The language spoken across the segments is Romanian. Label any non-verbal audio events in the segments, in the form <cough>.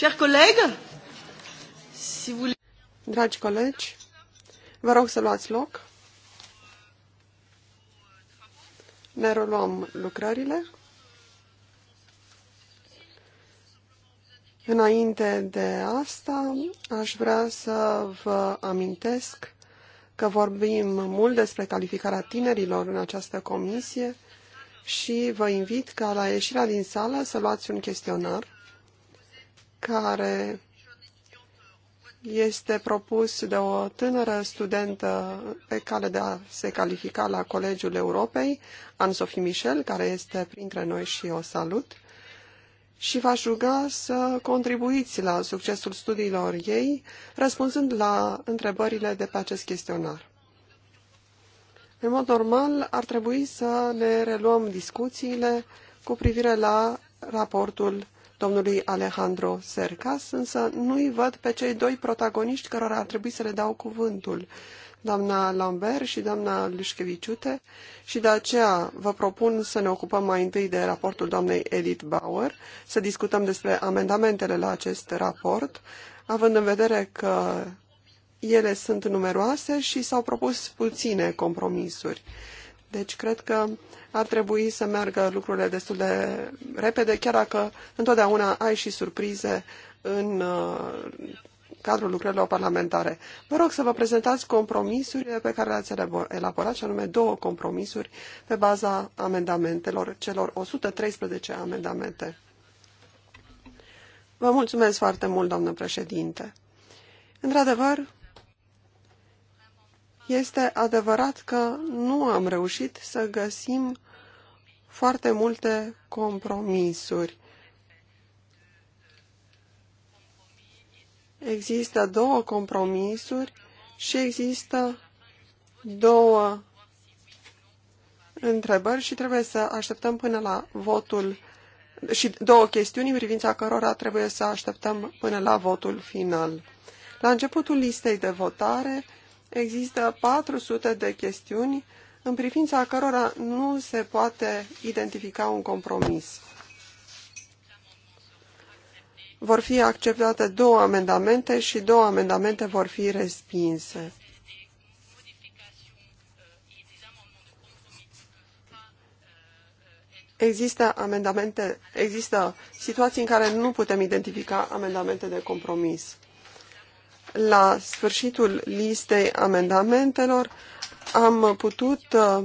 Chers collègues, si vous... Dragi colegi, vă rog să luați loc. Ne reluăm lucrările. Înainte de asta, aș vrea să vă amintesc că vorbim mult despre calificarea tinerilor în această comisie și vă invit ca la ieșirea din sală să luați un chestionar care este propus de o tânără studentă pe cale de a se califica la Colegiul Europei, Anne-Sophie Michel, care este printre noi și o salut, și v-aș ruga să contribuiți la succesul studiilor ei, răspunzând la întrebările de pe acest chestionar. În mod normal, ar trebui să ne reluăm discuțiile cu privire la raportul domnului Alejandro Sercas, însă nu-i văd pe cei doi protagoniști cărora ar trebui să le dau cuvântul, doamna Lambert și doamna Lușcheviciute, și de aceea vă propun să ne ocupăm mai întâi de raportul doamnei Edith Bauer, să discutăm despre amendamentele la acest raport, având în vedere că ele sunt numeroase și s-au propus puține compromisuri. Deci cred că ar trebui să meargă lucrurile destul de repede, chiar dacă întotdeauna ai și surprize în uh, cadrul lucrărilor parlamentare. Vă rog să vă prezentați compromisurile pe care le-ați elaborat, și anume două compromisuri pe baza amendamentelor, celor 113 amendamente. Vă mulțumesc foarte mult, doamnă președinte. Într-adevăr, este adevărat că nu am reușit să găsim foarte multe compromisuri. Există două compromisuri și există două întrebări și trebuie să așteptăm până la votul și două chestiuni în privința cărora trebuie să așteptăm până la votul final. La începutul listei de votare există 400 de chestiuni în privința cărora nu se poate identifica un compromis. Vor fi acceptate două amendamente și două amendamente vor fi respinse. Există amendamente, există situații în care nu putem identifica amendamente de compromis la sfârșitul listei amendamentelor am putut uh,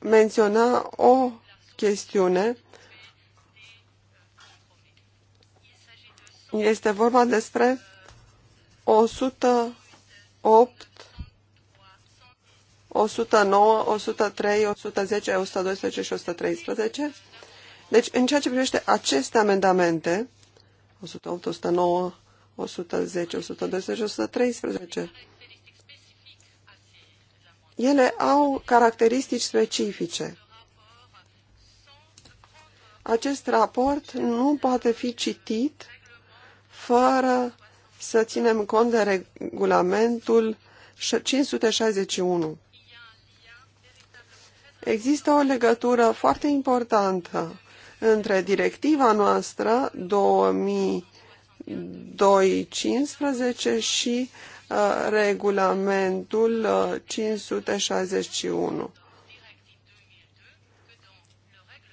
menționa o chestiune. Este vorba despre 108, 109, 103, 110, 112 și 113. Deci, în ceea ce privește aceste amendamente, 108, 109, 110, 112 113. Ele au caracteristici specifice. Acest raport nu poate fi citit fără să ținem cont de regulamentul 561. Există o legătură foarte importantă între directiva noastră 2000 2.15 și uh, regulamentul uh, 561.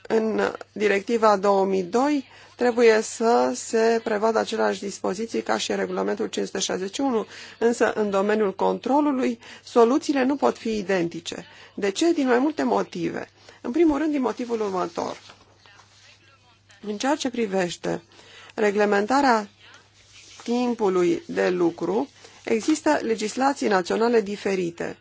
În directiva 2002 trebuie să se prevadă aceleași dispoziții ca și în regulamentul 561, însă în domeniul controlului soluțiile nu pot fi identice. De ce? Din mai multe motive. În primul rând, din motivul următor. În ceea ce privește reglementarea timpului de lucru, există legislații naționale diferite.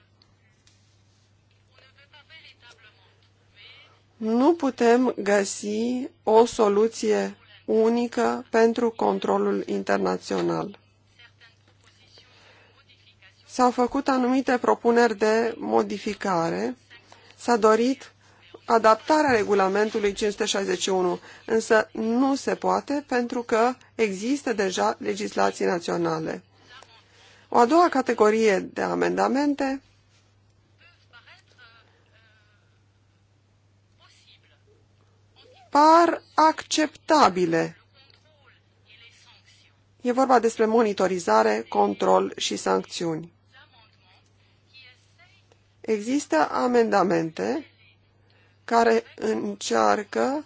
Nu putem găsi o soluție unică pentru controlul internațional. S-au făcut anumite propuneri de modificare. S-a dorit adaptarea regulamentului 561, însă nu se poate pentru că există deja legislații naționale. O a doua categorie de amendamente par acceptabile. E vorba despre monitorizare, control și sancțiuni. Există amendamente care încearcă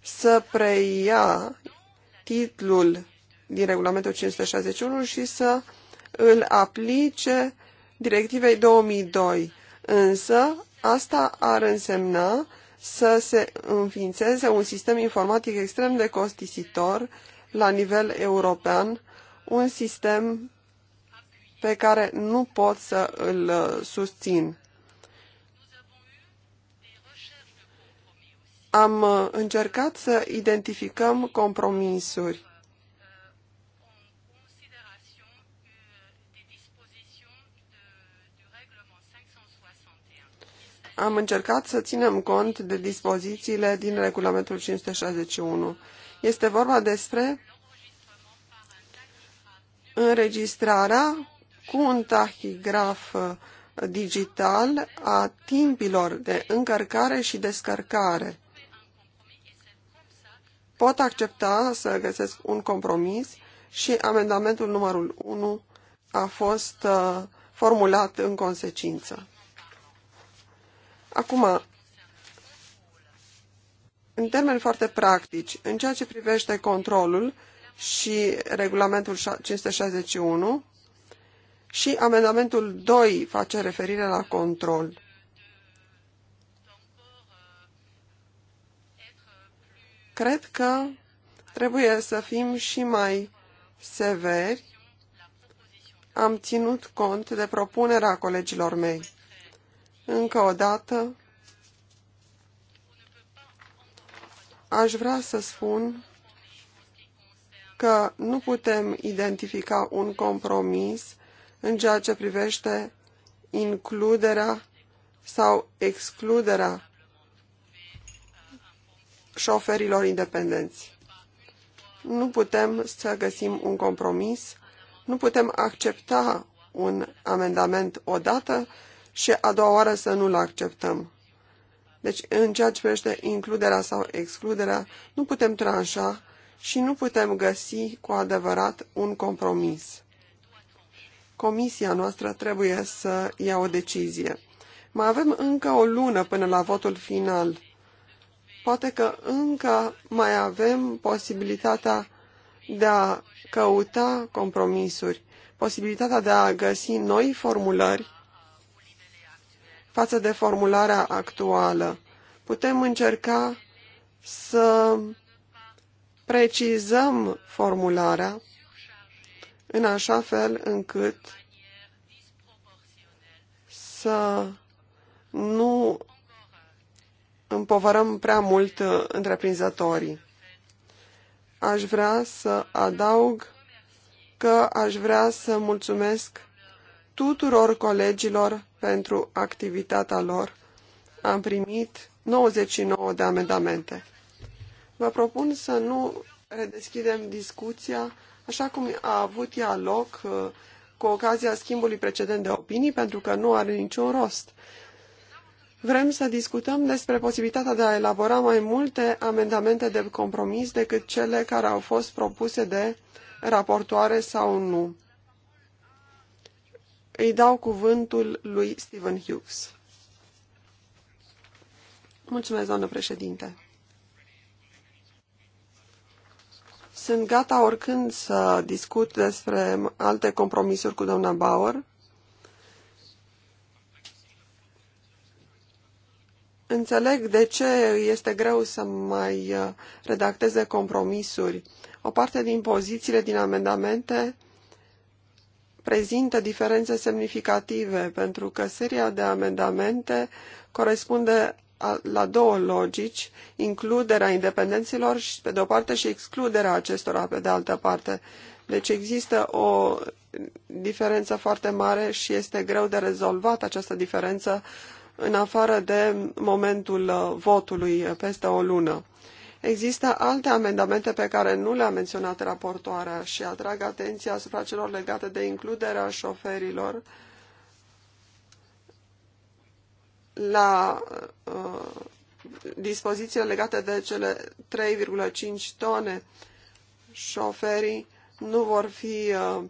să preia titlul din regulamentul 561 și să îl aplice directivei 2002. Însă, asta ar însemna să se înființeze un sistem informatic extrem de costisitor la nivel european, un sistem pe care nu pot să îl susțin. am uh, încercat să identificăm compromisuri. Am încercat să ținem cont de dispozițiile din regulamentul 561. Este vorba despre înregistrarea cu un tahigraf uh, digital a timpilor de încărcare și descărcare pot accepta să găsesc un compromis și amendamentul numărul 1 a fost uh, formulat în consecință. Acum, în termeni foarte practici, în ceea ce privește controlul și regulamentul 561 și amendamentul 2 face referire la control. Cred că trebuie să fim și mai severi. Am ținut cont de propunerea colegilor mei. Încă o dată, aș vrea să spun că nu putem identifica un compromis în ceea ce privește includerea sau excluderea șoferilor independenți. Nu putem să găsim un compromis, nu putem accepta un amendament odată și a doua oară să nu-l acceptăm. Deci, în ceea ce privește includerea sau excluderea, nu putem tranșa și nu putem găsi cu adevărat un compromis. Comisia noastră trebuie să ia o decizie. Mai avem încă o lună până la votul final poate că încă mai avem posibilitatea de a căuta compromisuri, posibilitatea de a găsi noi formulări față de formularea actuală. Putem încerca să precizăm formularea în așa fel încât să nu împovărăm prea mult uh, întreprinzătorii. Aș vrea să adaug că aș vrea să mulțumesc tuturor colegilor pentru activitatea lor. Am primit 99 de amendamente. Vă propun să nu redeschidem discuția așa cum a avut ea loc uh, cu ocazia schimbului precedent de opinii, pentru că nu are niciun rost. Vrem să discutăm despre posibilitatea de a elabora mai multe amendamente de compromis decât cele care au fost propuse de raportoare sau nu. Îi dau cuvântul lui Stephen Hughes. Mulțumesc, doamnă președinte. Sunt gata oricând să discut despre alte compromisuri cu doamna Bauer. Înțeleg de ce este greu să mai uh, redacteze compromisuri. O parte din pozițiile din amendamente prezintă diferențe semnificative, pentru că seria de amendamente corespunde la două logici, includerea independenților și, pe de o parte și excluderea acestora pe de altă parte. Deci există o diferență foarte mare și este greu de rezolvat această diferență în afară de momentul uh, votului uh, peste o lună. Există alte amendamente pe care nu le-a menționat raportoarea și atrag atenția asupra celor legate de includerea șoferilor la uh, dispozițiile legate de cele 3,5 tone. Șoferii nu vor fi uh,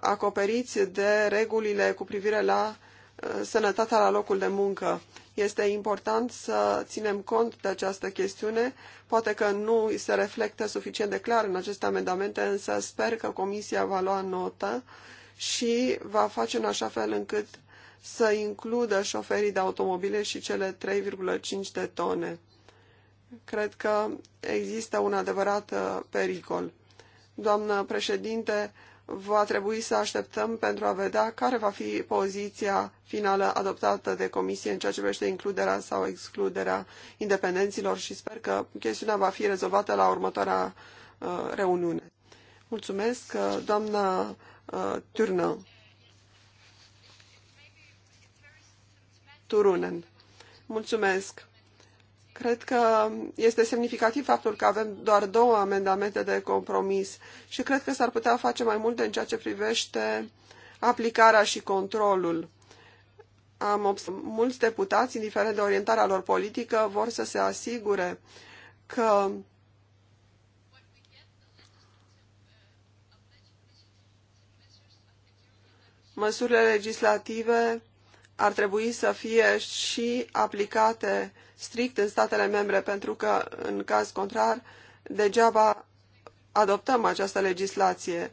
acoperiți de regulile cu privire la sănătatea la locul de muncă. Este important să ținem cont de această chestiune. Poate că nu se reflectă suficient de clar în aceste amendamente, însă sper că Comisia va lua notă și va face în așa fel încât să includă șoferii de automobile și cele 3,5 de tone. Cred că există un adevărat uh, pericol. Doamnă președinte, va trebui să așteptăm pentru a vedea care va fi poziția finală adoptată de comisie în ceea ce privește includerea sau excluderea independenților și sper că chestiunea va fi rezolvată la următoarea uh, reuniune. Mulțumesc, uh, doamna uh, Turnă. Turunen. Mulțumesc. Cred că este semnificativ faptul că avem doar două amendamente de compromis și cred că s-ar putea face mai multe în ceea ce privește aplicarea și controlul. Am mulți deputați, indiferent de orientarea lor politică, vor să se asigure că măsurile legislative ar trebui să fie și aplicate strict în statele membre, pentru că, în caz contrar, degeaba adoptăm această legislație.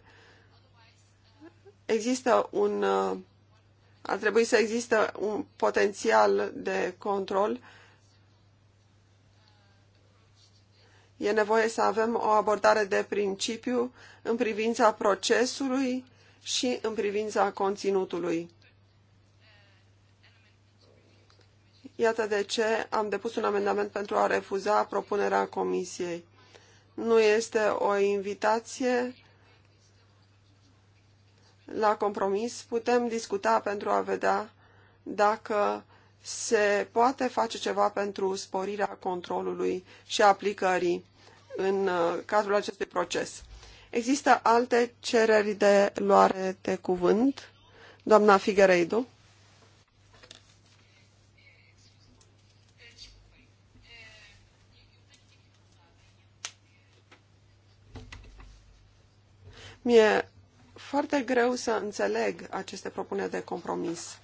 Există un, uh, ar trebui să existe un potențial de control. E nevoie să avem o abordare de principiu în privința procesului și în privința conținutului. Iată de ce am depus un amendament pentru a refuza propunerea comisiei. Nu este o invitație la compromis. Putem discuta pentru a vedea dacă se poate face ceva pentru sporirea controlului și aplicării în uh, cadrul acestui proces. Există alte cereri de luare de cuvânt? Doamna Figueiredo. Mi-e foarte greu să înțeleg aceste propuneri de compromis.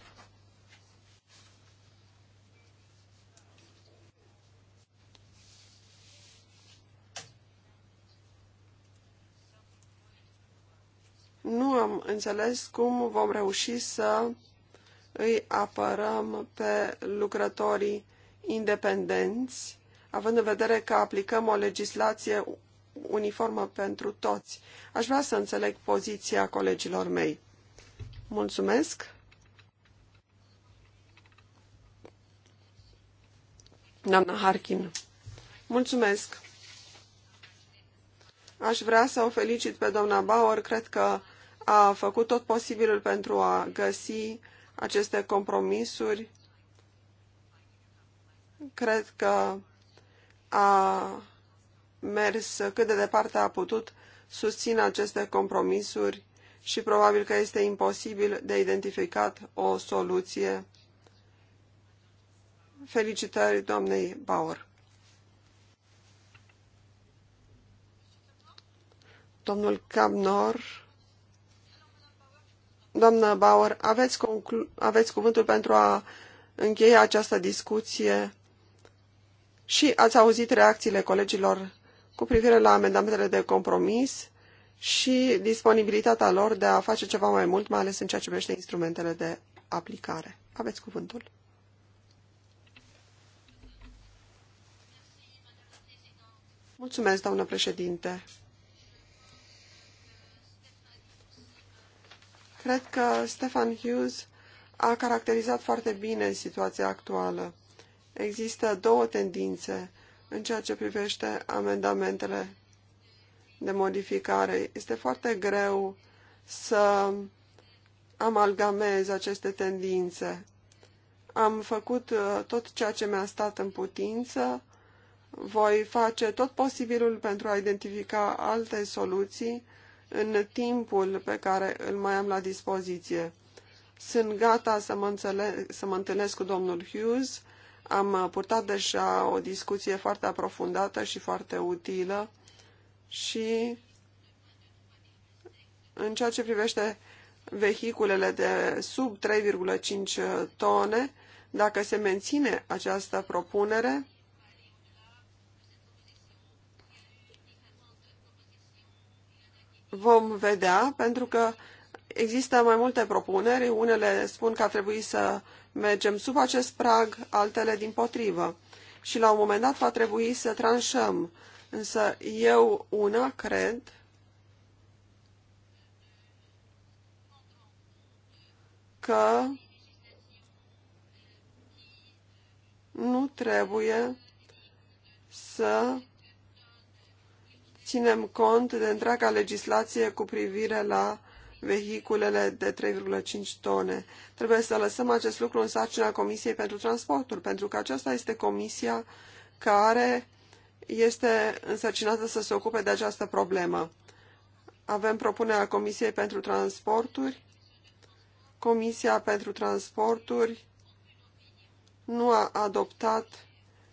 nu am înțeles cum vom reuși să îi apărăm pe lucrătorii independenți, având în vedere că aplicăm o legislație uniformă pentru toți. Aș vrea să înțeleg poziția colegilor mei. Mulțumesc! Doamna Harkin, mulțumesc! Aș vrea să o felicit pe doamna Bauer. Cred că a făcut tot posibilul pentru a găsi aceste compromisuri. Cred că a mers cât de departe a putut, susțin aceste compromisuri și probabil că este imposibil de identificat o soluție. Felicitări doamnei Bauer. Domnul Camnor. Doamnă Bauer, aveți, aveți cuvântul pentru a încheia această discuție și ați auzit reacțiile colegilor cu privire la amendamentele de compromis și disponibilitatea lor de a face ceva mai mult, mai ales în ceea ce privește instrumentele de aplicare. Aveți cuvântul. Mulțumesc, doamnă președinte. Cred că Stefan Hughes a caracterizat foarte bine situația actuală. Există două tendințe în ceea ce privește amendamentele de modificare. Este foarte greu să amalgamez aceste tendințe. Am făcut uh, tot ceea ce mi-a stat în putință, voi face tot posibilul pentru a identifica alte soluții în timpul pe care îl mai am la dispoziție. Sunt gata să mă, înțeleg, să mă întâlnesc cu domnul Hughes am purtat deja o discuție foarte aprofundată și foarte utilă și în ceea ce privește vehiculele de sub 3,5 tone, dacă se menține această propunere, vom vedea, pentru că există mai multe propuneri. Unele spun că ar trebui să mergem sub acest prag, altele din potrivă. Și la un moment dat va trebui să tranșăm. Însă eu una cred că nu trebuie să ținem cont de întreaga legislație cu privire la vehiculele de 3,5 tone. Trebuie să lăsăm acest lucru în sarcina Comisiei pentru Transporturi, pentru că aceasta este comisia care este însărcinată să se ocupe de această problemă. Avem propunerea Comisiei pentru Transporturi. Comisia pentru Transporturi nu a adoptat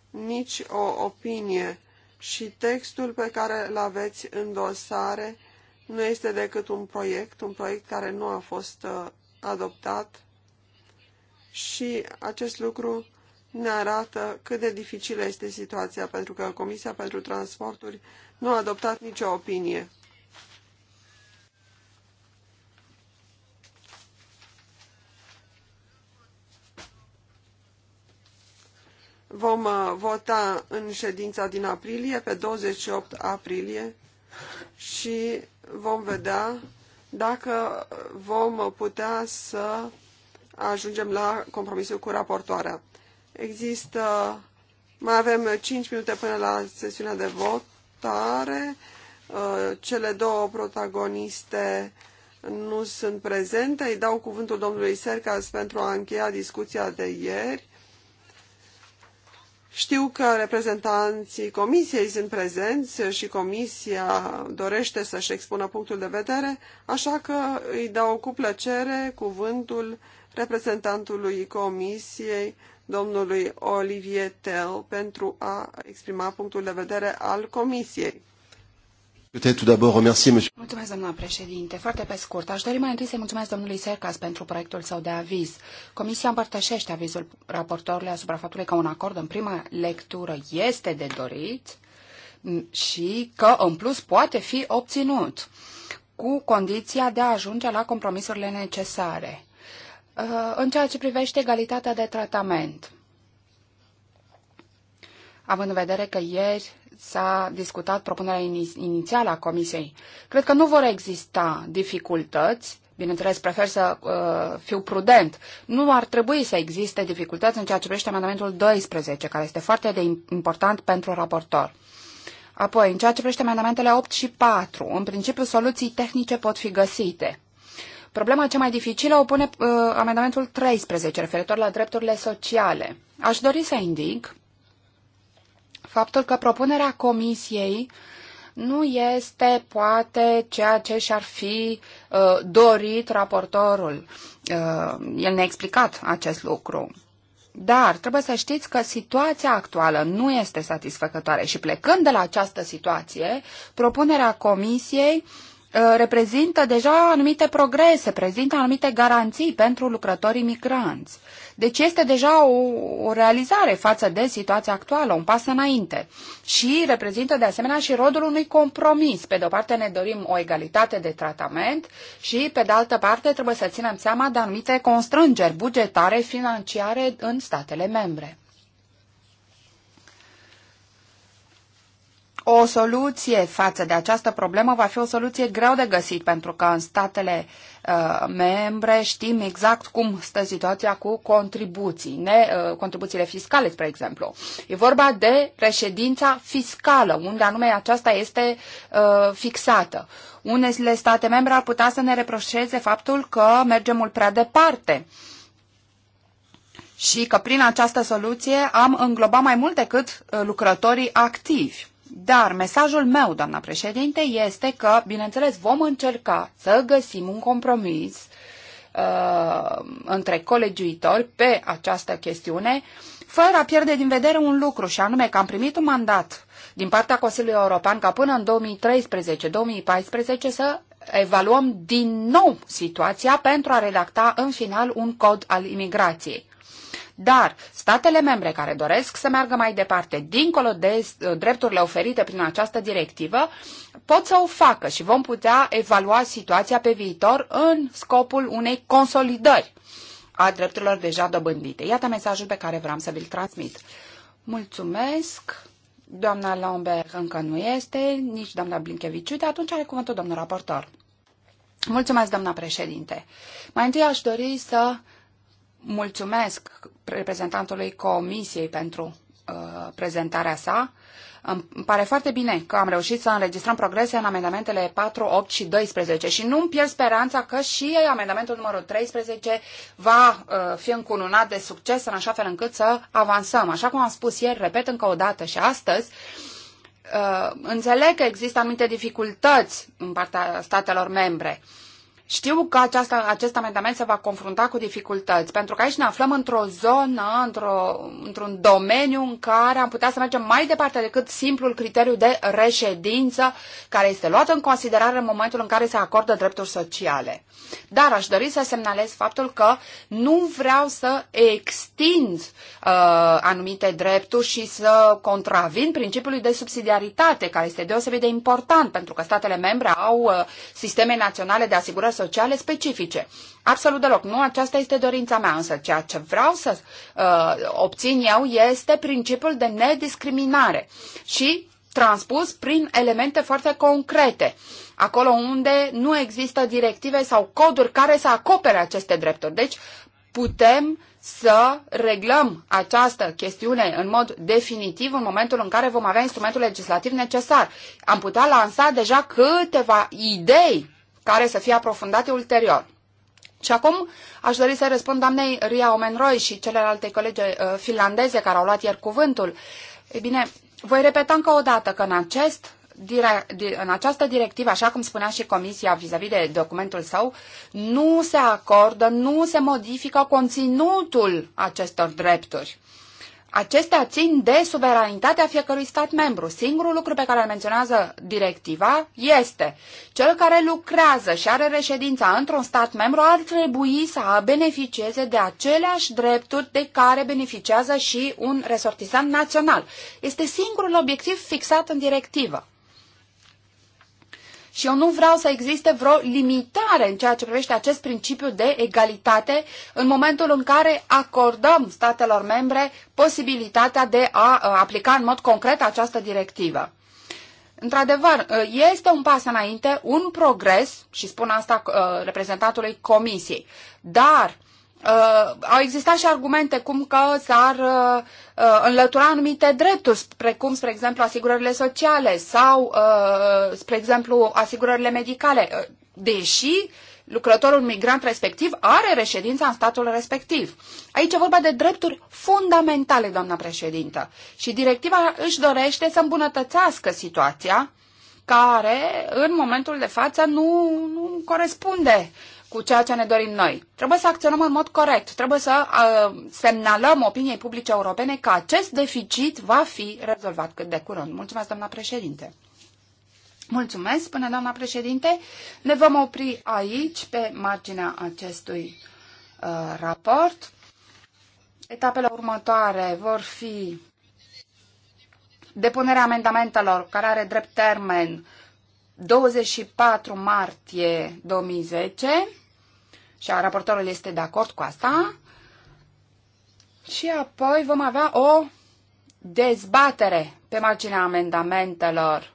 nici o opinie și textul pe care îl aveți în dosare nu este decât un proiect, un proiect care nu a fost uh, adoptat și acest lucru ne arată cât de dificilă este situația, pentru că Comisia pentru Transporturi nu a adoptat nicio opinie. Vom uh, vota în ședința din aprilie, pe 28 aprilie, și vom vedea dacă vom putea să ajungem la compromisul cu raportoarea. Există, mai avem 5 minute până la sesiunea de votare. Uh, cele două protagoniste nu sunt prezente. Îi dau cuvântul domnului Sercas pentru a încheia discuția de ieri știu că reprezentanții comisiei sunt prezenți și comisia dorește să-și expună punctul de vedere, așa că îi dau cu plăcere cuvântul reprezentantului comisiei, domnului Olivier Tell pentru a exprima punctul de vedere al comisiei. Mulțumesc, doamna președinte. Foarte pe scurt, aș dori mai întâi să-i mulțumesc domnului Sercas pentru proiectul său de aviz. Comisia împărtășește avizul raportorului asupra faptului că un acord în prima lectură este de dorit și că, în plus, poate fi obținut cu condiția de a ajunge la compromisurile necesare. Uh, în ceea ce privește egalitatea de tratament, având în vedere că ieri s-a discutat propunerea inițială a Comisiei. Cred că nu vor exista dificultăți bineînțeles, prefer să uh, fiu prudent, nu ar trebui să existe dificultăți în ceea ce privește amendamentul 12, care este foarte de important pentru raportor. Apoi, în ceea ce privește amendamentele 8 și 4, în principiu soluții tehnice pot fi găsite. Problema cea mai dificilă o pune uh, amendamentul 13, referitor la drepturile sociale. Aș dori să indic faptul că propunerea Comisiei nu este poate ceea ce și-ar fi uh, dorit raportorul. Uh, el ne-a explicat acest lucru. Dar trebuie să știți că situația actuală nu este satisfăcătoare și plecând de la această situație, propunerea Comisiei uh, Uh, reprezintă deja anumite progrese, prezintă anumite garanții pentru lucrătorii migranți. Deci este deja o, o realizare față de situația actuală, un pas înainte și reprezintă de asemenea și rodul unui compromis. Pe de o parte ne dorim o egalitate de tratament și pe de altă parte trebuie să ținem seama de anumite constrângeri bugetare, financiare în statele membre. O soluție față de această problemă va fi o soluție greu de găsit, pentru că în statele uh, membre știm exact cum stă situația cu contribuții, ne, uh, contribuțiile fiscale, spre exemplu. E vorba de reședința fiscală, unde anume aceasta este uh, fixată. Unele state membre ar putea să ne reproșeze faptul că mergem mult prea departe și că prin această soluție am înglobat mai mult decât uh, lucrătorii activi. Dar mesajul meu, doamna președinte, este că, bineînțeles, vom încerca să găsim un compromis uh, între colegiuitori pe această chestiune, fără a pierde din vedere un lucru, și anume că am primit un mandat din partea Consiliului European ca până în 2013-2014 să evaluăm din nou situația pentru a redacta în final un cod al imigrației. Dar statele membre care doresc să meargă mai departe, dincolo de uh, drepturile oferite prin această directivă, pot să o facă și vom putea evalua situația pe viitor în scopul unei consolidări a drepturilor deja dobândite. Iată mesajul pe care vreau să vi-l transmit. Mulțumesc! Doamna Lambert încă nu este, nici doamna de atunci are cuvântul domnul raportor. Mulțumesc, doamna președinte. Mai întâi aș dori să mulțumesc reprezentantului Comisiei pentru uh, prezentarea sa. Îmi pare foarte bine că am reușit să înregistrăm progrese în amendamentele 4, 8 și 12 și nu îmi pierd speranța că și amendamentul numărul 13 va uh, fi încununat de succes în așa fel încât să avansăm. Așa cum am spus ieri, repet încă o dată și astăzi, uh, înțeleg că există anumite dificultăți în partea statelor membre. Uh, știu că aceasta, acest amendament se va confrunta cu dificultăți, pentru că aici ne aflăm într-o zonă, într-o, într-un domeniu în care am putea să mergem mai departe decât simplul criteriu de reședință care este luat în considerare în momentul în care se acordă drepturi sociale. Dar aș dori să semnalez faptul că nu vreau să extind uh, anumite drepturi și să contravin principiului de subsidiaritate, care este deosebit de important, pentru că statele membre au uh, sisteme naționale de asigurări sociale specifice. Absolut deloc. Nu aceasta este dorința mea, însă ceea ce vreau să uh, obțin eu este principiul de nediscriminare și transpus prin elemente foarte concrete, acolo unde nu există directive sau coduri care să acopere aceste drepturi. Deci putem să reglăm această chestiune în mod definitiv în momentul în care vom avea instrumentul legislativ necesar. Am putea lansa deja câteva idei care să fie aprofundate ulterior. Și acum aș dori să răspund doamnei Ria Omenroy și celelalte colegi uh, finlandeze care au luat ieri cuvântul. Ei bine, voi repeta încă o dată că în, acest, în această directivă, așa cum spunea și Comisia vis-a-vis -vis de documentul său, nu se acordă, nu se modifică conținutul acestor drepturi acestea țin de suveranitatea fiecărui stat membru. Singurul lucru pe care îl menționează directiva este cel care lucrează și are reședința într-un stat membru ar trebui să beneficieze de aceleași drepturi de care beneficiază și un resortizant național. Este singurul obiectiv fixat în directivă. Și eu nu vreau să existe vreo limitare în ceea ce privește acest principiu de egalitate în momentul în care acordăm statelor membre posibilitatea de a uh, aplica în mod concret această directivă. Într-adevăr, uh, este un pas înainte, un progres, și spun asta uh, reprezentantului Comisiei, dar uh, Uh, au existat și argumente cum că s-ar uh, uh înlătura anumite drepturi, precum, spre exemplu, asigurările sociale sau, uh, spre exemplu, asigurările medicale, uh, deși lucrătorul migrant respectiv are reședința în statul respectiv. Aici e vorba de drepturi fundamentale, doamna președintă, și directiva își dorește să îmbunătățească situația care, în momentul de față, nu, nu corespunde uh, cu ceea ce ne dorim noi. Trebuie să acționăm în mod corect, trebuie să uh, semnalăm opiniei publice europene că acest deficit va fi rezolvat cât de curând. Mulțumesc, doamna președinte! Mulțumesc, până doamna președinte. Ne vom opri aici, pe marginea acestui uh, raport. Etapele următoare vor fi depunerea amendamentelor, care are drept termen 24 martie 2010, și a raportorul este de acord cu asta. Și apoi vom avea o dezbatere pe marginea amendamentelor.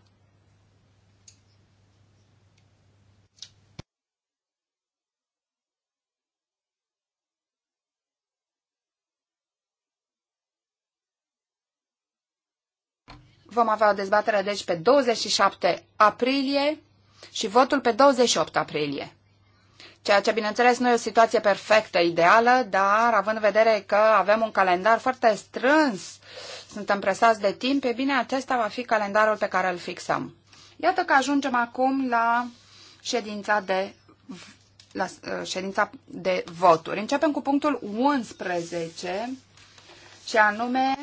Vom avea o dezbatere deci pe 27 aprilie și votul pe 28 aprilie. Ceea ce, bineînțeles, nu e o situație perfectă, ideală, dar având în vedere că avem un calendar foarte strâns, suntem presați de timp, e bine, acesta va fi calendarul pe care îl fixăm. Iată că ajungem acum la ședința de la uh, ședința de voturi. Începem cu punctul 11 și anume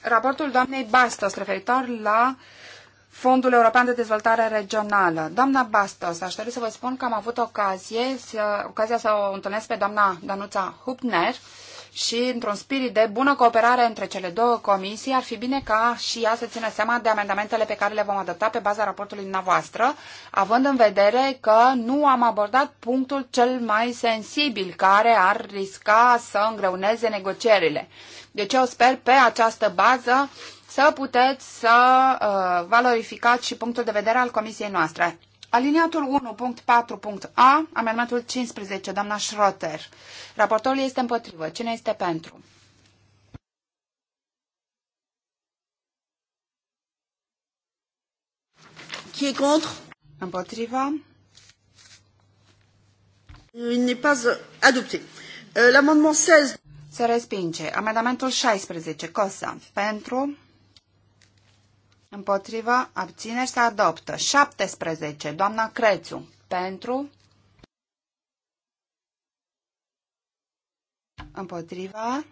raportul doamnei Bastos referitor la uh, Fondul European de Dezvoltare Regională. Doamna Bastos, aș dori să vă spun că am avut ocazie să, ocazia să o întâlnesc pe doamna Danuța Hupner și într-un spirit de bună cooperare între cele două comisii, ar fi bine ca și ea să țină seama de amendamentele pe care le vom adopta pe baza raportului dumneavoastră, având în vedere că nu am abordat punctul cel mai sensibil care ar risca să îngreuneze negocierile. Deci eu sper pe această bază să puteți să uh, valorificați și punctul de vedere al comisiei noastre. Aliniatul 1.4.a, amendamentul 15, doamna Schroter. Raportorul este împotrivă. Cine este pentru? Qui est contre? Împotriva. Il n'est pas euh, adopté. Euh, l'amendement 16. Se respinge. Amendamentul 16. Cosa. Pentru. Împotrivă, abțineri, se adoptă. 17. Doamna Crețu. Pentru. Împotrivă.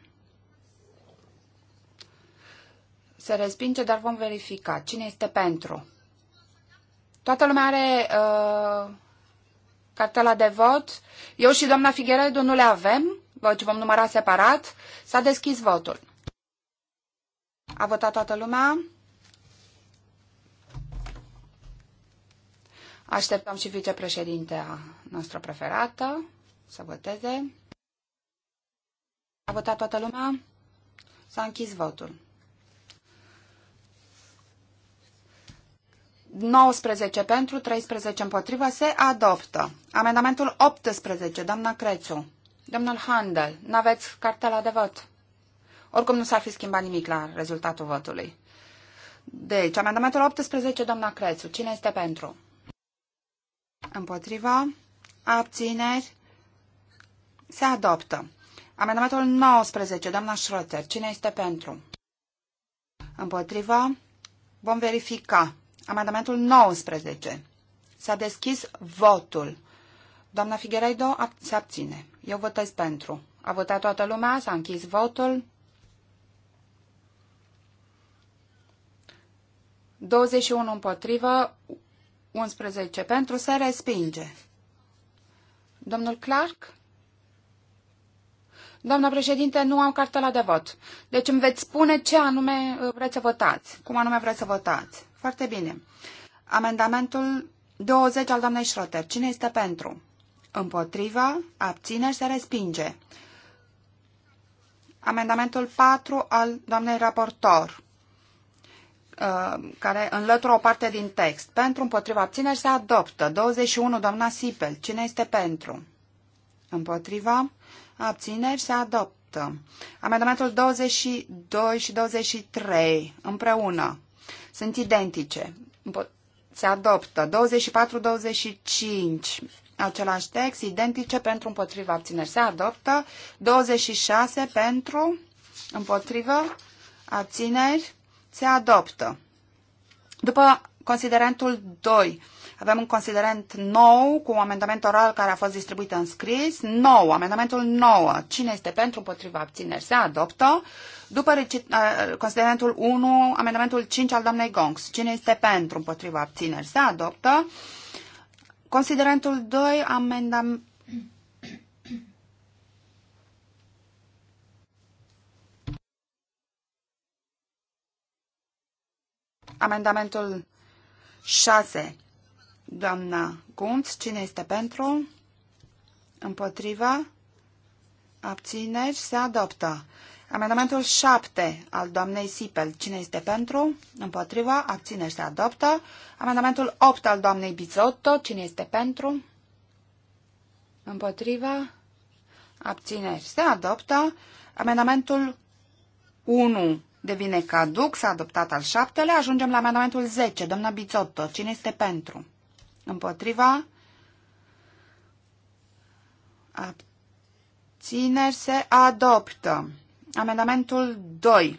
Se respinge, dar vom verifica. Cine este pentru? Toată lumea are uh, cartela de vot. Eu și doamna Figueredo nu le avem, deci vom număra separat. S-a deschis votul. A votat toată lumea. Așteptăm și vicepreședintea noastră preferată să voteze. A votat toată lumea? S-a închis votul. 19 pentru, 13 împotriva, se adoptă. Amendamentul 18, doamna Crețu. Domnul Handel, n-aveți cartela de vot. Oricum nu s-ar fi schimbat nimic la rezultatul votului. Deci, amendamentul 18, doamna Crețu, cine este pentru? Împotriva. Abțineri. Se adoptă. Amendamentul 19, doamna Schroeter. Cine este pentru? Împotriva. Vom verifica. Amendamentul 19. S-a deschis votul. Doamna Figueiredo se abține. Eu votez pentru. A votat toată lumea, s-a închis votul. 21 împotrivă, 11 pentru se respinge. Domnul Clark? Doamna președinte, nu am cartela de vot. Deci îmi veți spune ce anume uh, vreți să votați, cum anume vreți să votați. Foarte bine. Amendamentul 20 al doamnei Schroter. Cine este pentru? Împotriva, și se respinge. Amendamentul 4 al doamnei raportor. Uh, care înlătură o parte din text. Pentru împotriva abțineri se adoptă. 21, doamna Sipel. Cine este pentru? Împotriva abțineri se adoptă. Amendamentul 22 și 23 împreună sunt identice. Se adoptă. 24-25 același text, identice pentru împotriva abțineri. Se adoptă. 26 pentru împotriva abțineri se adoptă. După considerentul 2, avem un considerent nou cu un amendament oral care a fost distribuit în scris. Nou, Amendamentul 9. Cine este pentru împotriva abțineri? Se adoptă. După considerentul 1, amendamentul 5 al doamnei Gongs. Cine este pentru împotriva abțineri? Se adoptă. Considerentul 2, amendam Amendamentul 6. Doamna Gunț, cine este pentru? Împotriva? Abțineri? Se adoptă. Amendamentul 7 al doamnei Sipel. Cine este pentru? Împotriva? Abțineri? Se adoptă. Amendamentul 8 al doamnei Bizotto. Cine este pentru? Împotriva? Abțineri? Se adoptă. Amendamentul 1 devine caduc, s-a adoptat al șaptelea, ajungem la amendamentul 10, doamna Bizotto, cine este pentru? Împotriva? Abțineri se adoptă. Amendamentul 2.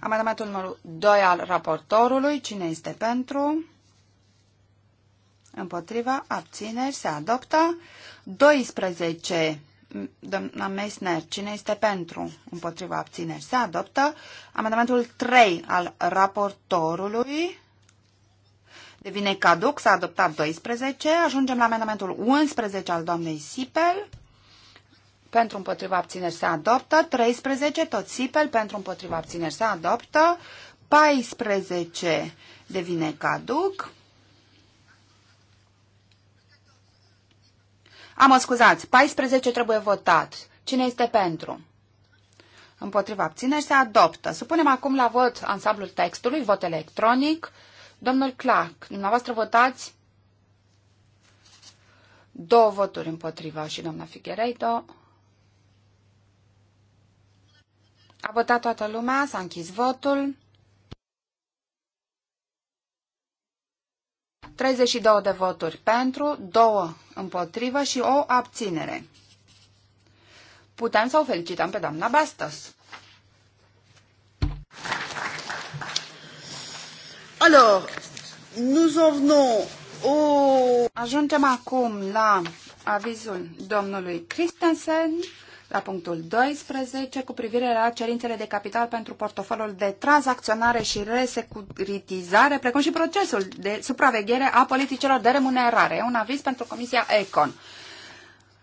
Amendamentul numărul 2 al raportorului. Cine este pentru? împotriva, abțineri, se adoptă. 12, doamna Meissner, cine este pentru, împotriva, abțineri, se adoptă. Amendamentul 3 al raportorului devine caduc, s-a adoptat 12. Ajungem la amendamentul 11 al doamnei Sipel. Pentru împotriva abțineri se adoptă. 13, tot Sipel, pentru împotriva abțineri se adoptă. 14 devine caduc. Am ah, mă scuzați, 14 trebuie votat. Cine este pentru? Împotriva abțineri se adoptă. Supunem acum la vot ansamblul textului, vot electronic. Domnul Clark, dumneavoastră votați două voturi împotriva și doamna Figueiredo. A votat toată lumea, s-a închis votul. 32 de voturi pentru, 2 împotrivă și o abținere. Putem să o felicităm pe doamna Bastos. Alors, nous en venons au... Ajungem acum la avizul domnului Christensen la punctul 12 cu privire la cerințele de capital pentru portofolul de tranzacționare și resecuritizare, precum și procesul de supraveghere a politicilor de remunerare. Un aviz pentru Comisia Econ.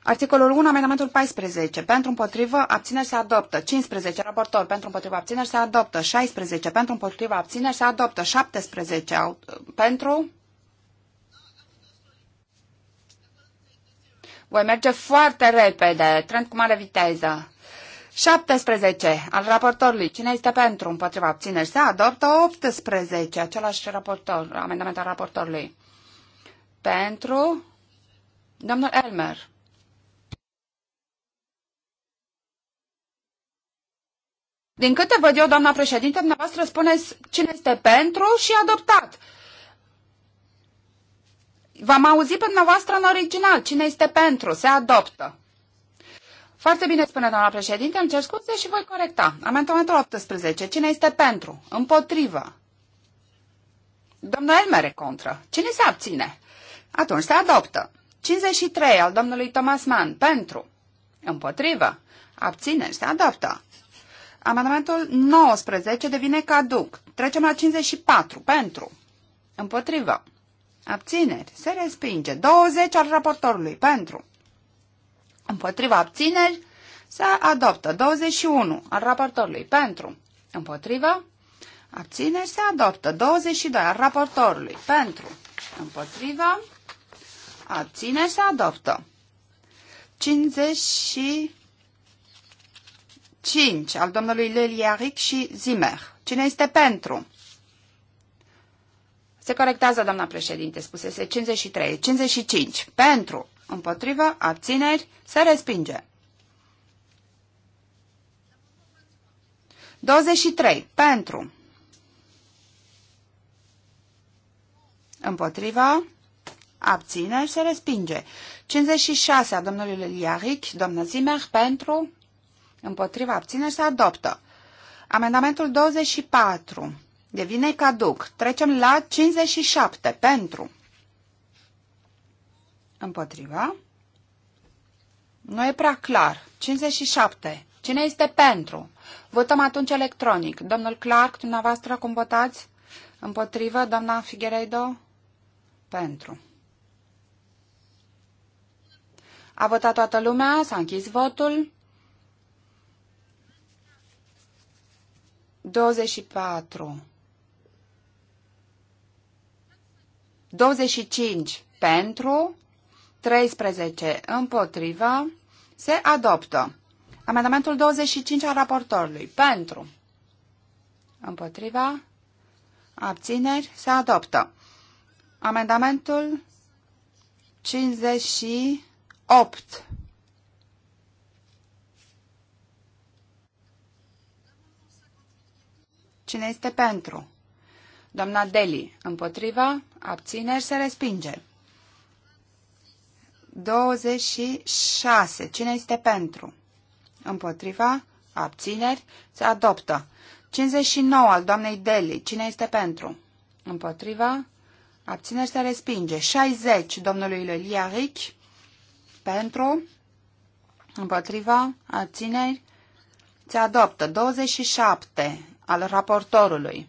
Articolul 1, amendamentul 14. Pentru împotrivă, abțineri se adoptă. 15. Raportor. Pentru împotrivă, abțineri se adoptă. 16. Pentru împotrivă, abțineri se adoptă. 17. Pentru Voi merge foarte repede, trend cu mare viteză. 17. Al raportorului. Cine este pentru? Împotriva abțineri. Se adoptă 18. Același raportor, amendament al raportorului. Pentru domnul Elmer. Din câte văd eu, doamna președinte, dumneavoastră spuneți cine este pentru și adoptat. V-am auzit pe dumneavoastră în original. Cine este pentru? Se adoptă. Foarte bine spune doamna președinte, îmi cer scuze și voi corecta. Amendamentul 18. Cine este pentru? Împotrivă. Domnul Elmere contră. Cine se abține? Atunci se adoptă. 53 al domnului Thomas Mann. Pentru. Împotrivă. Abține. Se adoptă. Amendamentul 19 devine caduc. Trecem la 54. Pentru. Împotrivă. Abțineri. Se respinge. 20 al raportorului. Pentru. Împotriva abțineri. Se adoptă. 21 al raportorului. Pentru. Împotriva. Abțineri. Se adoptă. 22 al raportorului. Pentru. Împotriva. Abțineri. Se adoptă. 55 al domnului Leliaric și Zimmer. Cine este pentru? Se corectează, doamna președinte, spusese 53, 55. Pentru, împotrivă, abțineri, se respinge. 23. Pentru. Împotriva. Abțineri se respinge. 56 a domnului Liaric, doamna Zimmer, pentru. Împotriva abțineri se adoptă. Amendamentul 24. Devine caduc. Trecem la 57. Pentru. Împotriva. Nu e prea clar. 57. Cine este pentru? Votăm atunci electronic. Domnul Clark, dumneavoastră, cum votați? Împotrivă, doamna Figueiredo? Pentru. A votat toată lumea, s-a închis votul. 24 25 pentru, 13 împotrivă, se adoptă. Amendamentul 25 al raportorului. Pentru. Împotriva. Abțineri. Se adoptă. Amendamentul 58. Cine este pentru? Doamna Deli. Împotriva abțineri, se respinge. 26. Cine este pentru? Împotriva, abțineri, se adoptă. 59 al doamnei Deli. Cine este pentru? Împotriva, abțineri, se respinge. 60 domnului Leliaric. Pentru, împotriva, abțineri, se adoptă. 27 al raportorului.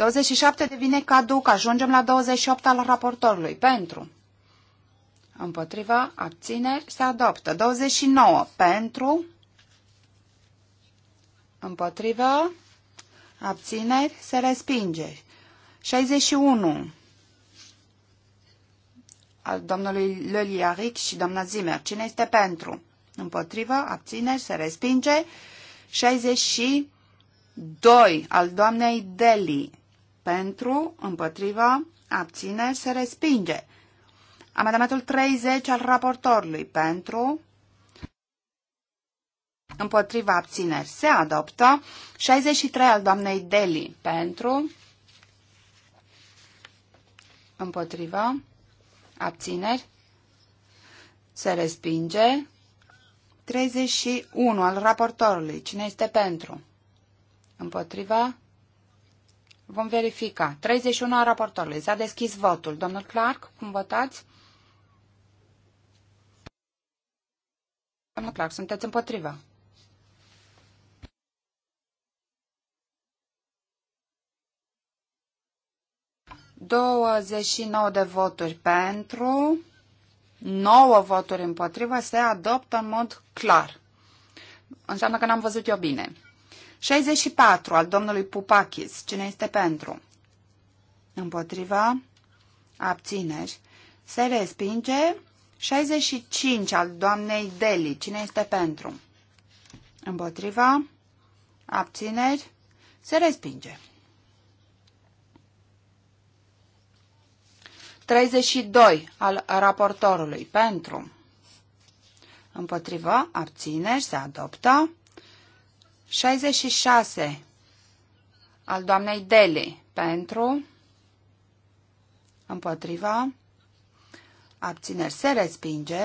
27 devine caduc, ajungem la 28 al raportorului. Pentru. Împotriva, abțineri, se adoptă. 29 pentru. Împotriva, abțineri, se respinge. 61 al domnului Lăliaric și doamna Zimmer. Cine este pentru? Împotrivă, abțineri, se respinge. 62 al doamnei Deli pentru, împotriva, abține, se respinge. Amendamentul 30 al raportorului pentru, împotriva, abțineri, se adoptă. 63 al doamnei Deli pentru, împotriva, abțineri, se respinge. 31 al raportorului. Cine este pentru? Împotriva? Vom verifica. 31 a raportorului. S-a deschis votul. Domnul Clark, cum votați? Domnul Clark, sunteți împotriva. Douăzeci de voturi pentru, 9 voturi împotrivă, se adoptă în mod clar. Înseamnă că n-am văzut eu bine. 64 al domnului Pupakis. Cine este pentru? Împotriva. Abțineri. Se respinge. 65 al doamnei Deli. Cine este pentru? Împotriva. Abțineri. Se respinge. 32 al raportorului pentru. Împotriva, abțineri, se adoptă. 66 al doamnei Deli pentru, împotriva, abțineri se respinge.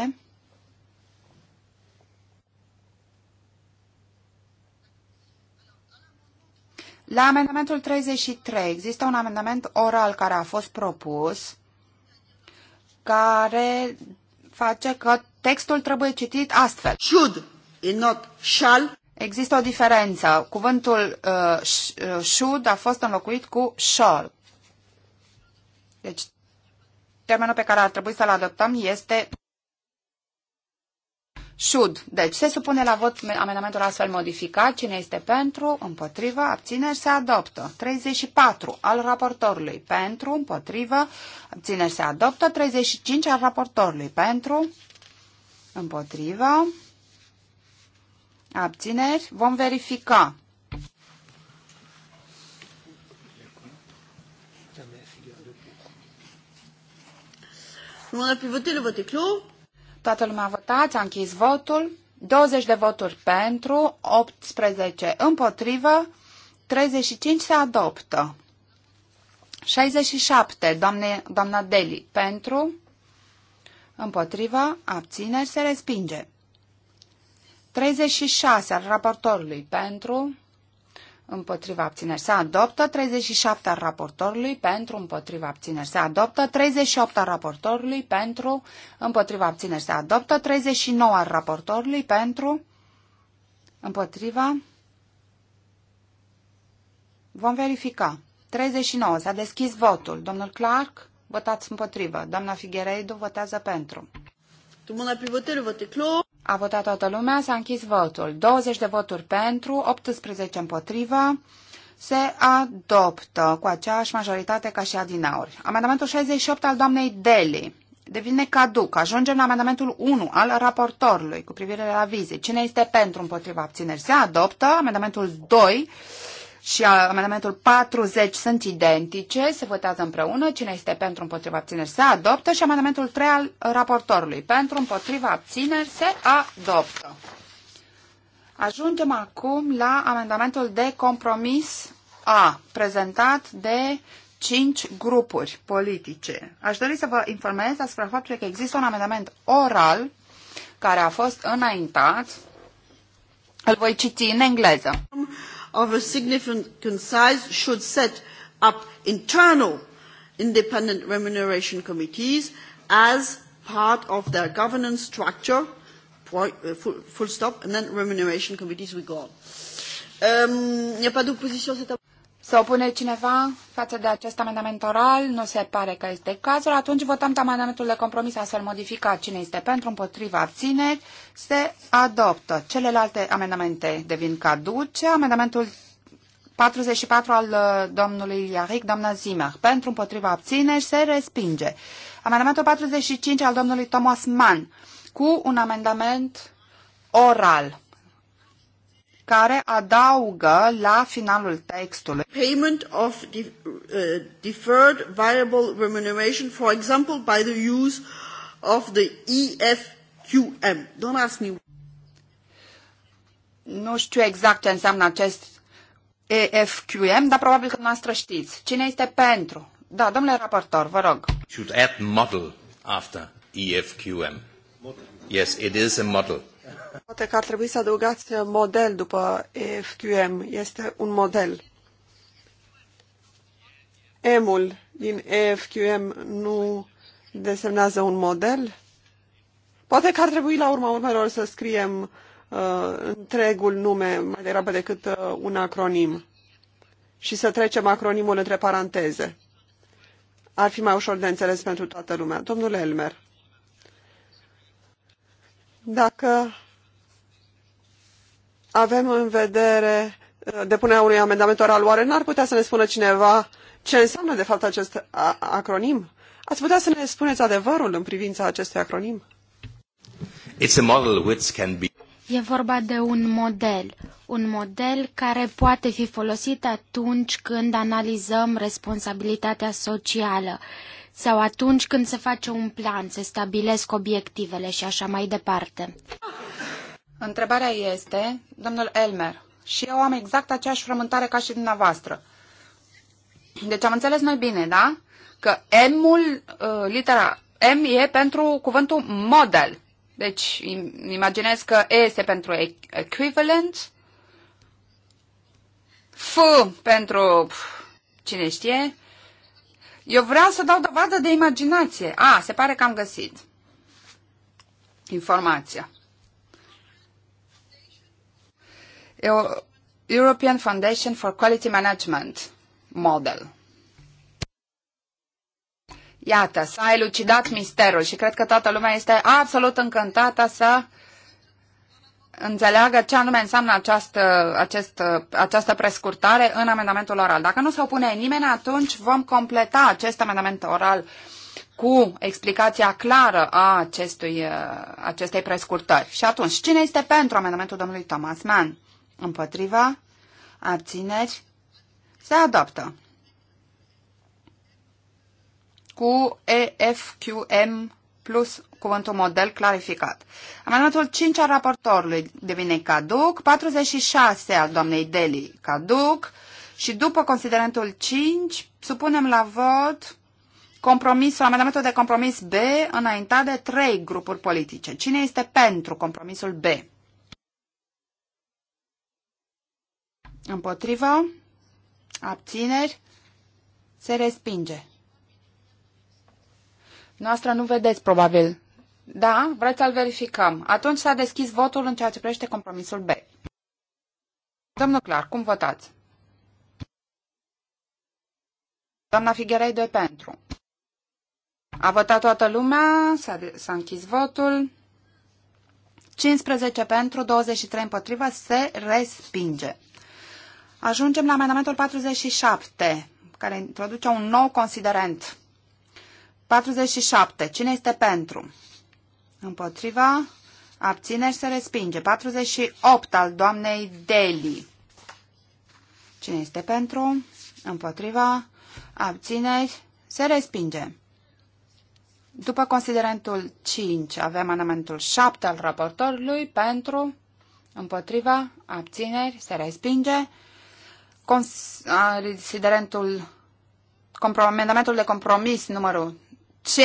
La amendamentul 33 există un amendament oral care a fost propus, care face că textul trebuie citit astfel. Should, not shall. Există o diferență. Cuvântul uh, uh, should a fost înlocuit cu shall. Deci, termenul pe care ar trebui să-l adoptăm este should. Deci, se supune la vot amendamentul astfel modificat. Cine este pentru, împotrivă, abțineri, se adoptă. 34 al raportorului pentru, împotrivă, abțineri, se adoptă. 35 al raportorului pentru, împotrivă, Abțineri? Vom verifica. Toată lumea a votat, a închis votul. 20 de voturi pentru, 18 împotrivă, 35 se adoptă. 67, doamne, doamna Deli, pentru, împotrivă, abțineri, se respinge. 36 al raportorului pentru, împotriva abțineri se adoptă, 37 al raportorului pentru, împotriva abțineri se adoptă, 38 al raportorului pentru, împotriva abțineri se adoptă, 39 al raportorului pentru, împotriva, vom verifica. 39. S-a deschis votul. Domnul Clark, votați împotrivă. Doamna Figueiredo votează pentru. Tu le monde a le vote est a votat toată lumea, s-a închis votul. 20 de voturi pentru, 18 împotrivă. Se adoptă cu aceeași majoritate ca și adinauri. Amendamentul 68 al doamnei Deli devine caduc. Ajungem la amendamentul 1 al raportorului cu privire la vize. Cine este pentru împotriva abțineri? Se adoptă amendamentul 2 și amendamentul 40 sunt identice, se votează împreună. Cine este pentru împotriva abțineri se adoptă și amendamentul 3 al raportorului. Pentru împotriva abțineri se adoptă. Ajungem acum la amendamentul de compromis A, prezentat de cinci grupuri politice. Aș dori să vă informez asupra faptului că există un amendament oral care a fost înaintat. Îl voi citi în engleză of a significant size should set up internal independent remuneration committees as part of their governance structure, uh, full, stop, and then remuneration committees we go on. Um, n'y a pas d'opposition à se opune cineva față de acest amendament oral? Nu se pare că este cazul. Atunci votăm amendamentul de compromis astfel modificat. Cine este pentru, împotriva, abțineri, se adoptă. Celelalte amendamente devin caduce. Amendamentul 44 al uh, domnului Iaric, doamna Zimmer. Pentru, împotriva, abțineri, se respinge. Amendamentul 45 al domnului Thomas Mann, cu un amendament oral care adaugă la finalul textului payment of de, uh, deferred variable remuneration for example by the use of the EFQM. Don't ask me. Nu știu exact ce înseamnă acest EFQM, dar probabil că noastră știți. Cine este pentru? Da, domnule raportor, vă rog. Should add model after EFQM. Model. Yes, it is a model. Poate că ar trebui să adăugați model după EFQM. Este un model. M-ul din EFQM nu desemnează un model? Poate că ar trebui la urma urmelor să scriem uh, întregul nume mai degrabă decât uh, un acronim și să trecem acronimul între paranteze. Ar fi mai ușor de înțeles pentru toată lumea. Domnule Elmer, dacă avem în vedere uh, depunerea unui amendament oral. Oare n-ar putea să ne spună cineva ce înseamnă de fapt acest acronim? Ați putea să ne spuneți adevărul în privința acestui acronim? It's a model which can be... E vorba de un model, un model care poate fi folosit atunci când analizăm responsabilitatea socială sau atunci când se face un plan, se stabilesc obiectivele și așa mai departe. Ah, Întrebarea este, domnul Elmer, și eu am exact aceeași frământare ca și dumneavoastră. Deci am înțeles noi bine, da? Că M-ul, uh, litera M e pentru cuvântul model. Deci imaginez că E este pentru equivalent, F pentru cine știe. Eu vreau să dau dovadă de imaginație. A, se pare că am găsit informația. European Foundation for Quality Management Model. Iată, s-a elucidat misterul și cred că toată lumea este absolut încântată să înțeleagă ce anume înseamnă această, acest, această prescurtare în amendamentul oral. Dacă nu se opune nimeni, atunci vom completa acest amendament oral cu explicația clară a acestui, acestei prescurtări. Și atunci, cine este pentru amendamentul domnului Thomas Mann? Împotriva? Abțineri? Se adoptă. Cu EFQM plus cuvântul model clarificat. Amendamentul 5 al raportorului devine caduc, 46 al doamnei Deli caduc și după considerentul 5 supunem la vot compromisul, amendamentul de compromis B înaintat de trei grupuri politice. Cine este pentru compromisul B? Împotriva. Abțineri. Se respinge. Noastră nu vedeți, probabil. Da? Vreți să-l verificăm. Atunci s-a deschis votul în ceea ce privește compromisul B. Domnul Clar, cum votați? Doamna Figherei 2 pentru. A votat toată lumea, s-a închis votul. 15 pentru, 23 împotriva, se respinge. Ajungem la amendamentul 47, care introduce un nou considerent. 47. Cine este pentru? Împotriva. Abțineri se respinge. 48 al doamnei Deli. Cine este pentru? Împotriva. Abțineri se respinge. După considerentul 5 avem amendamentul 7 al raportorului pentru, împotriva, abțineri, se respinge considerentul amendamentul de compromis numărul C.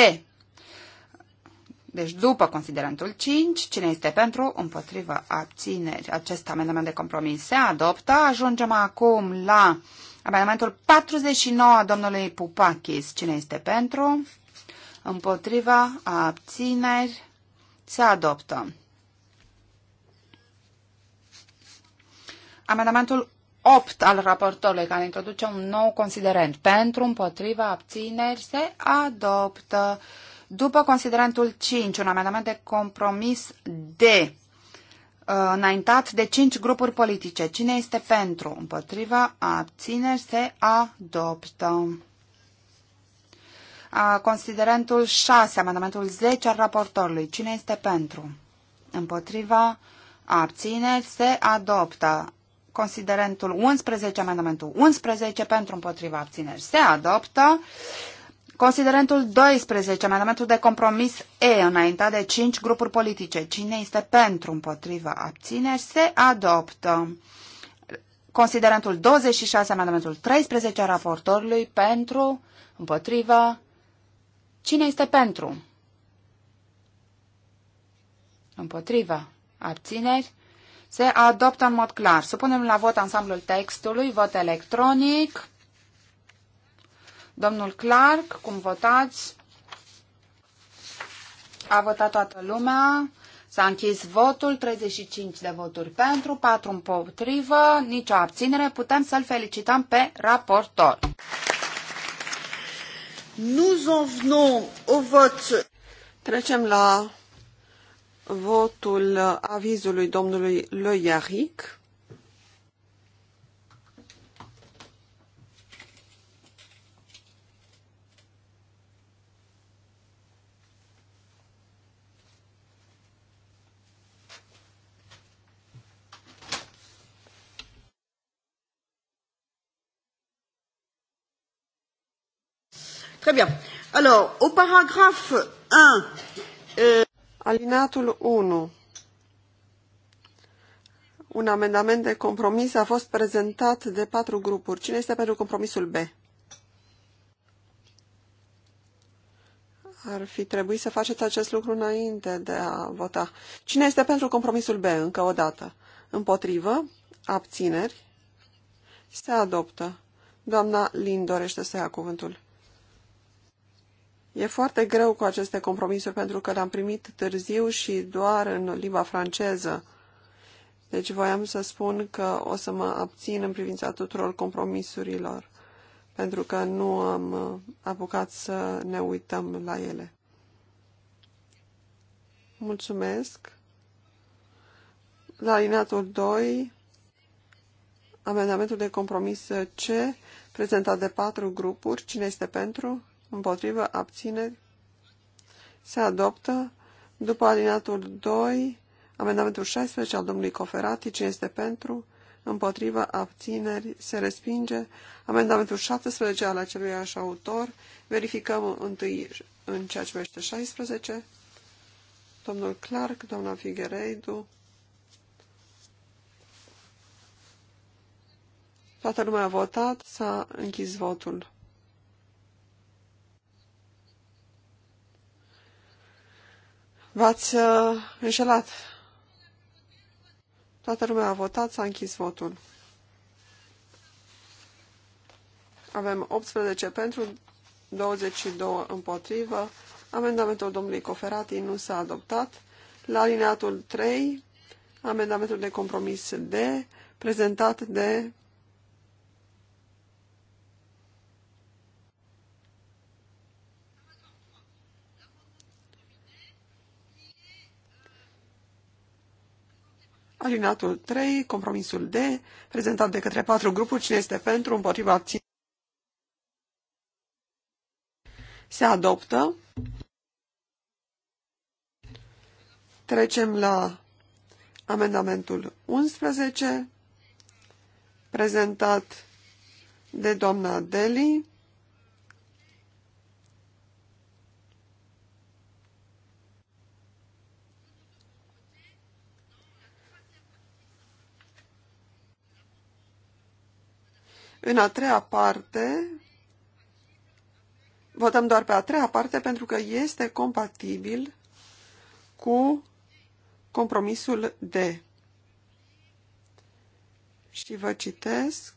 Deci după considerentul 5, cine este pentru, împotrivă, abțineri. Acest amendament de compromis se adoptă. Ajungem acum la amendamentul 49 a domnului Pupachis. Cine este pentru, împotrivă, abțineri, se adoptă. Amendamentul 8 al raportorului, care introduce un nou considerent. Pentru, împotriva, abțineri, se adoptă. După considerentul 5, un amendament de compromis D, uh, înaintat de 5 grupuri politice. Cine este pentru? Împotriva, abțineri, se adoptă. Considerentul 6, amendamentul 10 al raportorului. Cine este pentru? Împotriva, abțineri, se adoptă considerentul 11, amendamentul 11 pentru împotriva abțineri se adoptă. Considerentul 12, amendamentul de compromis E, înaintat de 5 grupuri politice. Cine este pentru împotriva abțineri se adoptă. Considerentul 26, amendamentul 13 a raportorului pentru împotriva. Cine este pentru? Împotriva. Abțineri. Se adoptă în mod clar. Supunem la vot ansamblul textului, vot electronic. Domnul Clark, cum votați? A votat toată lumea. S-a închis votul, 35 de voturi pentru, 4 împotrivă, nicio abținere. Putem să-l felicităm pe raportor. Nous en venons au vote. Trecem la votul avizului domnului Loiaric. Très bien. Alors, au paragraphe 1, euh... Alineatul 1. Un amendament de compromis a fost prezentat de patru grupuri. Cine este pentru compromisul B? Ar fi trebuit să faceți acest lucru înainte de a vota. Cine este pentru compromisul B? Încă o dată. Împotrivă? Abțineri? Se adoptă. Doamna Lin dorește să ia cuvântul. E foarte greu cu aceste compromisuri pentru că le-am primit târziu și doar în limba franceză. Deci voiam să spun că o să mă abțin în privința tuturor compromisurilor, pentru că nu am uh, apucat să ne uităm la ele. Mulțumesc. La alineatul 2, amendamentul de compromis C, prezentat de patru grupuri. Cine este pentru? împotrivă, abțineri, se adoptă. După alineatul 2, amendamentul 16 al domnului Coferati, cine este pentru, împotrivă, abțineri, se respinge. Amendamentul 17 al aceluiași autor, verificăm întâi în ceea ce privește 16, domnul Clark, doamna Figueiredu, Toată lumea a votat, s-a închis votul. V-ați uh, înșelat. Toată lumea a votat, s-a închis votul. Avem 18 pentru, 22 împotrivă. Amendamentul domnului Coferati nu s-a adoptat. La alineatul 3, amendamentul de compromis D, prezentat de Alinatul 3, compromisul D, prezentat de către patru grupuri, cine este pentru, împotriva abținere, se adoptă. Trecem la amendamentul 11, prezentat de doamna Deli, În a treia parte, votăm doar pe a treia parte pentru că este compatibil cu compromisul D. Și vă citesc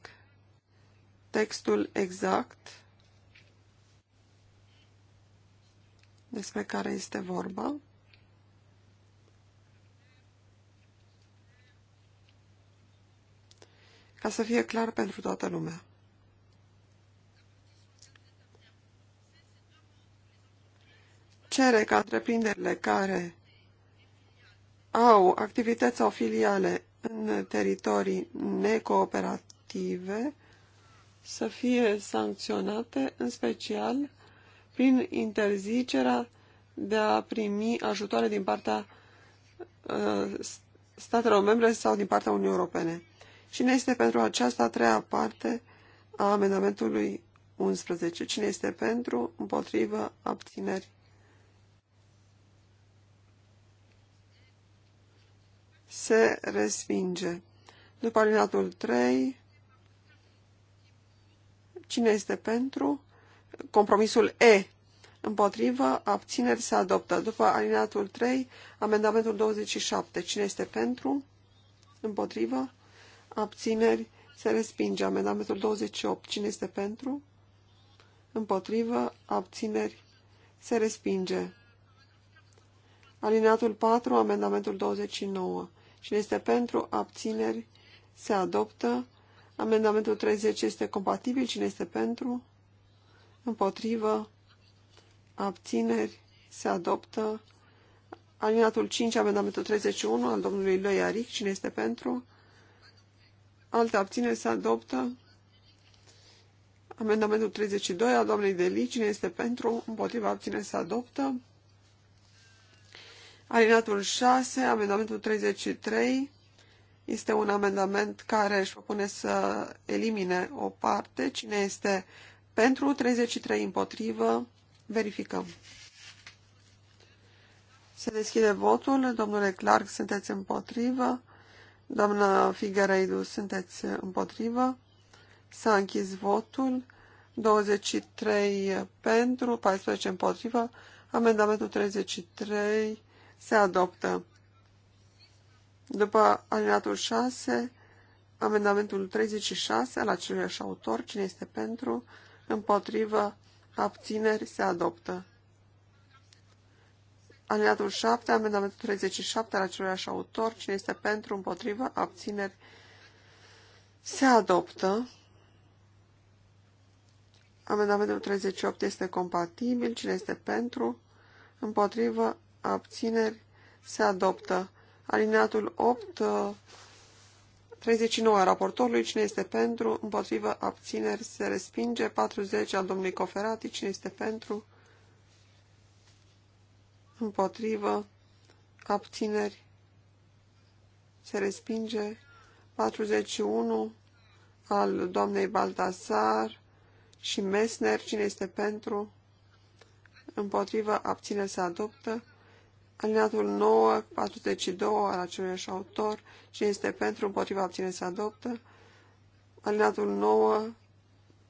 textul exact despre care este vorba. ca să fie clar pentru toată lumea. Cere ca întreprinderile care au activități sau filiale în teritorii necooperative să fie sancționate, în special prin interzicerea de a primi ajutoare din partea uh, statelor membre sau din partea Uniunii Europene. Cine este pentru aceasta a treia parte a amendamentului 11? Cine este pentru, împotrivă, abțineri? Se respinge. După alineatul 3, cine este pentru? Compromisul E. Împotrivă, abțineri se adoptă. După alineatul 3, amendamentul 27. Cine este pentru? Împotrivă, abțineri, se respinge. Amendamentul 28, cine este pentru? Împotrivă, abțineri, se respinge. Alineatul 4, amendamentul 29. Cine este pentru, abțineri, se adoptă. Amendamentul 30 este compatibil. Cine este pentru? Împotrivă? Abțineri? Se adoptă. Alineatul 5, amendamentul 31 al domnului Loiaric. Cine este pentru? alte abțineri se adoptă. Amendamentul 32 al doamnei Deli, cine este pentru, împotriva abțineri se adoptă. Alinatul 6, amendamentul 33, este un amendament care își propune să elimine o parte. Cine este pentru 33 împotrivă, verificăm. Se deschide votul. Domnule Clark, sunteți împotrivă. Doamna Figueiredu, sunteți împotrivă? S-a închis votul. 23 pentru, 14 împotrivă. Amendamentul 33 se adoptă. După alineatul 6, amendamentul 36 al acelui autor, cine este pentru, împotrivă, abțineri, se adoptă. Alineatul 7, amendamentul 37 al același autor. Cine este pentru, împotrivă, abțineri, se adoptă. Amendamentul 38 este compatibil. Cine este pentru, împotrivă, abțineri, se adoptă. Alineatul 8, 39 al raportorului, cine este pentru, împotrivă, abțineri, se respinge, 40 al domnului Coferati, cine este pentru, împotrivă, abțineri, se respinge. 41 al doamnei Baltasar și Mesner, cine este pentru, împotrivă, abține, se adoptă. Alineatul 9, 42 al aceluiași autor, cine este pentru, împotrivă, abține, se adoptă. Alineatul 9,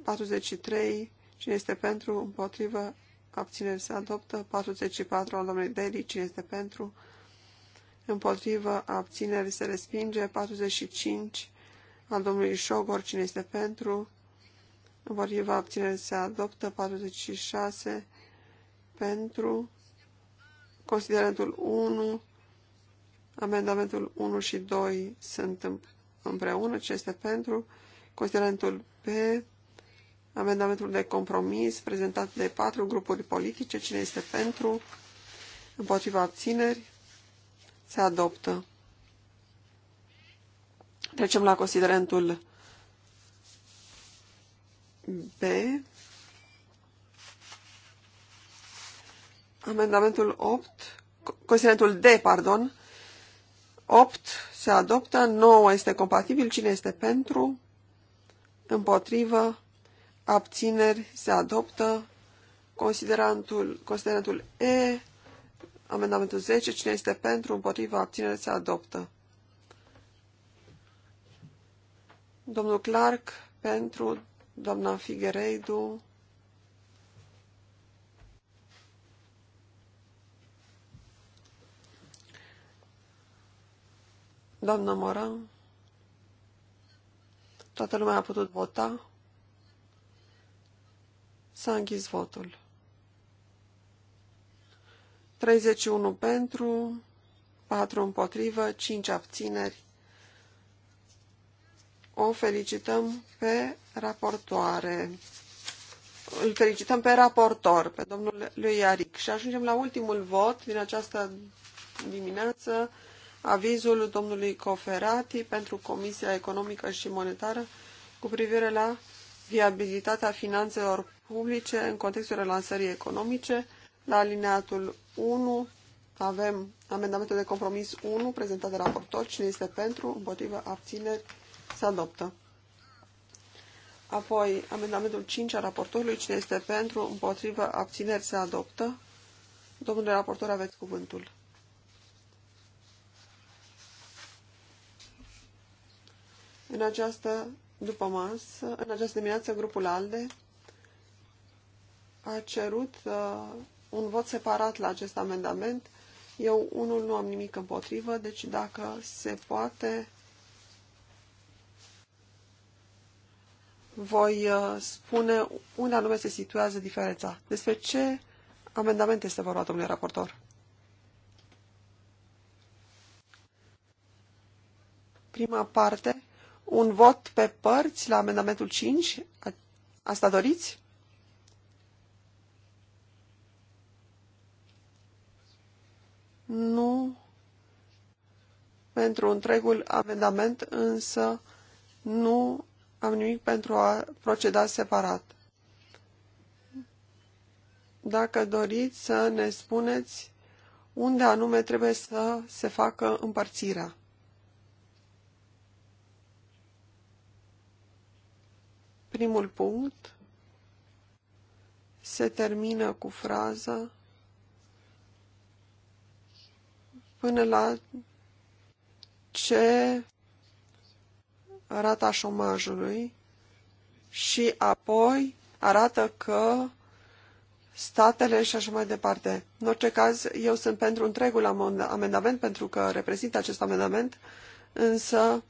43, cine este pentru, împotrivă, abțineri se adoptă, 44 al domnului Deli, cine este pentru, împotrivă, abțineri se respinge, 45 al domnului Șogor, cine este pentru, împotrivă, abțineri se adoptă, 46 pentru, considerentul 1, amendamentul 1 și 2 sunt împreună, ce este pentru, considerentul B, Amendamentul de compromis prezentat de patru grupuri politice. Cine este pentru? Împotriva abțineri? Se adoptă. Trecem la considerentul B. Amendamentul 8, considerentul D, pardon, 8 se adoptă, 9 este compatibil, cine este pentru, împotrivă, abțineri, se adoptă. Considerantul, considerantul E, amendamentul 10, cine este pentru, împotriva, abțineri, se adoptă. Domnul Clark, pentru, doamna Figueiredu, Doamna Moran, toată lumea a putut vota. S-a închis votul. 31 pentru, 4 împotrivă, 5 abțineri. O felicităm pe raportoare. Îl felicităm pe raportor, pe domnul lui Iaric. Și ajungem la ultimul vot din această dimineață, avizul domnului Coferati pentru Comisia Economică și Monetară cu privire la viabilitatea finanțelor publice în contextul relansării economice. La alineatul 1 avem amendamentul de compromis 1 prezentat de raportor. Cine este pentru, împotrivă, abțineri, se adoptă. Apoi, amendamentul 5 a raportorului. Cine este pentru, împotrivă, abțineri, se adoptă. Domnule raportor, aveți cuvântul. În această după masă, în această dimineață, grupul ALDE a cerut uh, un vot separat la acest amendament. Eu, unul, nu am nimic împotrivă, deci dacă se poate, voi uh, spune unde anume se situează diferența. Despre ce amendament este vorba, domnule raportor? Prima parte un vot pe părți la amendamentul 5? Asta doriți? Nu. Pentru întregul amendament, însă nu am nimic pentru a proceda separat. Dacă doriți să ne spuneți unde anume trebuie să se facă împărțirea. Primul punct se termină cu fraza până la ce rata șomajului și apoi arată că statele și așa mai departe. În orice caz, eu sunt pentru întregul amendament, pentru că reprezintă acest amendament, însă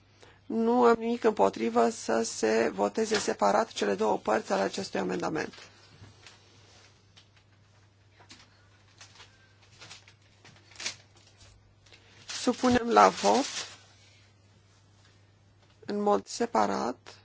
nu am nimic împotrivă să se voteze separat cele două părți ale acestui amendament. Supunem la vot în mod separat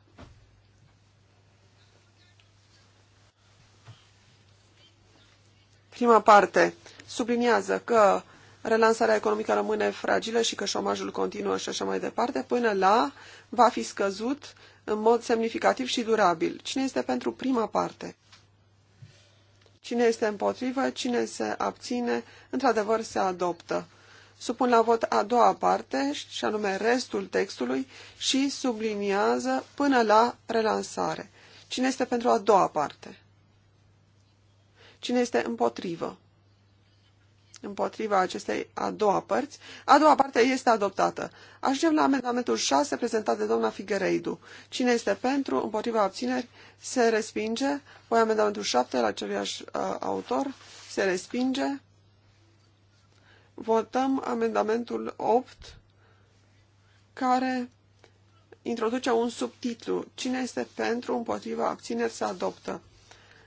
prima parte subliniază că relansarea economică rămâne fragilă și că șomajul continuă și așa mai departe, până la va fi scăzut în mod semnificativ și durabil. Cine este pentru prima parte? Cine este împotrivă? Cine se abține? Într-adevăr, se adoptă. Supun la vot a doua parte, și anume restul textului, și subliniază până la relansare. Cine este pentru a doua parte? Cine este împotrivă? împotriva acestei a doua părți. A doua parte este adoptată. Ajungem la amendamentul 6 prezentat de doamna Figueiredu. Cine este pentru, împotriva abțineri, se respinge. Poi amendamentul 7 la celuiași uh, autor se respinge. Votăm amendamentul 8 care introduce un subtitlu. Cine este pentru, împotriva abțineri, se adoptă.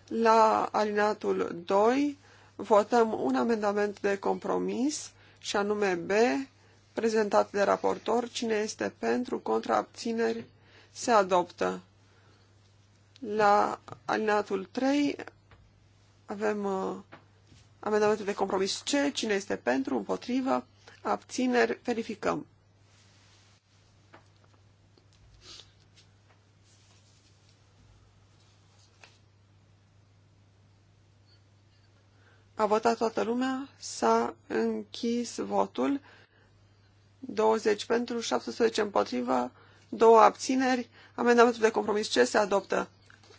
La alineatul 2 votăm un amendament de compromis și anume B, prezentat de raportor. Cine este pentru, contra, se adoptă. La alineatul 3 avem uh, amendamentul de compromis C. Cine este pentru, împotrivă, abțineri, verificăm. A votat toată lumea, s-a închis votul. 20 pentru, 17 împotrivă, 2 abțineri. Amendamentul de compromis ce se adoptă.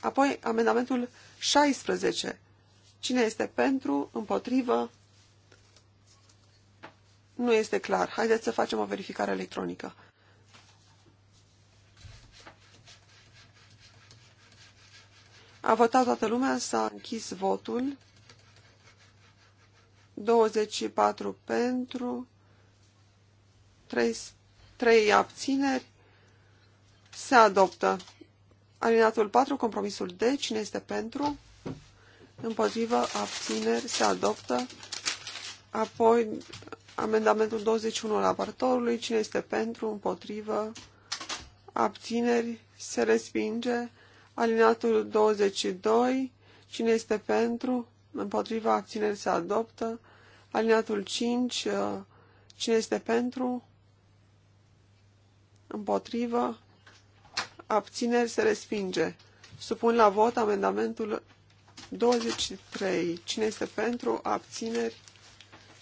Apoi amendamentul 16. Cine este pentru, împotrivă? Nu este clar. Haideți să facem o verificare electronică. A votat toată lumea, s-a închis votul. 24 pentru, 3, 3 abțineri, se adoptă. Alinatul 4, compromisul D, cine este pentru, împotrivă, abțineri, se adoptă. Apoi, amendamentul 21 al raportorului, cine este pentru, împotrivă, abțineri, se respinge. Alinatul 22, cine este pentru, împotriva abțineri se adoptă. Alineatul 5, uh, cine este pentru? Împotrivă? Abțineri se respinge. Supun la vot amendamentul 23. Cine este pentru? Abțineri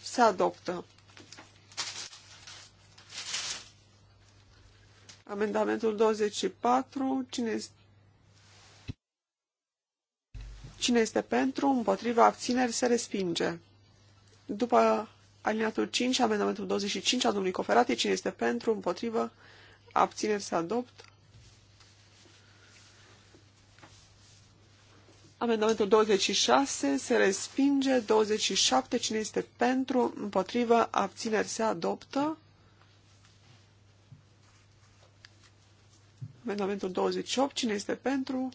se adoptă. Amendamentul 24. Cine este Cine este pentru, împotriva abțineri, se respinge. După alineatul 5, amendamentul 25 al domnului Coferati, cine este pentru, împotrivă, abțineri se adopt. Amendamentul 26 se respinge, 27 cine este pentru, împotrivă, abțineri se adoptă. Amendamentul 28 cine este pentru,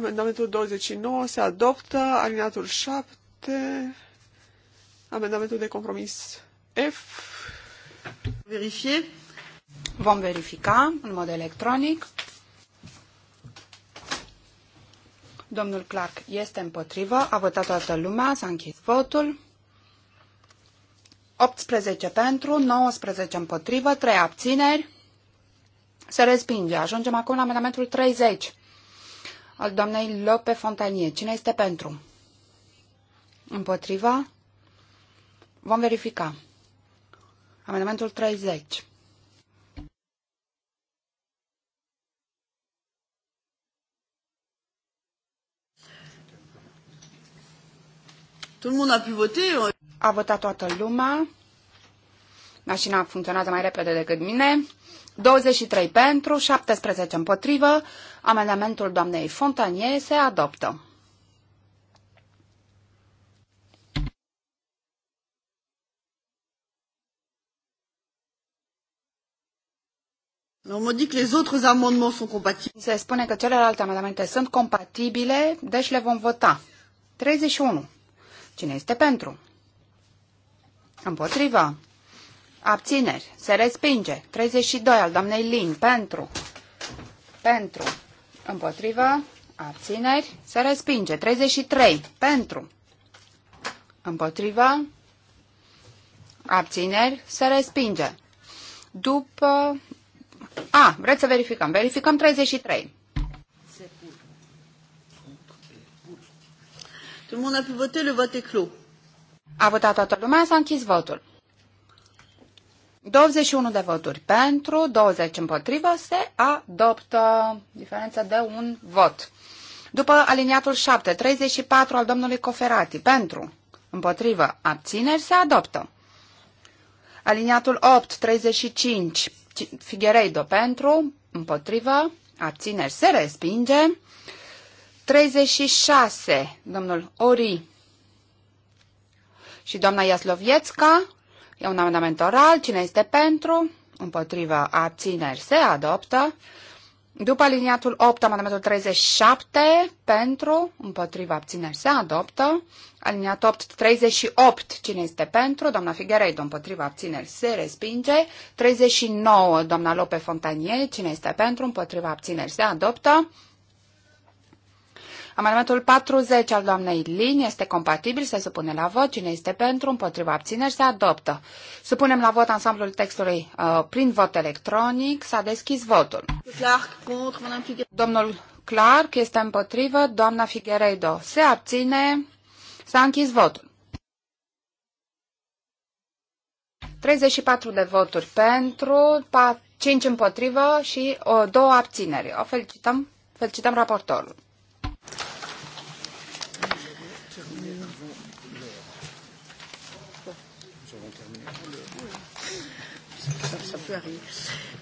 Amendamentul 29 se adoptă. Alineatul 7. Amendamentul de compromis F. Verifie. Vom verifica în mod electronic. Domnul Clark este împotrivă. A votat toată lumea. S-a închis votul. 18 pentru, 19 împotrivă, 3 abțineri. Se respinge. Ajungem acum la amendamentul 30 al doamnei Lope Fontanie. Cine este pentru? Împotriva? Vom verifica. Amendamentul 30. Tout le a A votat toată lumea. Mașina a funcționat mai repede decât mine. 23 pentru, 17 împotrivă. Amendamentul doamnei Fontanie se adoptă. Se spune că celelalte amendamente sunt compatibile, deci le vom vota. 31. Cine este pentru? Împotriva. Abțineri. Se respinge. 32 al doamnei Lin. Pentru. Pentru. Împotrivă. Abțineri. Se respinge. 33. Pentru. Împotrivă. Abțineri. Se respinge. După... A, vreți să verificăm. Verificăm 33. Tout le monde a pu voter, le vote est clos. A votat toată lumea, s-a închis votul. 21 de voturi pentru, 20 împotrivă, se adoptă diferența de un vot. După aliniatul 7, 34 al domnului Coferati, pentru, împotrivă, abțineri, se adoptă. Aliniatul 8, 35, Figueiredo pentru, împotrivă, abțineri, se respinge. 36, domnul Ori și doamna Iasloviețca, E un amendament oral. Cine este pentru? Împotrivă. Abțineri. Se adoptă. După aliniatul 8, amendamentul 37, pentru, împotriva, abțineri, se adoptă. Aliniat 8, 38, cine este pentru? Doamna Figueiredo, împotriva, abțineri, se respinge. 39, doamna Lope Fontanie, cine este pentru? Împotriva, abțineri, se adoptă. Amendamentul 40 al doamnei Lin este compatibil, se supune la vot. Cine este pentru, împotriva abțineri, se adoptă. Supunem la vot ansamblul textului uh, prin vot electronic. S-a deschis votul. Domnul Clark este împotrivă, doamna Figueredo se abține. S-a închis votul. 34 de voturi pentru, 5 împotrivă și o, uh, două abțineri. O felicităm, felicităm raportorul. Ça, ça peut arriver.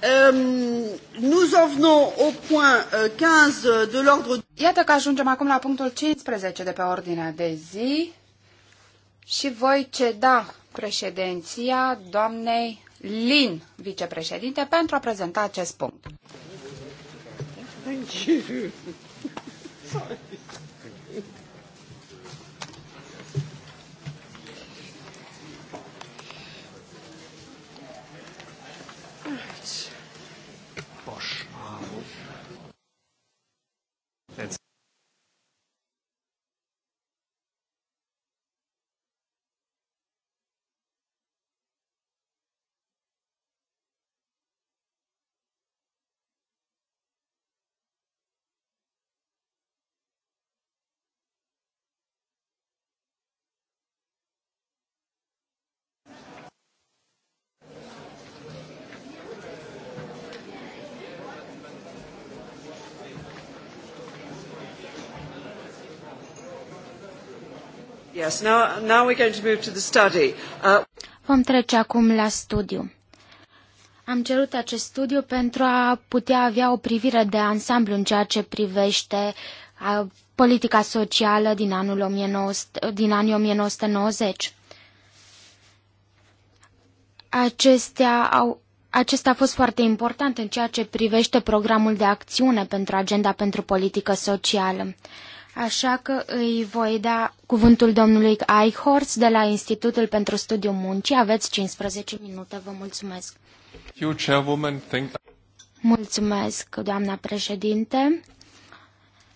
Euh, nous en venons au point 15 euh, de l'ordre. Iată că ajungem acum la punctul 15 de pe ordinea de zi și voi ceda președinția doamnei Lin, vicepreședinte, pentru a prezenta acest punct. Thank you. Sorry. <laughs> Yes, now, now we're going to move to the study. Uh, Vom trece acum la studiu. Am cerut acest studiu pentru a putea avea o privire de ansamblu în ceea ce privește politica socială din, anul 19, din anii 1990. Acestea au, acesta a fost foarte important în ceea ce privește programul de acțiune pentru Agenda pentru Politică Socială așa că îi voi da cuvântul domnului Eichhorst de la Institutul pentru Studiul Muncii. Aveți 15 minute, vă mulțumesc. Mulțumesc, doamna președinte.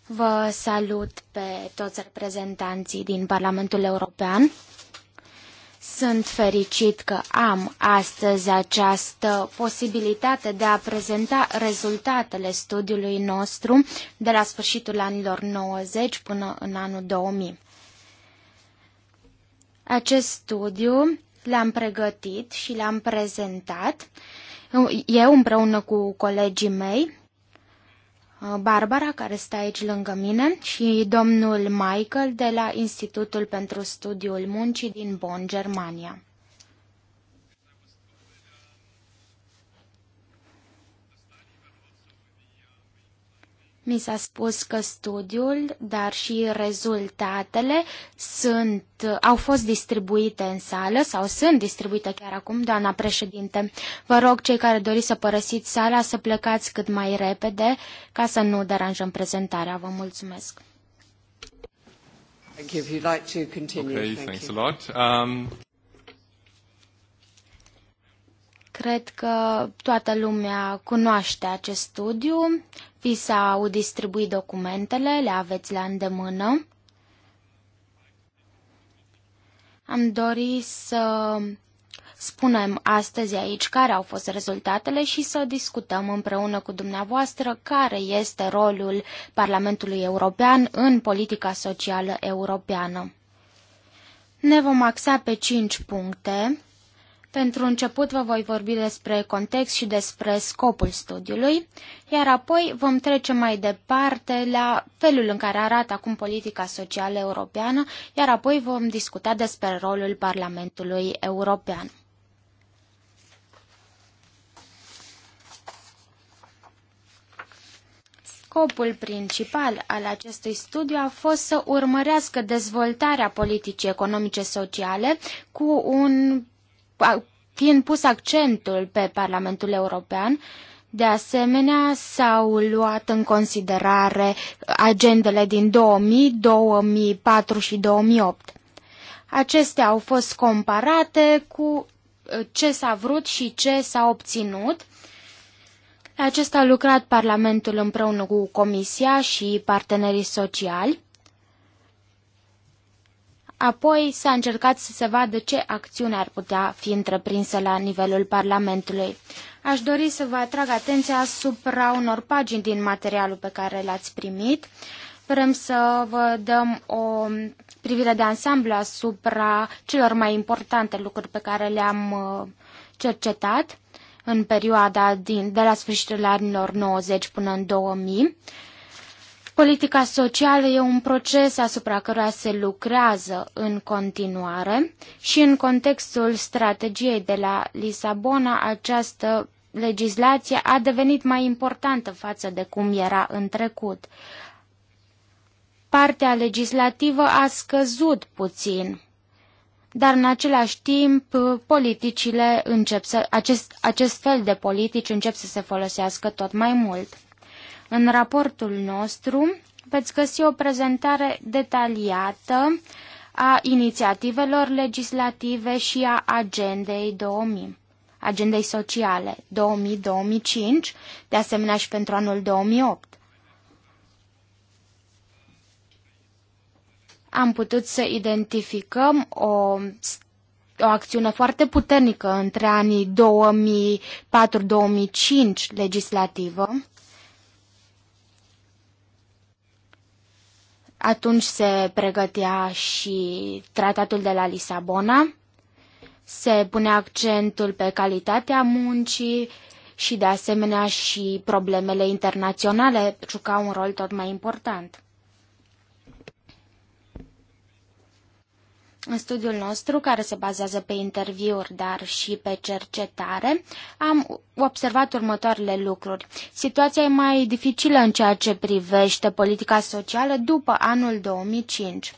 Vă salut pe toți reprezentanții din Parlamentul European. Sunt fericit că am astăzi această posibilitate de a prezenta rezultatele studiului nostru de la sfârșitul anilor 90 până în anul 2000. Acest studiu l-am pregătit și l-am prezentat eu împreună cu colegii mei Uh, Barbara, care stă aici lângă mine, și domnul Michael de la Institutul pentru Studiul Muncii din Bonn, Germania. Mi s-a spus că studiul, dar și rezultatele sunt, au fost distribuite în sală sau sunt distribuite chiar acum, doamna președinte. Vă rog, cei care doriți să părăsiți sala, să plecați cât mai repede ca să nu deranjăm prezentarea. Vă mulțumesc. Thank you. If you'd like to continue, okay, thank thanks you. a lot. Um... Cred că toată lumea cunoaște acest studiu vi s-au distribuit documentele, le aveți la îndemână. Am dorit să spunem astăzi aici care au fost rezultatele și să discutăm împreună cu dumneavoastră care este rolul Parlamentului European în politica socială europeană. Ne vom axa pe cinci puncte pentru început vă voi vorbi despre context și despre scopul studiului, iar apoi vom trece mai departe la felul în care arată acum politica socială europeană, iar apoi vom discuta despre rolul Parlamentului European. Scopul principal al acestui studiu a fost să urmărească dezvoltarea politicii economice sociale cu un fiind pus accentul pe Parlamentul European, de asemenea, s-au luat în considerare agendele din 2000, 2004 și 2008. Acestea au fost comparate cu ă, ce s-a vrut și ce s-a obținut. acesta a lucrat Parlamentul împreună cu Comisia și partenerii sociali. Apoi s-a încercat să se vadă ce acțiune ar putea fi întreprinsă la nivelul Parlamentului. Aș dori să vă atrag atenția asupra unor pagini din materialul pe care l-ați primit. Vrem să vă dăm o privire de ansamblu asupra celor mai importante lucruri pe care le-am uh, cercetat în perioada din, de la sfârșitul anilor 90 până în 2000 Politica socială e un proces asupra căruia se lucrează în continuare și în contextul strategiei de la Lisabona această legislație a devenit mai importantă față de cum era în trecut. Partea legislativă a scăzut puțin, dar în același timp politicile încep să, acest, acest fel de politici încep să se folosească tot mai mult. În raportul nostru veți găsi o prezentare detaliată a inițiativelor legislative și a agendei 2000 agendei sociale 2000-2005, de asemenea și pentru anul 2008. Am putut să identificăm o o acțiune foarte puternică între anii 2004-2005 legislativă. Atunci se pregătea și tratatul de la Lisabona, se pune accentul pe calitatea muncii și de asemenea și problemele internaționale jucau un rol tot mai important. În studiul nostru, care se bazează pe interviuri, dar și pe cercetare, am observat următoarele lucruri. Situația e mai dificilă în ceea ce privește politica socială după anul 2005.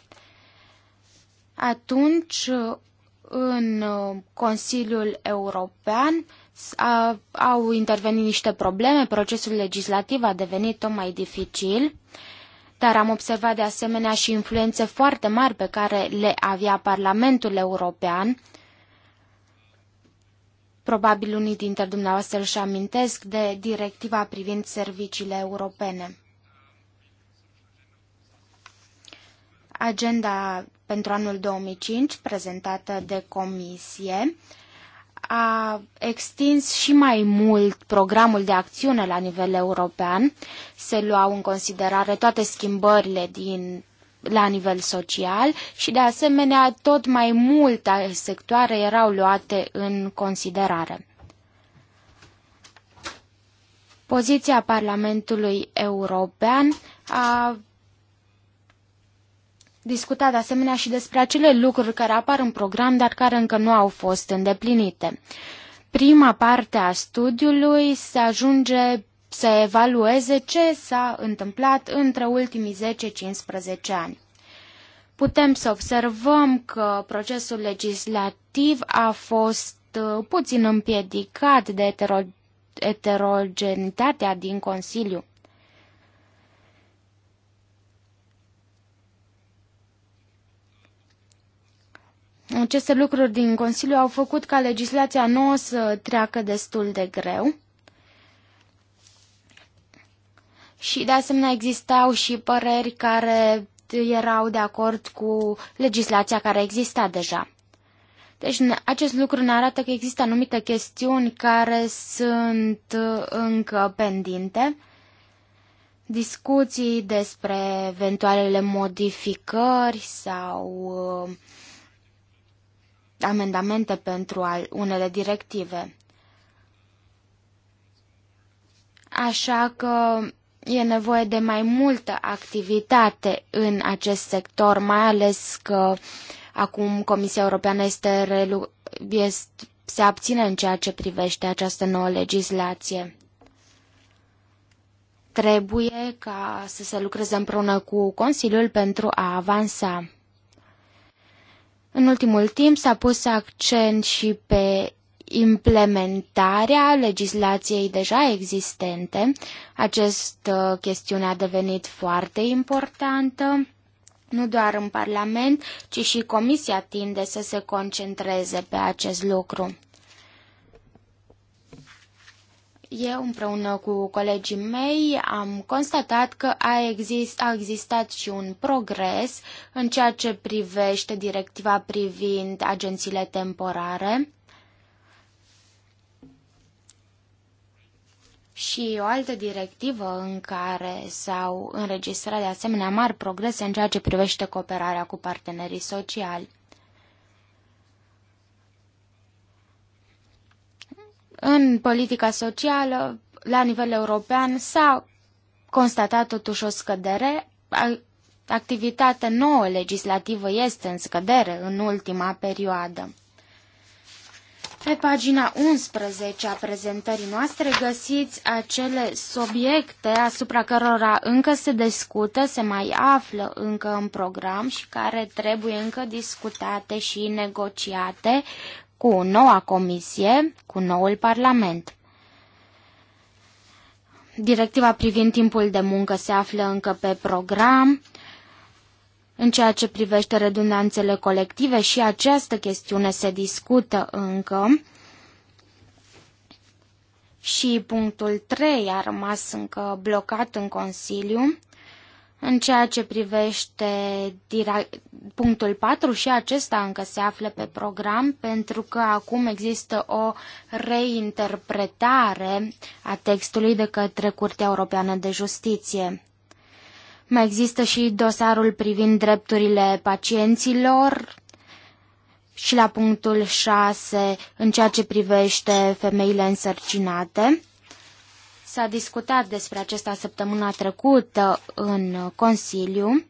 Atunci, în Consiliul European, au intervenit niște probleme, procesul legislativ a devenit tot mai dificil dar am observat de asemenea și influențe foarte mari pe care le avea Parlamentul European. Probabil unii dintre dumneavoastră își amintesc de directiva privind serviciile europene. Agenda pentru anul 2005 prezentată de comisie uh, a extins și mai mult programul de acțiune la nivel european. Se luau în considerare toate schimbările din la nivel social și de asemenea tot mai multe sectoare erau luate în considerare. Poziția Parlamentului European a discuta de asemenea și despre acele lucruri care apar în program, dar care încă nu au fost îndeplinite. Prima parte a studiului se ajunge să evalueze ce s-a întâmplat între ultimii 10-15 ani. Putem să observăm că procesul legislativ a fost uh, puțin împiedicat de eterogenitatea din Consiliu. Aceste lucruri din Consiliu au făcut ca legislația nouă să treacă destul de greu. Și de asemenea existau și păreri care erau de acord cu legislația care exista deja. Deci acest lucru ne arată că există anumite chestiuni care sunt uh, încă pendinte. Discuții despre eventualele modificări sau uh, amendamente pentru unele directive. Așa că e nevoie de mai multă activitate în acest sector, mai ales că acum Comisia Europeană este, relu- este se abține în ceea ce privește această nouă legislație. Trebuie ca să se lucreze împreună cu Consiliul pentru a avansa. În ultimul timp s-a pus accent și pe implementarea legislației deja existente. Această chestiune a devenit foarte importantă. Nu doar în Parlament, ci și Comisia tinde să se concentreze pe acest lucru. Eu, împreună cu colegii mei, am constatat că a, exist, a existat și un progres în ceea ce privește directiva privind agențiile temporare. Și o altă directivă în care s-au înregistrat de asemenea mari progrese în ceea ce privește cooperarea cu partenerii sociali. În politica socială, la nivel european, s-a constatat totuși o scădere. Activitatea nouă legislativă este în scădere în ultima perioadă. Pe pagina 11 a prezentării noastre găsiți acele subiecte asupra cărora încă se discută, se mai află încă în program și care trebuie încă discutate și negociate cu noua comisie, cu noul Parlament. Directiva privind timpul de muncă se află încă pe program. În ceea ce privește redundanțele colective și această chestiune se discută încă. Și punctul 3 a rămas încă blocat în Consiliu. În ceea ce privește punctul 4 și acesta încă se află pe program pentru că acum există o reinterpretare a textului de către Curtea Europeană de Justiție. Mai există și dosarul privind drepturile pacienților și la punctul 6 în ceea ce privește femeile însărcinate. S-a discutat despre acesta săptămâna trecută în Consiliu,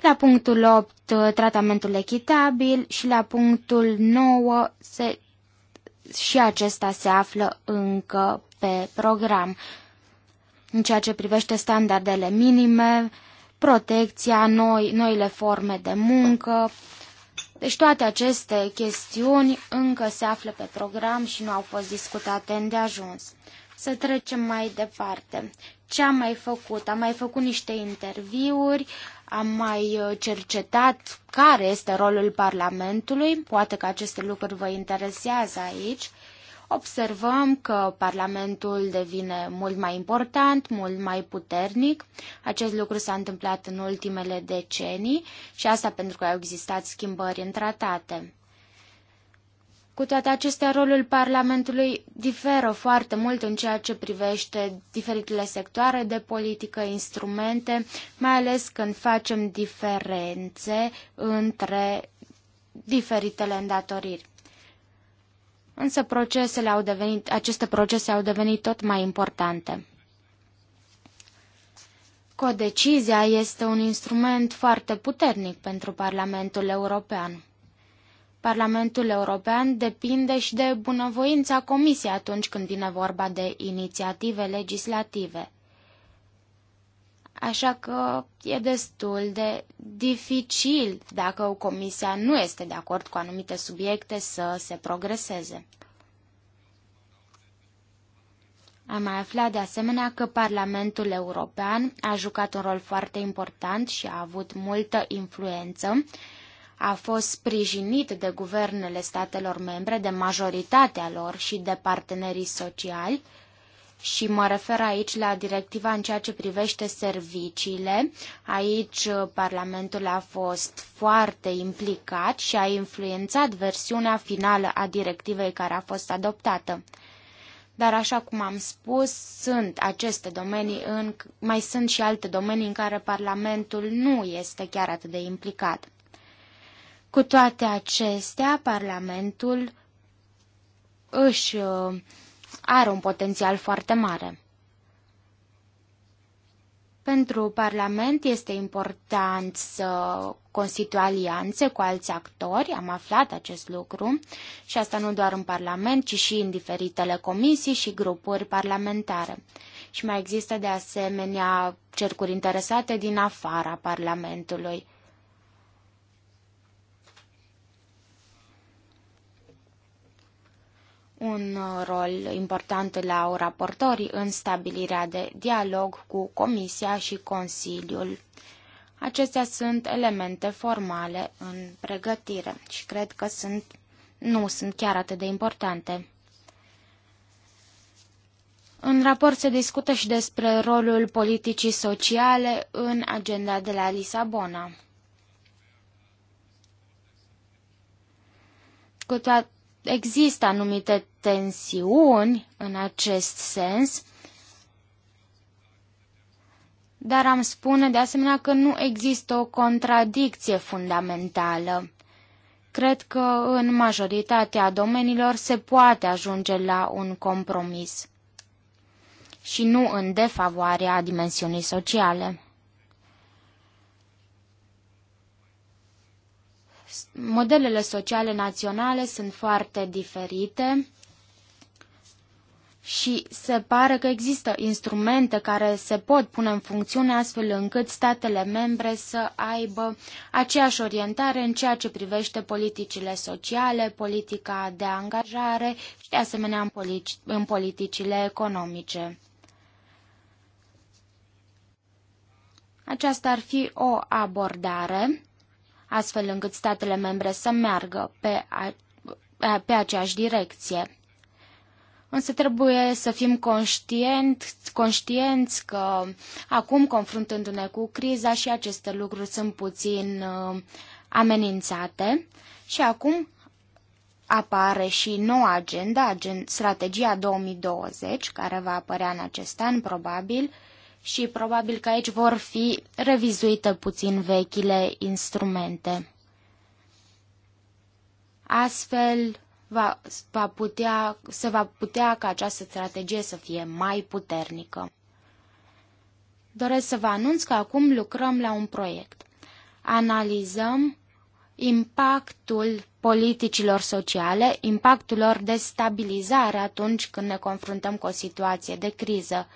la punctul 8 tratamentul echitabil și la punctul 9 se, și acesta se află încă pe program. În ceea ce privește standardele minime, protecția, noi, noile forme de muncă, deci toate aceste chestiuni încă se află pe program și nu au fost discutate îndeajuns. ajuns. Să trecem mai departe. Ce am mai făcut? Am mai făcut niște interviuri, am mai uh, cercetat care este rolul Parlamentului. Poate că aceste lucruri vă interesează aici observăm că Parlamentul devine mult mai important, mult mai puternic. Acest lucru s-a întâmplat în ultimele decenii și asta pentru că au existat schimbări în tratate. Cu toate acestea, rolul Parlamentului diferă foarte mult în ceea ce privește diferitele sectoare de politică, instrumente, mai ales când facem diferențe între diferitele îndatoriri. Însă procesele au devenit, aceste procese au devenit tot mai importante. Codecizia este un instrument foarte puternic pentru Parlamentul European. Parlamentul European depinde și de bunăvoința Comisiei atunci când vine vorba de inițiative legislative. Așa că e destul de dificil dacă o comisia nu este de acord cu anumite subiecte să se progreseze. Am mai aflat de asemenea că Parlamentul European a jucat un rol foarte important și a avut multă influență a fost sprijinit de guvernele statelor membre, de majoritatea lor și de partenerii sociali, și mă refer aici la directiva în ceea ce privește serviciile. Aici uh, Parlamentul a fost foarte implicat și a influențat versiunea finală a directivei care a fost adoptată. Dar așa cum am spus, sunt aceste domenii în, mai sunt și alte domenii în care Parlamentul nu este chiar atât de implicat. Cu toate acestea, Parlamentul își uh, are un potențial foarte mare. Pentru Parlament este important să constituie alianțe cu alți actori, am aflat acest lucru, și asta nu doar în Parlament, ci și în diferitele comisii și grupuri parlamentare. Și mai există de asemenea cercuri interesate din afara Parlamentului. un uh, rol important la au raportorii în stabilirea de dialog cu Comisia și Consiliul. Acestea sunt elemente formale în pregătire și cred că sunt, nu sunt chiar atât de importante. În raport se discută și despre rolul politicii sociale în agenda de la Lisabona. Cu, toate există anumite tensiuni în acest sens, dar am spune de asemenea că nu există o contradicție fundamentală. Cred că în majoritatea domeniilor se poate ajunge la un compromis și nu în defavoarea dimensiunii sociale. Modelele sociale naționale sunt foarte diferite și se pare că există instrumente care se pot pune în funcțiune astfel încât statele membre să aibă aceeași orientare în ceea ce privește politicile sociale, politica de angajare și de asemenea în, politici, în politicile economice. Aceasta ar fi o abordare astfel încât statele membre să meargă pe, a, pe aceeași direcție. Însă trebuie să fim conștient, conștienți că acum, confruntându-ne cu criza, și aceste lucruri sunt puțin uh, amenințate. Și acum apare și noua agenda, strategia 2020, care va apărea în acest an, probabil, și probabil că aici vor fi revizuite puțin vechile instrumente. Astfel, va, va putea, se va putea ca această strategie să fie mai puternică. Doresc să vă anunț că acum lucrăm la un proiect. Analizăm impactul politicilor sociale, impactul lor de stabilizare atunci când ne confruntăm cu o situație de criză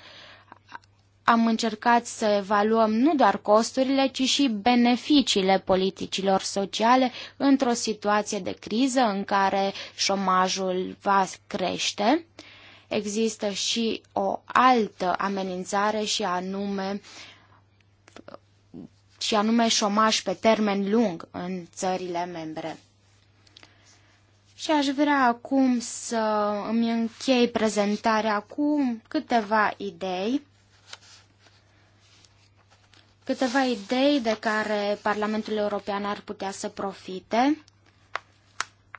am încercat să evaluăm nu doar costurile, ci și beneficiile politicilor sociale într-o situație de criză în care șomajul va crește. Există și o altă amenințare și anume și anume șomaj pe termen lung în țările membre. Și aș vrea acum să îmi închei prezentarea cu câteva idei Câteva idei de care Parlamentul European ar putea să profite.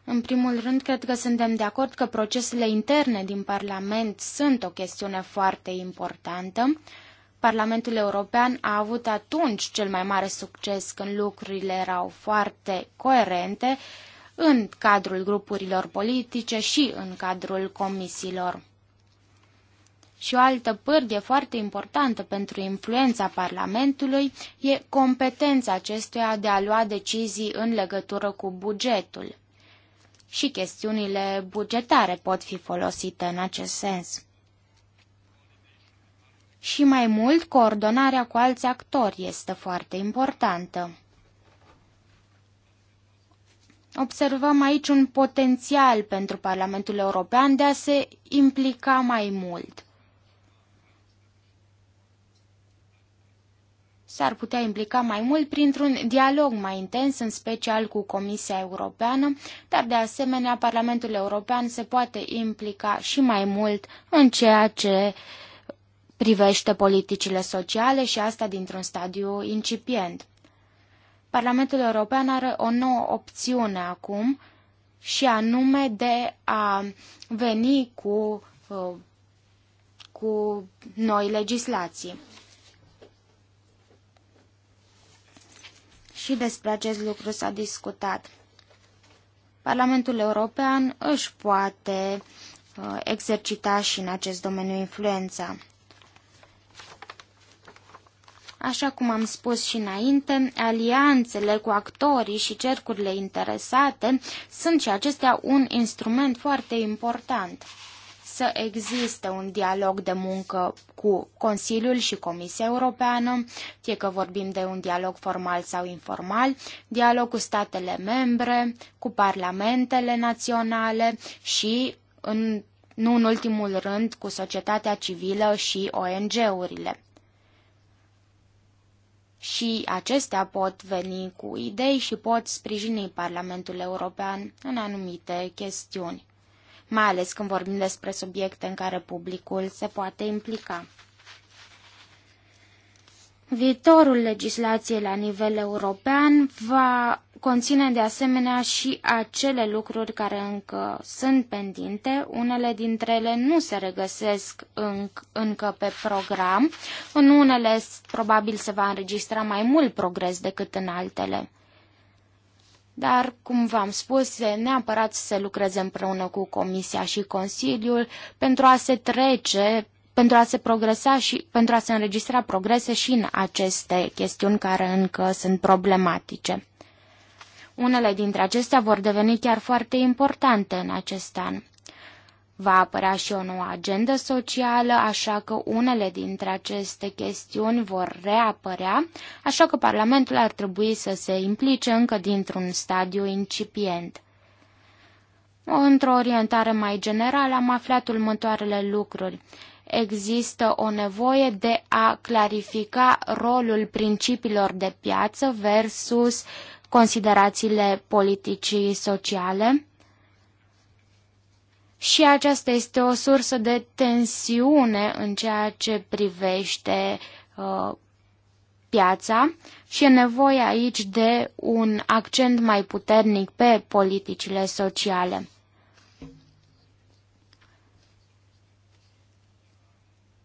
În primul rând, cred că suntem de acord că procesele interne din Parlament sunt o chestiune foarte importantă. Parlamentul European a avut atunci cel mai mare succes când lucrurile erau foarte coerente în cadrul grupurilor politice și în cadrul comisiilor. Și o altă pârghie foarte importantă pentru influența Parlamentului e competența acestuia de a lua decizii în legătură cu bugetul. Și chestiunile bugetare pot fi folosite în acest sens. Și mai mult, coordonarea cu alți actori este foarte importantă. Observăm aici un potențial pentru Parlamentul European de a se implica mai mult. s-ar putea implica mai mult printr-un dialog mai intens, în special cu Comisia Europeană, dar de asemenea Parlamentul European se poate implica și mai mult în ceea ce privește politicile sociale și asta dintr-un stadiu incipient. Parlamentul European are o nouă opțiune acum și anume de a veni cu, uh, cu noi legislații. și despre acest lucru s-a discutat. Parlamentul European își poate uh, exercita și în acest domeniu influența. Așa cum am spus și înainte, alianțele cu actorii și cercurile interesate sunt și acestea un instrument foarte important să existe un dialog de muncă cu Consiliul și Comisia Europeană, fie că vorbim de un dialog formal sau informal, dialog cu statele membre, cu parlamentele naționale și, în, nu în ultimul rând, cu societatea civilă și ONG-urile și acestea pot veni cu idei și pot sprijini Parlamentul European în anumite chestiuni mai ales când vorbim despre subiecte în care publicul se poate implica. Viitorul legislației la nivel european va conține de asemenea și acele lucruri care încă sunt pendinte, unele dintre ele nu se regăsesc înc- încă pe program, în unele probabil se va înregistra mai mult progres decât în altele dar, cum v-am spus, neapărat să lucreze împreună cu Comisia și Consiliul pentru a se trece pentru a se progresa și pentru a se înregistra progrese și în aceste chestiuni care încă sunt problematice. Unele dintre acestea vor deveni chiar foarte importante în acest an. Va apărea și o nouă agendă socială, așa că unele dintre aceste chestiuni vor reapărea, așa că Parlamentul ar trebui să se implice încă dintr-un stadiu incipient. Într-o orientare mai generală am aflat următoarele lucruri. Există o nevoie de a clarifica rolul principiilor de piață versus considerațiile politicii sociale și aceasta este o sursă de tensiune în ceea ce privește uh, piața și e nevoie aici de un accent mai puternic pe politicile sociale.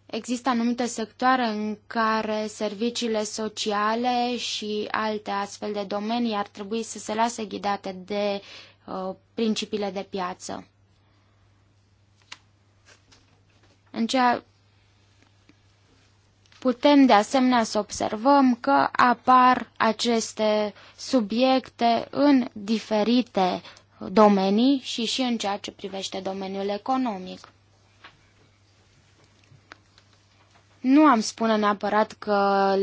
Există anumite sectoare în care serviciile sociale și alte astfel de domenii ar trebui să se lase ghidate de uh, principiile de piață. În ceea putem de asemenea să observăm că apar aceste subiecte în diferite domenii și și în ceea ce privește domeniul economic. Nu am spune neapărat că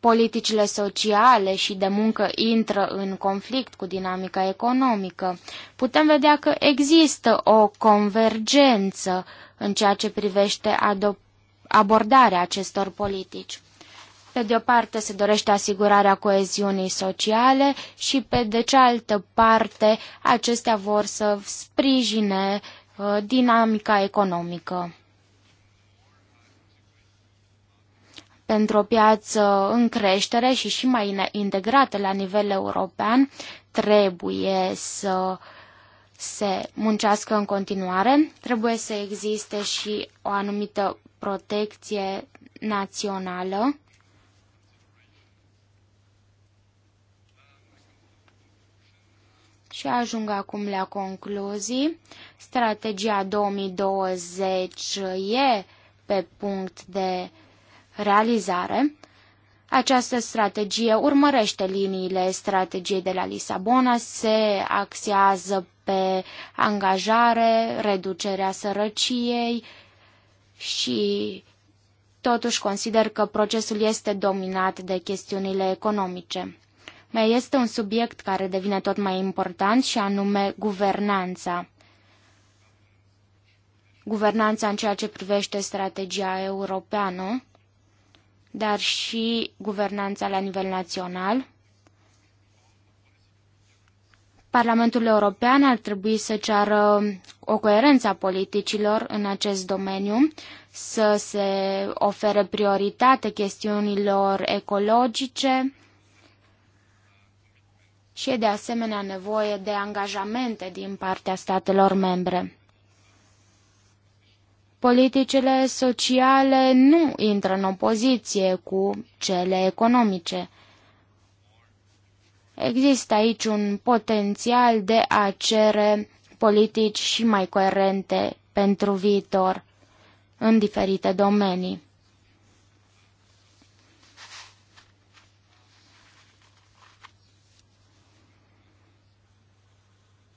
politicile sociale și de muncă intră în conflict cu dinamica economică. Putem vedea că există o convergență în ceea ce privește abordarea acestor politici. Pe de o parte se dorește asigurarea coeziunii sociale și pe de cealaltă parte acestea vor să sprijine uh, dinamica economică. pentru o piață în creștere și și mai integrată la nivel european, trebuie să se muncească în continuare. Trebuie să existe și o anumită protecție națională. Și ajung acum la concluzii. Strategia 2020 e pe punct de realizare. Această strategie urmărește liniile strategiei de la Lisabona, se axează pe angajare, reducerea sărăciei și totuși consider că procesul este dominat de chestiunile economice. Mai este un subiect care devine tot mai important și anume guvernanța. Guvernanța în ceea ce privește strategia europeană dar și guvernanța la nivel național. Parlamentul European ar trebui să ceară o coerență a politicilor în acest domeniu, să se ofere prioritate chestiunilor ecologice și e de asemenea nevoie de angajamente din partea statelor membre. Politicile sociale nu intră în opoziție cu cele economice. Există aici un potențial de a cere politici și mai coerente pentru viitor în diferite domenii.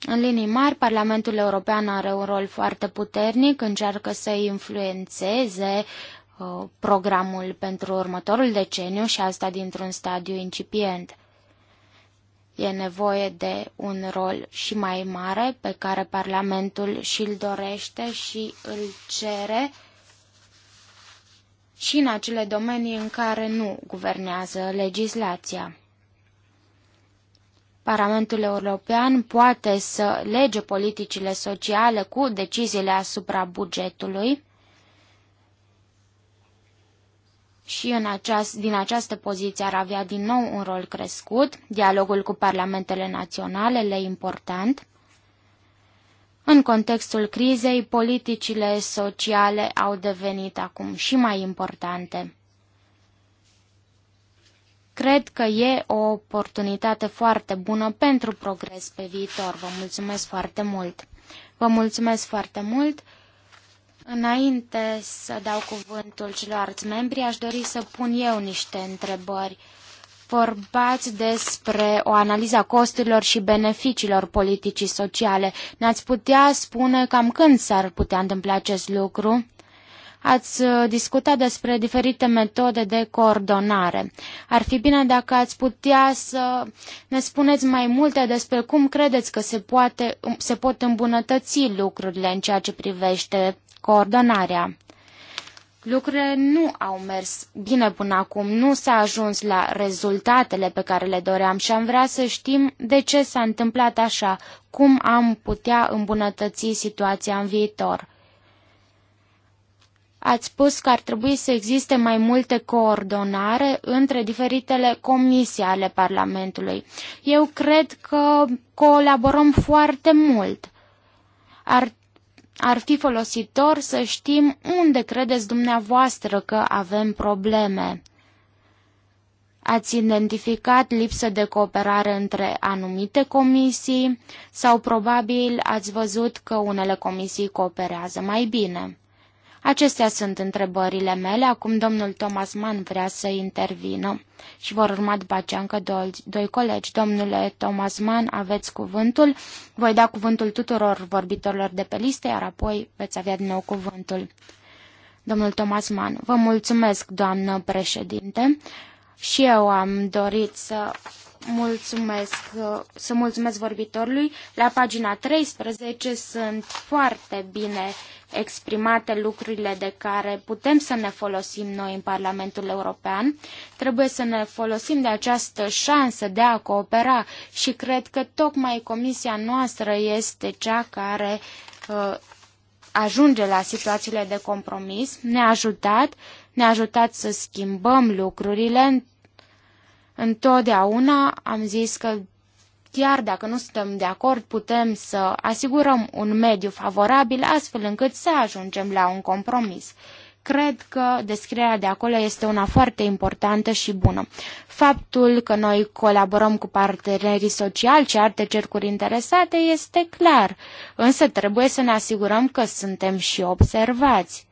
În linii mari, Parlamentul European are un rol foarte puternic, încearcă să influențeze uh, programul pentru următorul deceniu și asta dintr-un stadiu incipient. E nevoie de un rol și mai mare pe care Parlamentul și-l dorește și îl cere și în acele domenii în care nu guvernează legislația. Parlamentul European poate să lege politicile sociale cu deciziile asupra bugetului și în aceast, din această poziție ar avea din nou un rol crescut. Dialogul cu parlamentele naționale le important. În contextul crizei, politicile sociale au devenit acum și mai importante. Cred că e o oportunitate foarte bună pentru progres pe viitor. Vă mulțumesc foarte mult! Vă mulțumesc foarte mult! Înainte să dau cuvântul celorlalți membri, aș dori să pun eu niște întrebări. Vorbați despre o analiză a costurilor și beneficiilor politicii sociale. Ne-ați putea spune cam când s-ar putea întâmpla acest lucru? Ați uh, discutat despre diferite metode de coordonare. Ar fi bine dacă ați putea să ne spuneți mai multe despre cum credeți că se, poate, um, se pot îmbunătăți lucrurile în ceea ce privește coordonarea. Lucrurile nu au mers bine până acum, nu s-a ajuns la rezultatele pe care le doream și am vrea să știm de ce s-a întâmplat așa, cum am putea îmbunătăți situația în viitor. Ați spus că ar trebui să existe mai multe coordonare între diferitele comisii ale Parlamentului. Eu cred că colaborăm foarte mult. Ar, ar fi folositor să știm unde credeți dumneavoastră că avem probleme. Ați identificat lipsă de cooperare între anumite comisii sau probabil ați văzut că unele comisii cooperează mai bine. Acestea sunt întrebările mele. Acum domnul Thomas Mann vrea să intervină și vor urma după aceea încă doi, doi colegi. Domnule Thomas Mann, aveți cuvântul. Voi da cuvântul tuturor vorbitorilor de pe listă, iar apoi veți avea din nou cuvântul. Domnul Thomas Mann, vă mulțumesc, doamnă președinte. Și eu am dorit să mulțumesc, uh, să mulțumesc vorbitorului. La pagina 13 sunt foarte bine exprimate lucrurile de care putem să ne folosim noi în Parlamentul European. Trebuie să ne folosim de această șansă de a coopera și cred că tocmai comisia noastră este cea care uh, ajunge la situațiile de compromis. Ne-a ajutat, ne-a ajutat să schimbăm lucrurile Întotdeauna am zis că chiar dacă nu suntem de acord, putem să asigurăm un mediu favorabil astfel încât să ajungem la un compromis. Cred că descrierea de acolo este una foarte importantă și bună. Faptul că noi colaborăm cu partenerii sociali și alte cercuri interesate este clar, însă trebuie să ne asigurăm că suntem și observați.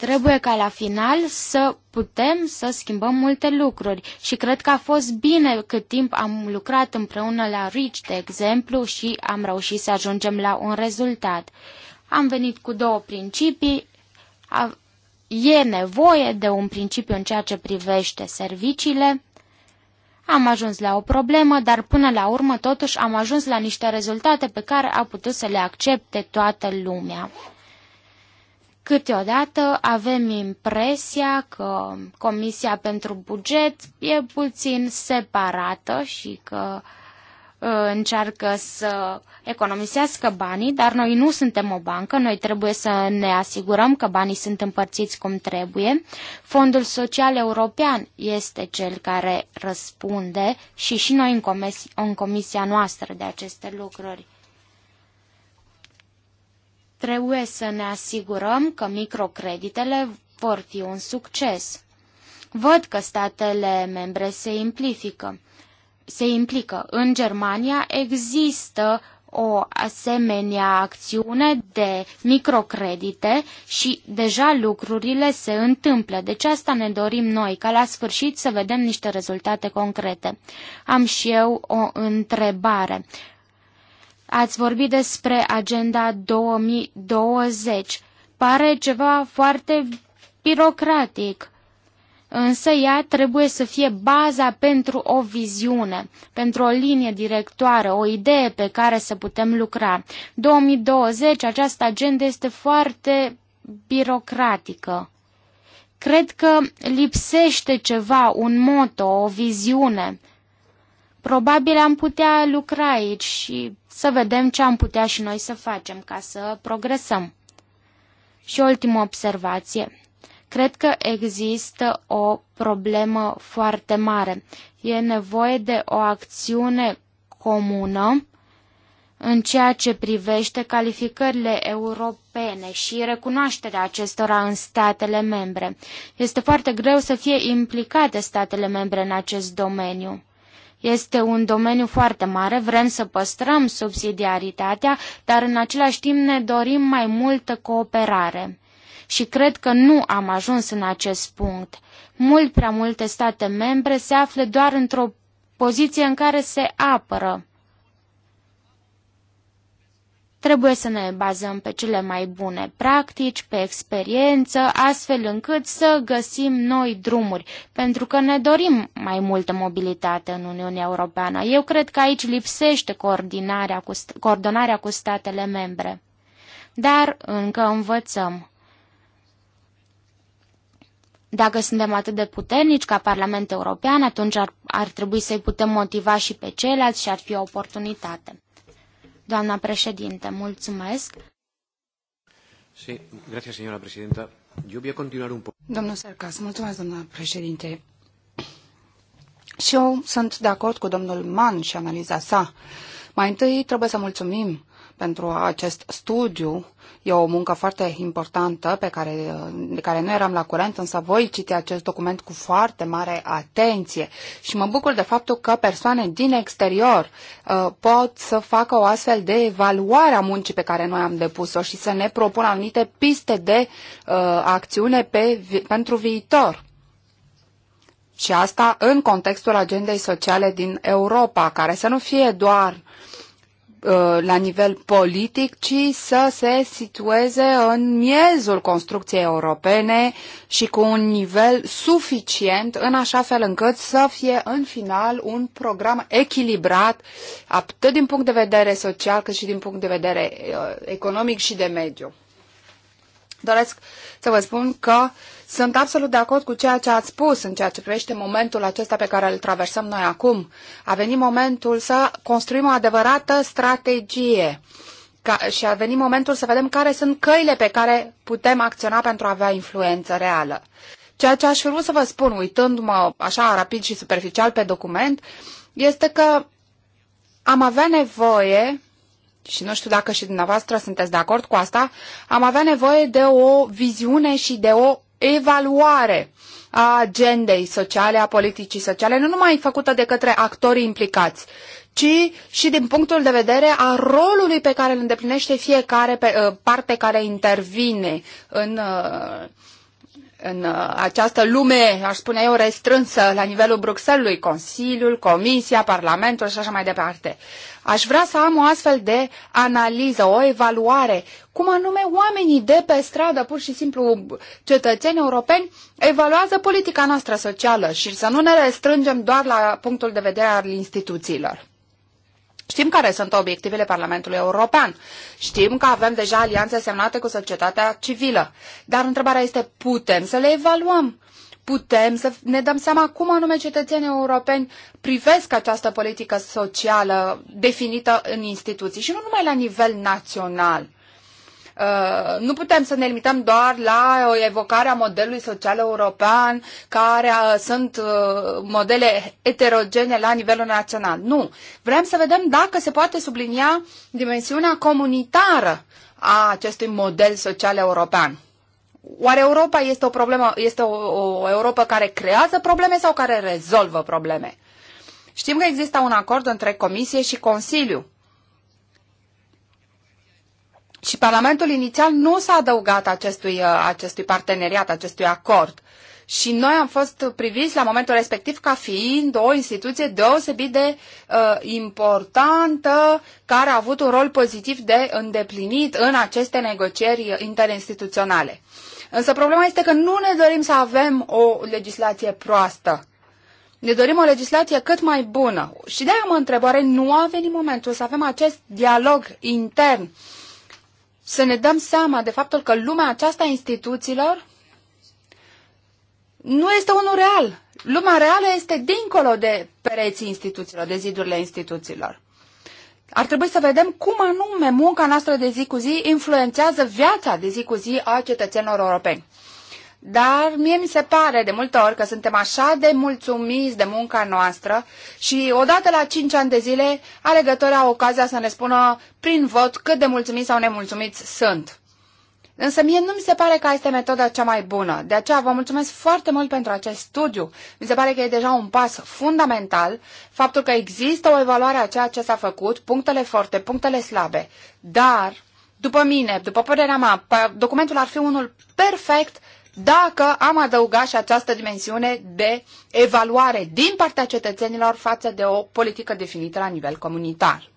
Trebuie ca la final să putem să schimbăm multe lucruri și cred că a fost bine cât timp am lucrat împreună la Rich de exemplu, și am reușit să ajungem la un rezultat. Am venit cu două principii. E nevoie de un principiu în ceea ce privește serviciile. Am ajuns la o problemă, dar până la urmă totuși am ajuns la niște rezultate pe care a putut să le accepte toată lumea. Câteodată avem impresia că Comisia pentru Buget e puțin separată și că uh, încearcă să economisească banii, dar noi nu suntem o bancă, noi trebuie să ne asigurăm că banii sunt împărțiți cum trebuie. Fondul Social European este cel care răspunde și și noi în, comisia noastră de aceste lucruri. Trebuie să ne asigurăm că microcreditele vor fi un succes. Văd că statele membre se implică. Se implică. În Germania există o asemenea acțiune de microcredite și deja lucrurile se întâmplă. Deci asta ne dorim noi, ca la sfârșit să vedem niște rezultate concrete. Am și eu o întrebare. Ați vorbit despre Agenda 2020. Pare ceva foarte birocratic, însă ea trebuie să fie baza pentru o viziune, pentru o linie directoare, o idee pe care să putem lucra. 2020, această agendă este foarte birocratică. Cred că lipsește ceva, un moto, o viziune Probabil am putea lucra aici și să vedem ce am putea și noi să facem ca să progresăm. Și ultima observație. Cred că există o problemă foarte mare. E nevoie de o acțiune comună în ceea ce privește calificările europene și recunoașterea acestora în statele membre. Este foarte greu să fie implicate statele membre în acest domeniu. Este un domeniu foarte mare, vrem să păstrăm subsidiaritatea, dar în același timp ne dorim mai multă cooperare. Și cred că nu am ajuns în acest punct. Mult prea multe state membre se află doar într-o poziție în care se apără. Trebuie să ne bazăm pe cele mai bune practici, pe experiență, astfel încât să găsim noi drumuri, pentru că ne dorim mai multă mobilitate în Uniunea Europeană. Eu cred că aici lipsește coordonarea cu, coordonarea cu statele membre. Dar încă învățăm. Dacă suntem atât de puternici ca Parlament European, atunci ar, ar trebui să-i putem motiva și pe ceilalți și ar fi o oportunitate. Doamna președinte, mulțumesc. Sí, gracias, señora presidenta. Eu voi continua un Domnul Sercas, mulțumesc, doamna președinte. Și eu sunt de acord cu domnul Mann și analiza sa. Mai întâi trebuie să mulțumim pentru acest studiu. E o muncă foarte importantă pe care, de care nu eram la curent, însă voi citi acest document cu foarte mare atenție și mă bucur de faptul că persoane din exterior uh, pot să facă o astfel de evaluare a muncii pe care noi am depus-o și să ne propună anumite piste de uh, acțiune pe, pentru viitor. Și asta în contextul agendei sociale din Europa, care să nu fie doar Uh, la nivel politic, ci să se situeze în miezul construcției europene și cu un nivel suficient în așa fel încât să fie în final un program echilibrat atât din punct de vedere social cât și din punct de vedere uh, economic și de mediu. Doresc să vă spun că uh, sunt absolut de acord cu ceea ce ați spus în ceea ce privește momentul acesta pe care îl traversăm noi acum. A venit momentul să construim o adevărată strategie ca, și a venit momentul să vedem care sunt căile pe care putem acționa pentru a avea influență reală. Ceea ce aș vrea să vă spun, uitându-mă așa rapid și superficial pe document, este că am avea nevoie, și nu știu dacă și dumneavoastră sunteți de acord cu asta, am avea nevoie de o viziune și de o evaluare a agendei sociale, a politicii sociale, nu numai făcută de către actorii implicați, ci și din punctul de vedere a rolului pe care îl îndeplinește fiecare uh, parte care intervine în uh, în uh, această lume, aș spune eu, restrânsă la nivelul Bruxellesului, Consiliul, Comisia, Parlamentul și așa mai departe. Aș vrea să am o astfel de analiză, o evaluare, cum anume oamenii de pe stradă, pur și simplu cetățeni europeni, evaluează politica noastră socială și să nu ne restrângem doar la punctul de vedere al instituțiilor. Știm care sunt obiectivele Parlamentului European. Știm că avem deja alianțe semnate cu societatea civilă. Dar întrebarea este, putem să le evaluăm? Putem să ne dăm seama cum anume cetățenii europeni privesc această politică socială definită în instituții și nu numai la nivel național. Uh, nu putem să ne limităm doar la evocarea modelului social european, care uh, sunt uh, modele heterogene la nivelul național. Nu. Vrem să vedem dacă se poate sublinia dimensiunea comunitară a acestui model social european. Oare Europa este o problemă, este o, o Europa care creează probleme sau care rezolvă probleme? Știm că există un acord între Comisie și Consiliu și Parlamentul inițial nu s-a adăugat acestui, uh, acestui parteneriat, acestui acord. Și noi am fost priviți la momentul respectiv ca fiind o instituție deosebit de uh, importantă, care a avut un rol pozitiv de îndeplinit în aceste negocieri interinstituționale. Însă problema este că nu ne dorim să avem o legislație proastă. Ne dorim o legislație cât mai bună. Și de-aia mă întrebare, nu a venit momentul să avem acest dialog intern uh, să ne dăm seama de faptul că lumea aceasta a instituțiilor nu este unul real. Lumea reală este dincolo de pereții instituțiilor, de zidurile instituțiilor. Ar trebui să vedem cum anume munca noastră de zi cu zi influențează viața de zi cu zi a cetățenilor europeni dar mie mi se pare de multe ori că suntem așa de mulțumiți de munca noastră și odată la cinci ani de zile alegătorii au ocazia să ne spună prin vot cât de mulțumiți sau nemulțumiți sunt. Însă mie nu mi se pare că este metoda cea mai bună. De aceea vă mulțumesc foarte mult pentru acest studiu. Mi se pare că e deja un pas fundamental faptul că există o evaluare a ceea ce s-a făcut, punctele forte, punctele slabe. Dar, după mine, după părerea mea, documentul ar fi unul perfect dacă am adăugat și această dimensiune de evaluare din partea cetățenilor față de o politică definită la nivel comunitar.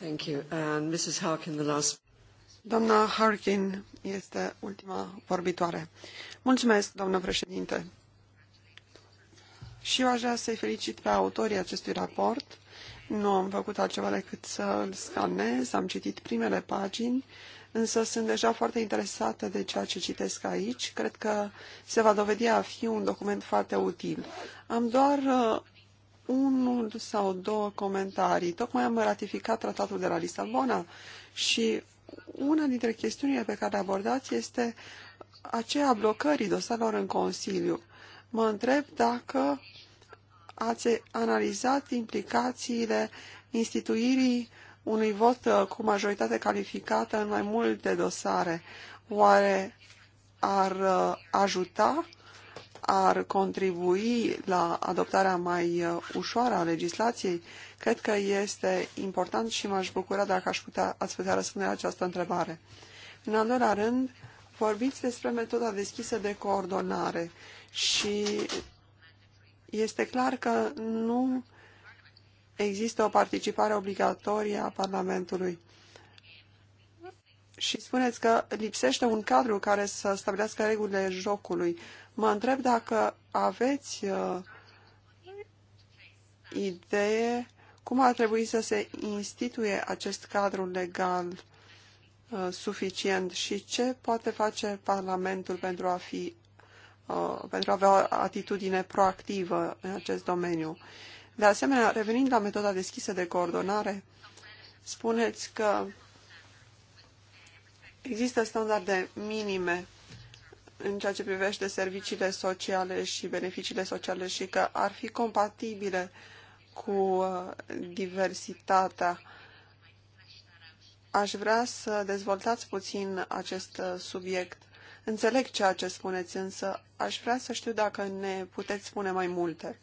Thank you. And Mrs. Harkin, the last... Doamna Harkin este ultima vorbitoare. Mulțumesc, doamnă președinte. Și eu aș vrea să-i felicit pe autorii acestui raport. Nu am făcut altceva decât să l scanez, am citit primele pagini însă sunt deja foarte interesată de ceea ce citesc aici. Cred că se va dovedi a fi un document foarte util. Am doar uh, unul sau două comentarii. Tocmai am ratificat tratatul de la Lisabona și una dintre chestiunile pe care le abordați este aceea blocării dosarelor în Consiliu. Mă întreb dacă ați analizat implicațiile instituirii uh, unui vot uh, cu majoritate calificată în mai multe dosare, oare ar uh, ajuta, ar contribui la adoptarea mai uh, ușoară a legislației? Cred că este important și m-aș bucura dacă aș putea, ați putea răspunde la această întrebare. În al doilea rând, vorbiți despre metoda deschisă de coordonare și este clar că nu există o participare obligatorie a Parlamentului. Și spuneți că lipsește un cadru care să stabilească regulile jocului. Mă întreb dacă aveți uh, idee cum ar trebui să se instituie acest cadru legal uh, suficient și ce poate face Parlamentul pentru a fi uh, pentru a avea o atitudine proactivă în acest domeniu. Uh, de asemenea, revenind la metoda deschisă de coordonare, spuneți că există standarde minime în ceea ce privește serviciile sociale și beneficiile sociale și că ar fi compatibile cu uh, diversitatea. Aș vrea să dezvoltați puțin acest uh, subiect. Înțeleg ceea ce spuneți, însă aș vrea să știu dacă ne puteți spune mai multe.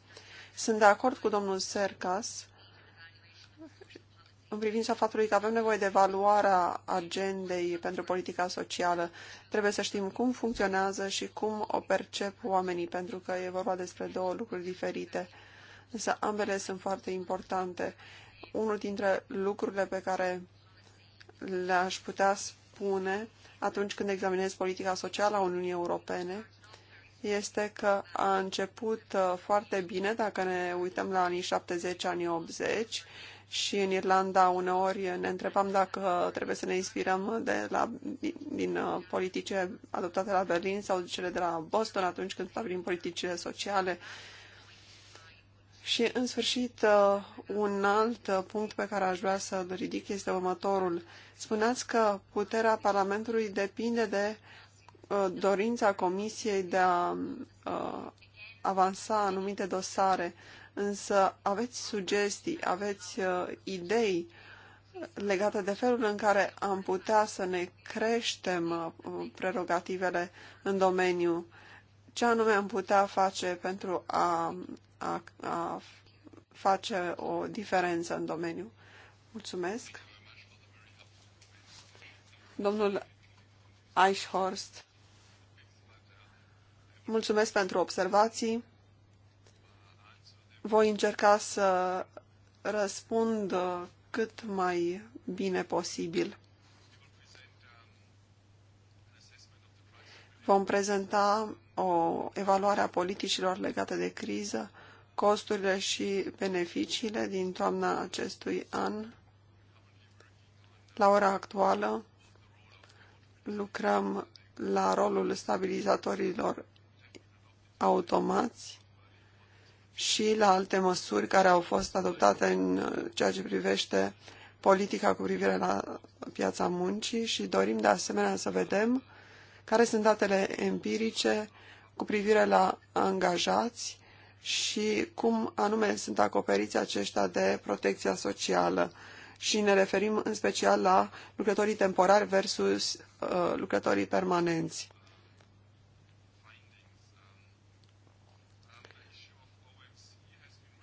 Sunt de acord cu domnul Sercas în privința faptului că avem nevoie de evaluarea agendei pentru politica socială. Trebuie să știm cum funcționează și cum o percep oamenii, pentru că e vorba despre două lucruri diferite. Însă ambele sunt foarte importante. Unul dintre lucrurile pe care le-aș putea spune atunci când examinez politica socială a Uniunii Europene este că a început uh, foarte bine, dacă ne uităm la anii 70, anii 80, și în Irlanda uneori ne întrebam dacă trebuie să ne inspirăm de la, din uh, politice adoptate la Berlin sau cele de la Boston atunci când stabilim politicile sociale. Și, în sfârșit, uh, un alt punct pe care aș vrea să-l ridic este următorul. Spuneați că puterea Parlamentului depinde de uh, Uh, dorința Comisiei de a uh, avansa anumite dosare, însă aveți sugestii, aveți uh, idei legate de felul în care am putea să ne creștem prerogativele în domeniu. Ce anume am putea face pentru a, a, a face o diferență în domeniu? Mulțumesc. Domnul Eichhorst. Mulțumesc pentru observații. Voi încerca să răspund uh, cât mai bine posibil. Vom prezenta o evaluare a politicilor legate de criză, costurile și beneficiile din toamna acestui an. La ora actuală lucrăm la rolul stabilizatorilor automați și la alte măsuri care au fost adoptate în ceea ce privește politica cu privire la piața muncii și dorim de asemenea să vedem care sunt datele empirice cu privire la angajați și cum anume sunt acoperiți aceștia de protecția socială. Și ne referim în special la lucrătorii temporari versus uh, lucrătorii permanenți.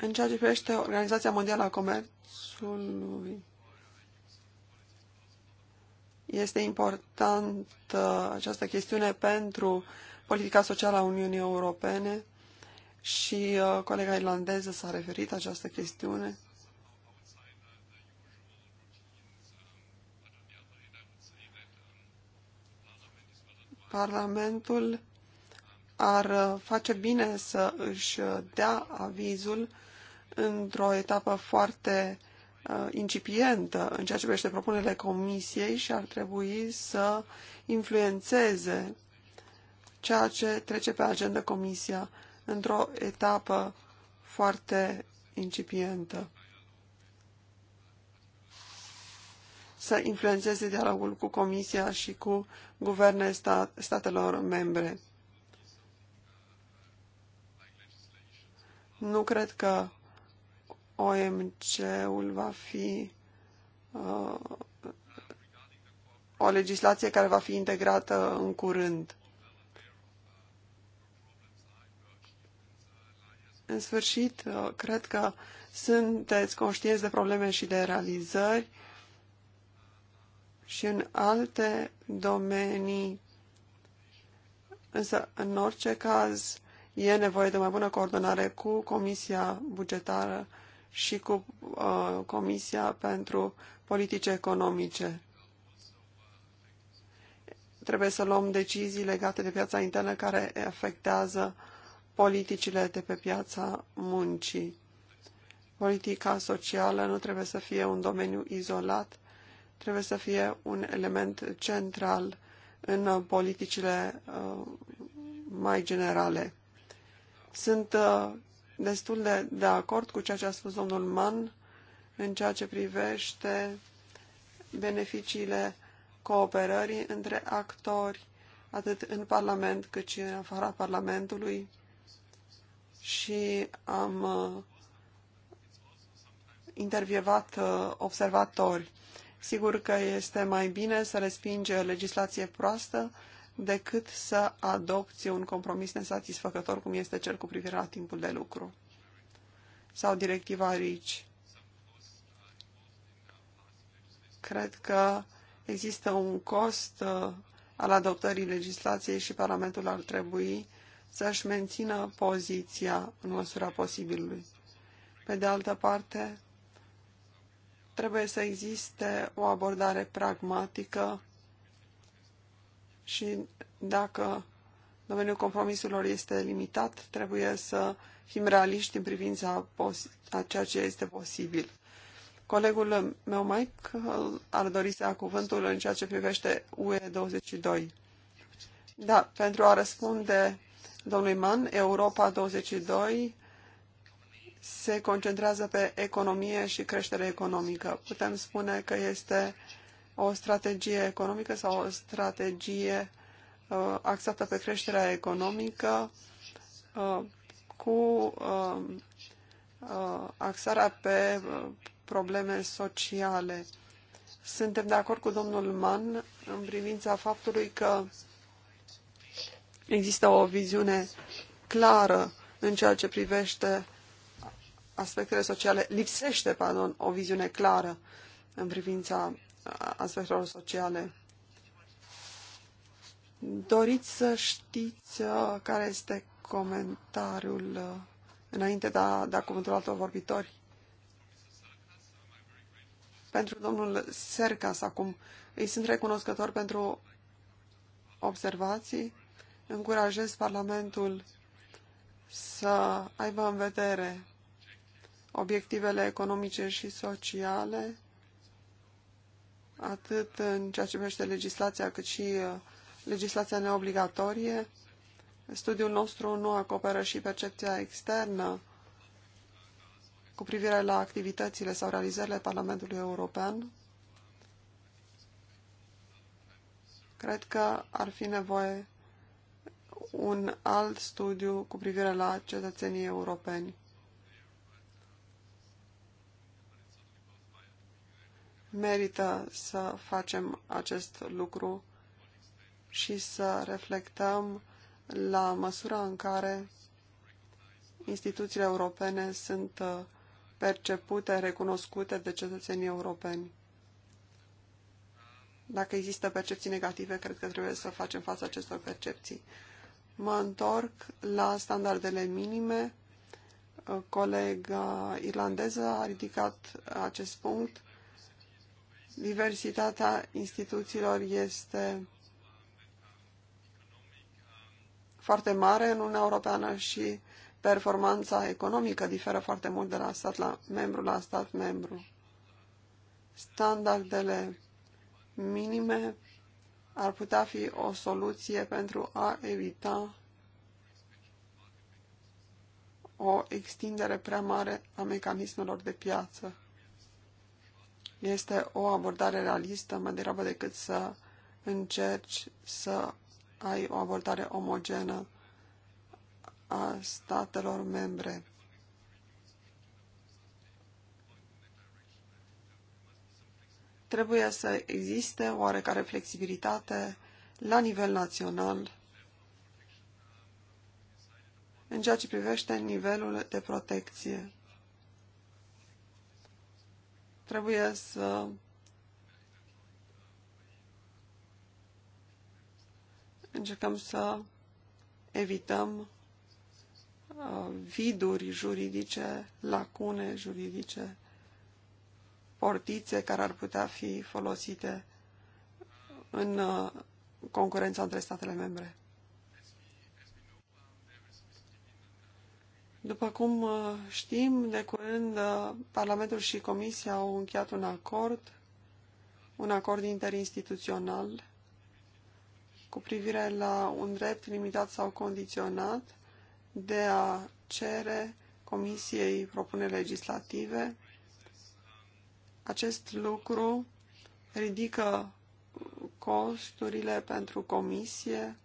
În ceea ce privește Organizația Mondială a Comerțului, este importantă această chestiune pentru politica socială a Uniunii Europene și uh, colega irlandeză s-a referit această chestiune. Parlamentul ar uh, face bine să își uh, dea avizul într-o etapă foarte uh, incipientă în ceea ce privește propunerile comisiei și ar trebui să influențeze ceea ce trece pe agenda comisia într-o etapă foarte incipientă. Să influențeze dialogul cu comisia și cu guverne stat statelor membre. Nu cred că OMC-ul va fi uh, o legislație care va fi integrată în curând. În sfârșit, uh, cred că sunteți conștienți de probleme și de realizări și în alte domenii. Însă, în orice caz, e nevoie de mai bună coordonare cu Comisia Bugetară și cu uh, Comisia pentru Politici Economice. Trebuie să luăm decizii legate de piața internă care afectează politicile de pe piața muncii. Politica socială nu trebuie să fie un domeniu izolat, trebuie să fie un element central în politicile uh, mai generale. Sunt uh, destul de, de acord cu ceea ce a spus domnul Mann în ceea ce privește beneficiile cooperării între actori, atât în Parlament cât și în afara Parlamentului. Și am uh, intervievat uh, observatori. Sigur că este mai bine să respinge legislație proastă decât să adopți un compromis nesatisfăcător, cum este cel cu privire la timpul de lucru sau directiva RICI. Cred că există un cost uh, al adoptării legislației și Parlamentul ar trebui să-și mențină poziția în măsura posibilului. Pe de altă parte, trebuie să existe o abordare pragmatică și dacă domeniul compromisurilor este limitat, trebuie să fim realiști în privința a ceea ce este posibil. Colegul meu, Mike, ar dori să ia cuvântul în ceea ce privește UE22. Da, pentru a răspunde domnului Mann, Europa 22 se concentrează pe economie și creștere economică. Putem spune că este o strategie economică sau o strategie uh, axată pe creșterea economică uh, cu uh, uh, axarea pe uh, probleme sociale. Suntem de acord cu domnul Mann în privința faptului că există o viziune clară în ceea ce privește aspectele sociale, lipsește, pardon, o viziune clară în privința aspectelor sociale. Doriți să știți uh, care este comentariul uh, înainte de a da cuvântul altor vorbitori? Pentru domnul Sercas acum. Îi sunt recunoscător pentru observații. Încurajez Parlamentul să aibă în vedere obiectivele economice și sociale atât în ceea ce privește legislația, cât și uh, legislația neobligatorie. Studiul nostru nu acoperă și percepția externă cu privire la activitățile sau realizările Parlamentului European. Cred că ar fi nevoie un alt studiu cu privire la cetățenii europeni. merită să facem acest lucru și să reflectăm la măsura în care instituțiile europene sunt uh, percepute, recunoscute de cetățenii europeni. Dacă există percepții negative, cred că trebuie să facem față acestor percepții. Mă întorc la standardele minime. Uh, colega irlandeză a ridicat acest punct diversitatea instituțiilor este foarte mare în Uniunea Europeană și performanța economică diferă foarte mult de la stat la membru la stat membru. Standardele minime ar putea fi o soluție pentru a evita o extindere prea mare a mecanismelor de piață este o abordare realistă mai degrabă decât să încerci să ai o abordare omogenă a statelor membre. Trebuie să existe oarecare flexibilitate la nivel național în ceea ce privește nivelul de protecție. Trebuie să încercăm să evităm uh, viduri juridice, lacune juridice, portițe care ar putea fi folosite în uh, concurența între statele membre. După cum uh, știm, de curând uh, Parlamentul și Comisia au încheiat un acord, un acord interinstituțional cu privire la un drept limitat sau condiționat de a cere Comisiei propuneri legislative. Acest lucru ridică costurile pentru Comisie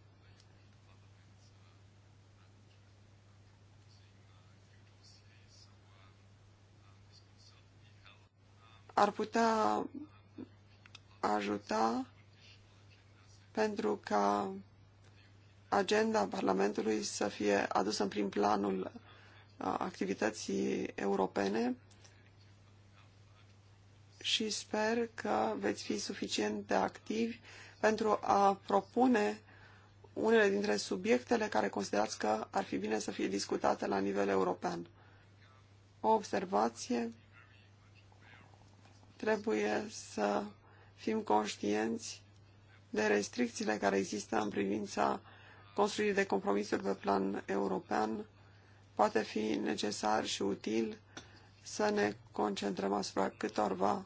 ar putea ajuta pentru ca agenda Parlamentului să fie adusă în prim planul activității europene și sper că veți fi suficient de activi pentru a propune unele dintre subiectele care considerați că ar fi bine să fie discutate la nivel european. O observație Trebuie să fim conștienți de restricțiile care există în privința construirii de compromisuri pe plan european. Poate fi necesar și util să ne concentrăm asupra câtorva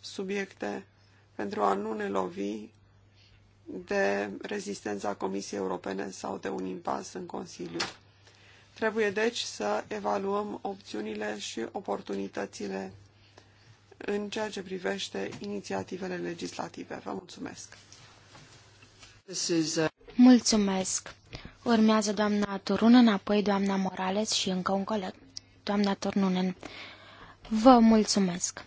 subiecte pentru a nu ne lovi de rezistența Comisiei Europene sau de un impas în Consiliu. Trebuie deci să evaluăm opțiunile și oportunitățile în ceea ce privește inițiativele legislative. Vă mulțumesc! Uh, mulțumesc! Urmează doamna Turunen, apoi doamna Morales și încă un coleg. Doamna Turnunen, vă mulțumesc!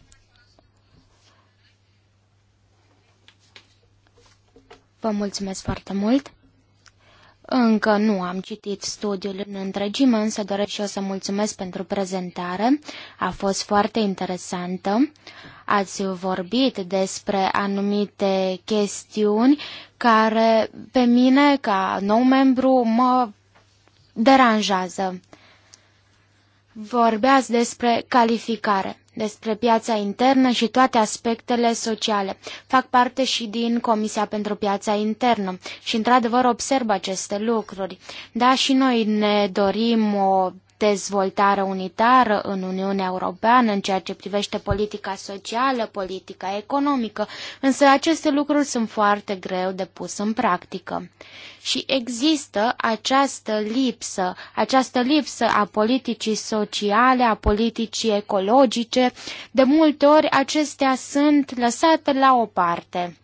Vă mulțumesc foarte mult! Încă nu am citit studiul în întregime, însă doresc și eu să mulțumesc pentru prezentare. A fost foarte interesantă. Ați vorbit despre anumite chestiuni care pe mine, ca nou membru, mă deranjează. Vorbeați despre calificare despre piața internă și toate aspectele sociale. Fac parte și din Comisia pentru Piața Internă și, într-adevăr, observ aceste lucruri. Da, și noi ne dorim o dezvoltare unitară în Uniunea Europeană în ceea ce privește politica socială, politica economică, însă aceste lucruri sunt foarte greu de pus în practică. Și există această lipsă, această lipsă a politicii sociale, a politicii ecologice. De multe ori acestea sunt lăsate la o parte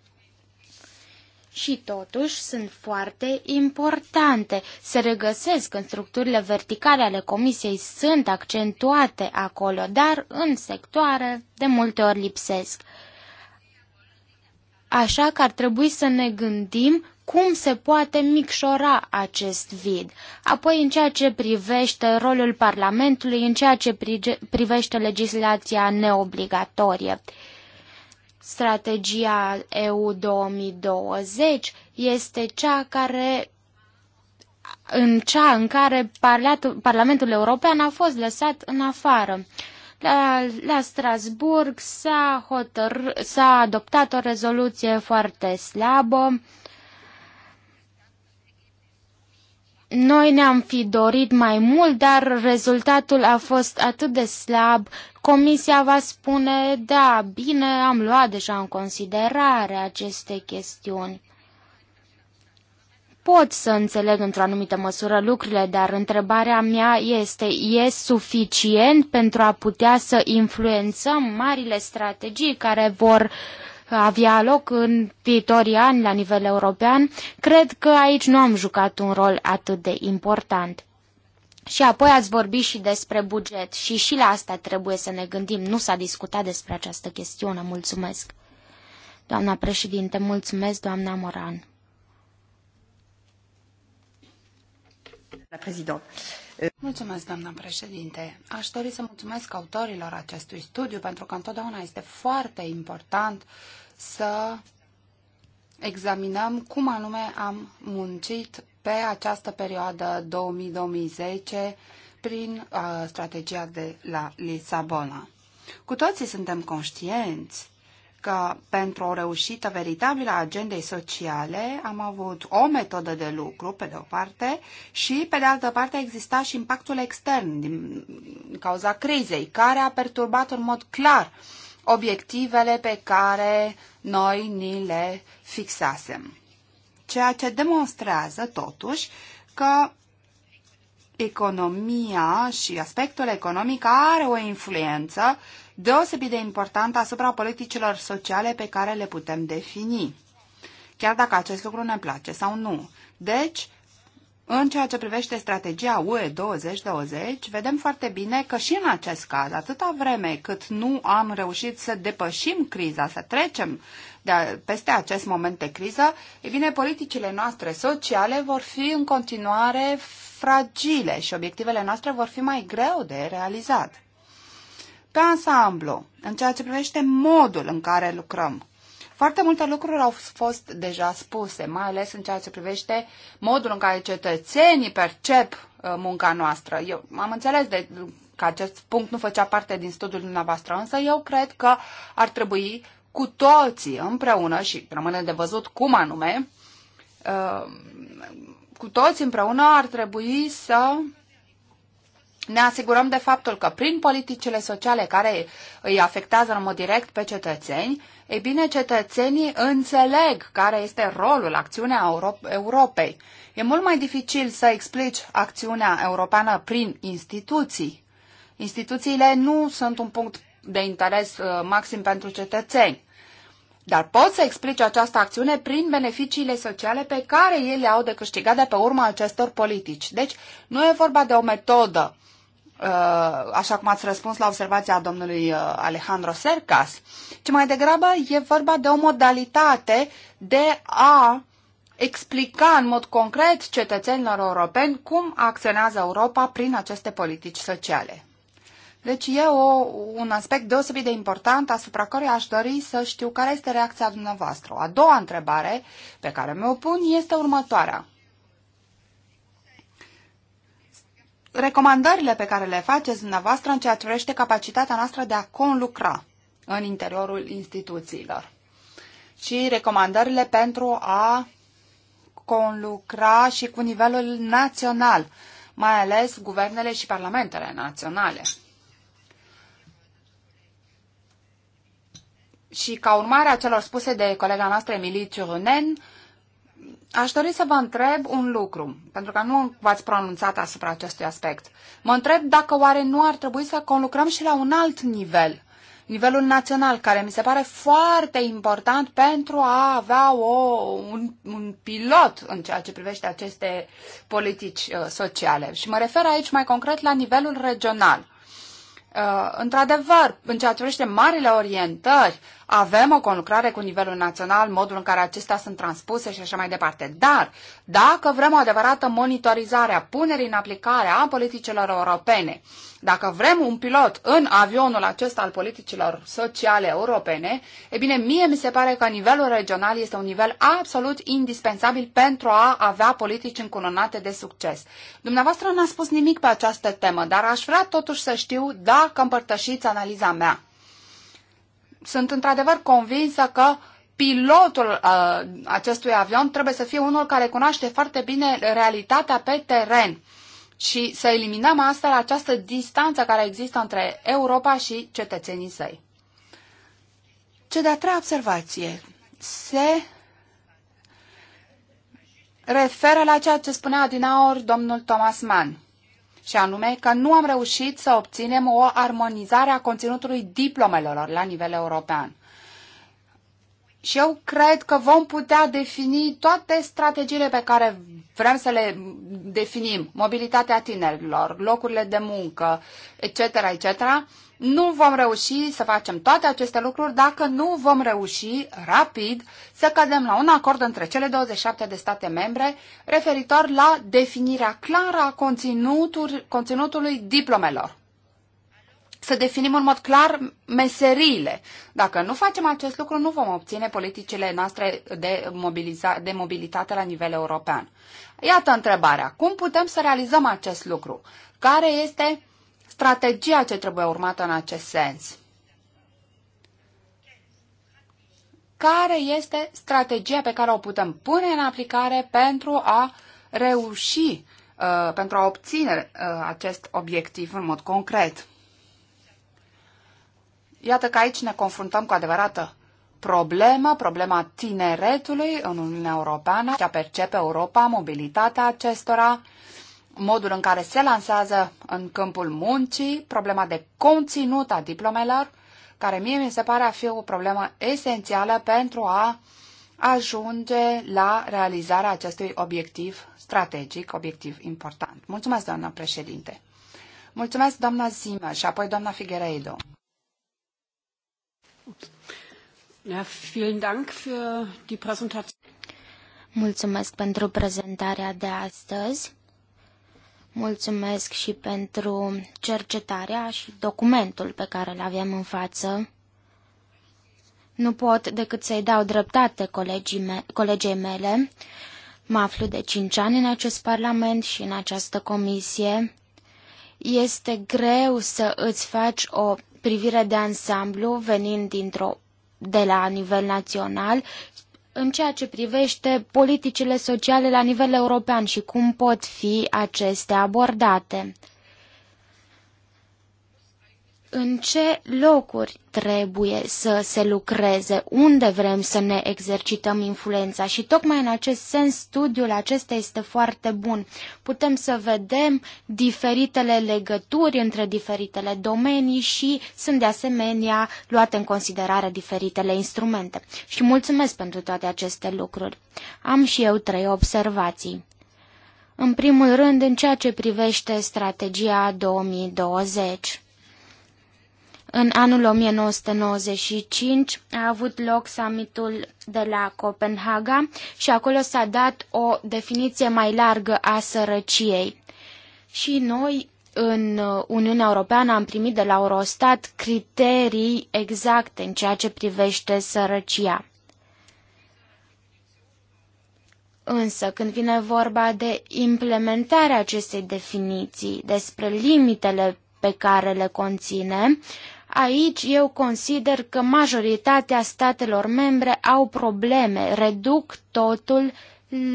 și totuși sunt foarte importante. Se regăsesc în structurile verticale ale comisiei, sunt accentuate acolo, dar în sectoare de multe ori lipsesc. Așa că ar trebui să ne gândim cum se poate micșora acest vid. Apoi, în ceea ce privește rolul Parlamentului, în ceea ce privește legislația neobligatorie. Strategia EU 2020 este cea care în cea în care Parlamentul European a fost lăsat în afară. La, la Strasburg s-a, hotăr- s-a adoptat o rezoluție foarte slabă Noi ne-am fi dorit mai mult, dar rezultatul a fost atât de slab. Comisia va spune, da, bine, am luat deja în considerare aceste chestiuni. Pot să înțeleg într-o anumită măsură lucrurile, dar întrebarea mea este, e suficient pentru a putea să influențăm marile strategii care vor uh, avea loc în viitorii ani la nivel european, cred că aici nu am jucat un rol atât de important. Și apoi ați vorbit și despre buget și și la asta trebuie să ne gândim. Nu s-a discutat despre această chestiune. Mulțumesc. Doamna președinte, mulțumesc, doamna Moran. Mulțumesc, doamna președinte. Aș dori să mulțumesc autorilor acestui studiu pentru că întotdeauna este foarte important uh, să examinăm cum anume am muncit pe această perioadă 2000-2010 prin uh, strategia de la Lisabona. Cu toții suntem conștienți că pentru o reușită veritabilă a agendei sociale am avut o metodă de lucru, pe de o parte, și pe de altă parte exista și impactul extern din cauza crizei, care a perturbat în mod clar uh, obiectivele pe care noi ni le fixasem. Ceea ce demonstrează, totuși, că economia și aspectul economic are o influență deosebit de importantă asupra politicilor sociale pe care le putem defini, chiar dacă acest lucru ne place sau nu. Deci, în ceea ce privește strategia UE 2020, vedem foarte bine că și în acest caz, atâta vreme cât nu am reușit să depășim criza, să trecem de peste acest moment de criză, e bine, politicile noastre sociale vor fi în continuare fragile și obiectivele noastre vor fi mai greu de realizat. Pe ansamblu, în ceea ce privește modul în care lucrăm, foarte multe lucruri au fost deja spuse, mai ales în ceea ce privește modul în care cetățenii percep uh, munca noastră. Eu am înțeles de că acest punct nu făcea parte din studiul dumneavoastră, însă eu cred că ar trebui cu toții împreună și rămâne de văzut cum anume, uh, cu toți împreună ar trebui să ne asigurăm de faptul că prin politicile sociale care îi afectează în mod direct pe cetățeni, ei bine, cetățenii înțeleg care este rolul, acțiunea Europei. E mult mai dificil să explici acțiunea europeană prin instituții. Instituțiile nu sunt un punct de interes uh, maxim pentru cetățeni. Dar pot să explice această acțiune prin beneficiile sociale pe care ele au de câștigat de pe urma acestor politici. Deci nu e vorba de o metodă Uh, așa cum ați răspuns la observația domnului uh, Alejandro Sercas, ci mai degrabă e vorba de o modalitate de a explica în mod concret cetățenilor europeni cum acționează Europa prin aceste politici sociale. Deci e o, un aspect deosebit de important asupra căruia aș dori să știu care este reacția dumneavoastră. A doua întrebare pe care mi-o pun este următoarea. recomandările pe care le faceți dumneavoastră în ceea ce privește capacitatea noastră de a conlucra în interiorul instituțiilor și recomandările pentru a conlucra și cu nivelul național, mai ales guvernele și parlamentele naționale. Și ca urmare a celor spuse de colega noastră Emilie Ciurunen, Aș dori să vă întreb un lucru, pentru că nu v-ați pronunțat asupra acestui aspect. Mă întreb dacă oare nu ar trebui să conlucrăm și la un alt nivel, nivelul național, care mi se pare foarte important pentru a avea o, un, un pilot în ceea ce privește aceste politici uh, sociale. Și mă refer aici mai concret la nivelul regional. Uh, într-adevăr, în ceea ce privește marile orientări, avem o conlucrare cu nivelul național, modul în care acestea sunt transpuse și așa mai departe. Dar, dacă vrem o adevărată monitorizare a punerii în aplicare a politicilor europene, dacă vrem un pilot în avionul acesta al politicilor sociale europene, e bine, mie mi se pare că nivelul regional este un nivel absolut indispensabil pentru a avea politici încununate de succes. Dumneavoastră n-a spus nimic pe această temă, dar aș vrea totuși să știu dacă împărtășiți analiza mea sunt într-adevăr convinsă că pilotul uh, acestui avion trebuie să fie unul care cunoaște foarte bine realitatea pe teren și să eliminăm astfel această distanță care există între Europa și cetățenii săi. Ce de-a treia observație se referă la ceea ce spunea din aur domnul Thomas Mann și anume că nu am reușit să obținem o armonizare a conținutului diplomelor la nivel european. Și eu cred că vom putea defini toate strategiile pe care vrem să le definim, mobilitatea tinerilor, locurile de muncă, etc., etc., nu vom reuși să facem toate aceste lucruri dacă nu vom reuși rapid să cădem la un acord între cele 27 de state membre referitor la definirea clară a conținutului diplomelor să definim în mod clar meseriile. Dacă nu facem acest lucru, nu vom obține politicile noastre de, mobiliza- de mobilitate la nivel european. Iată întrebarea. Cum putem să realizăm acest lucru? Care este strategia ce trebuie urmată în acest sens? Care este strategia pe care o putem pune în aplicare pentru a reuși, uh, pentru a obține uh, acest obiectiv în mod concret? Iată că aici ne confruntăm cu adevărată problemă, problema tineretului în Uniunea Europeană, ce percepe Europa, mobilitatea acestora, modul în care se lansează în câmpul muncii, problema de conținut a diplomelor, care mie mi se pare a fi o problemă esențială pentru a ajunge la realizarea acestui obiectiv strategic, obiectiv important. Mulțumesc, doamna președinte. Mulțumesc, doamna Zimă și apoi doamna Figueiredo. Mulțumesc pentru prezentarea de astăzi. Mulțumesc și pentru cercetarea și documentul pe care îl avem în față. Nu pot decât să-i dau dreptate colegii me colegei mele. Mă aflu de cinci ani în acest parlament și în această comisie. Este greu să îți faci o privire de ansamblu venind dintr-o de la nivel național în ceea ce privește politicile sociale la nivel european și cum pot fi acestea abordate în ce locuri trebuie să se lucreze, unde vrem să ne exercităm influența și tocmai în acest sens studiul acesta este foarte bun. Putem să vedem diferitele legături între diferitele domenii și sunt de asemenea luate în considerare diferitele instrumente. Și mulțumesc pentru toate aceste lucruri. Am și eu trei observații. În primul rând, în ceea ce privește strategia 2020. În anul 1995 a avut loc summitul de la Copenhaga și acolo s-a dat o definiție mai largă a sărăciei. Și noi în Uniunea Europeană am primit de la Eurostat criterii exacte în ceea ce privește sărăcia. Însă, când vine vorba de implementarea acestei definiții, despre limitele pe care le conține, Aici eu consider că majoritatea statelor membre au probleme, reduc totul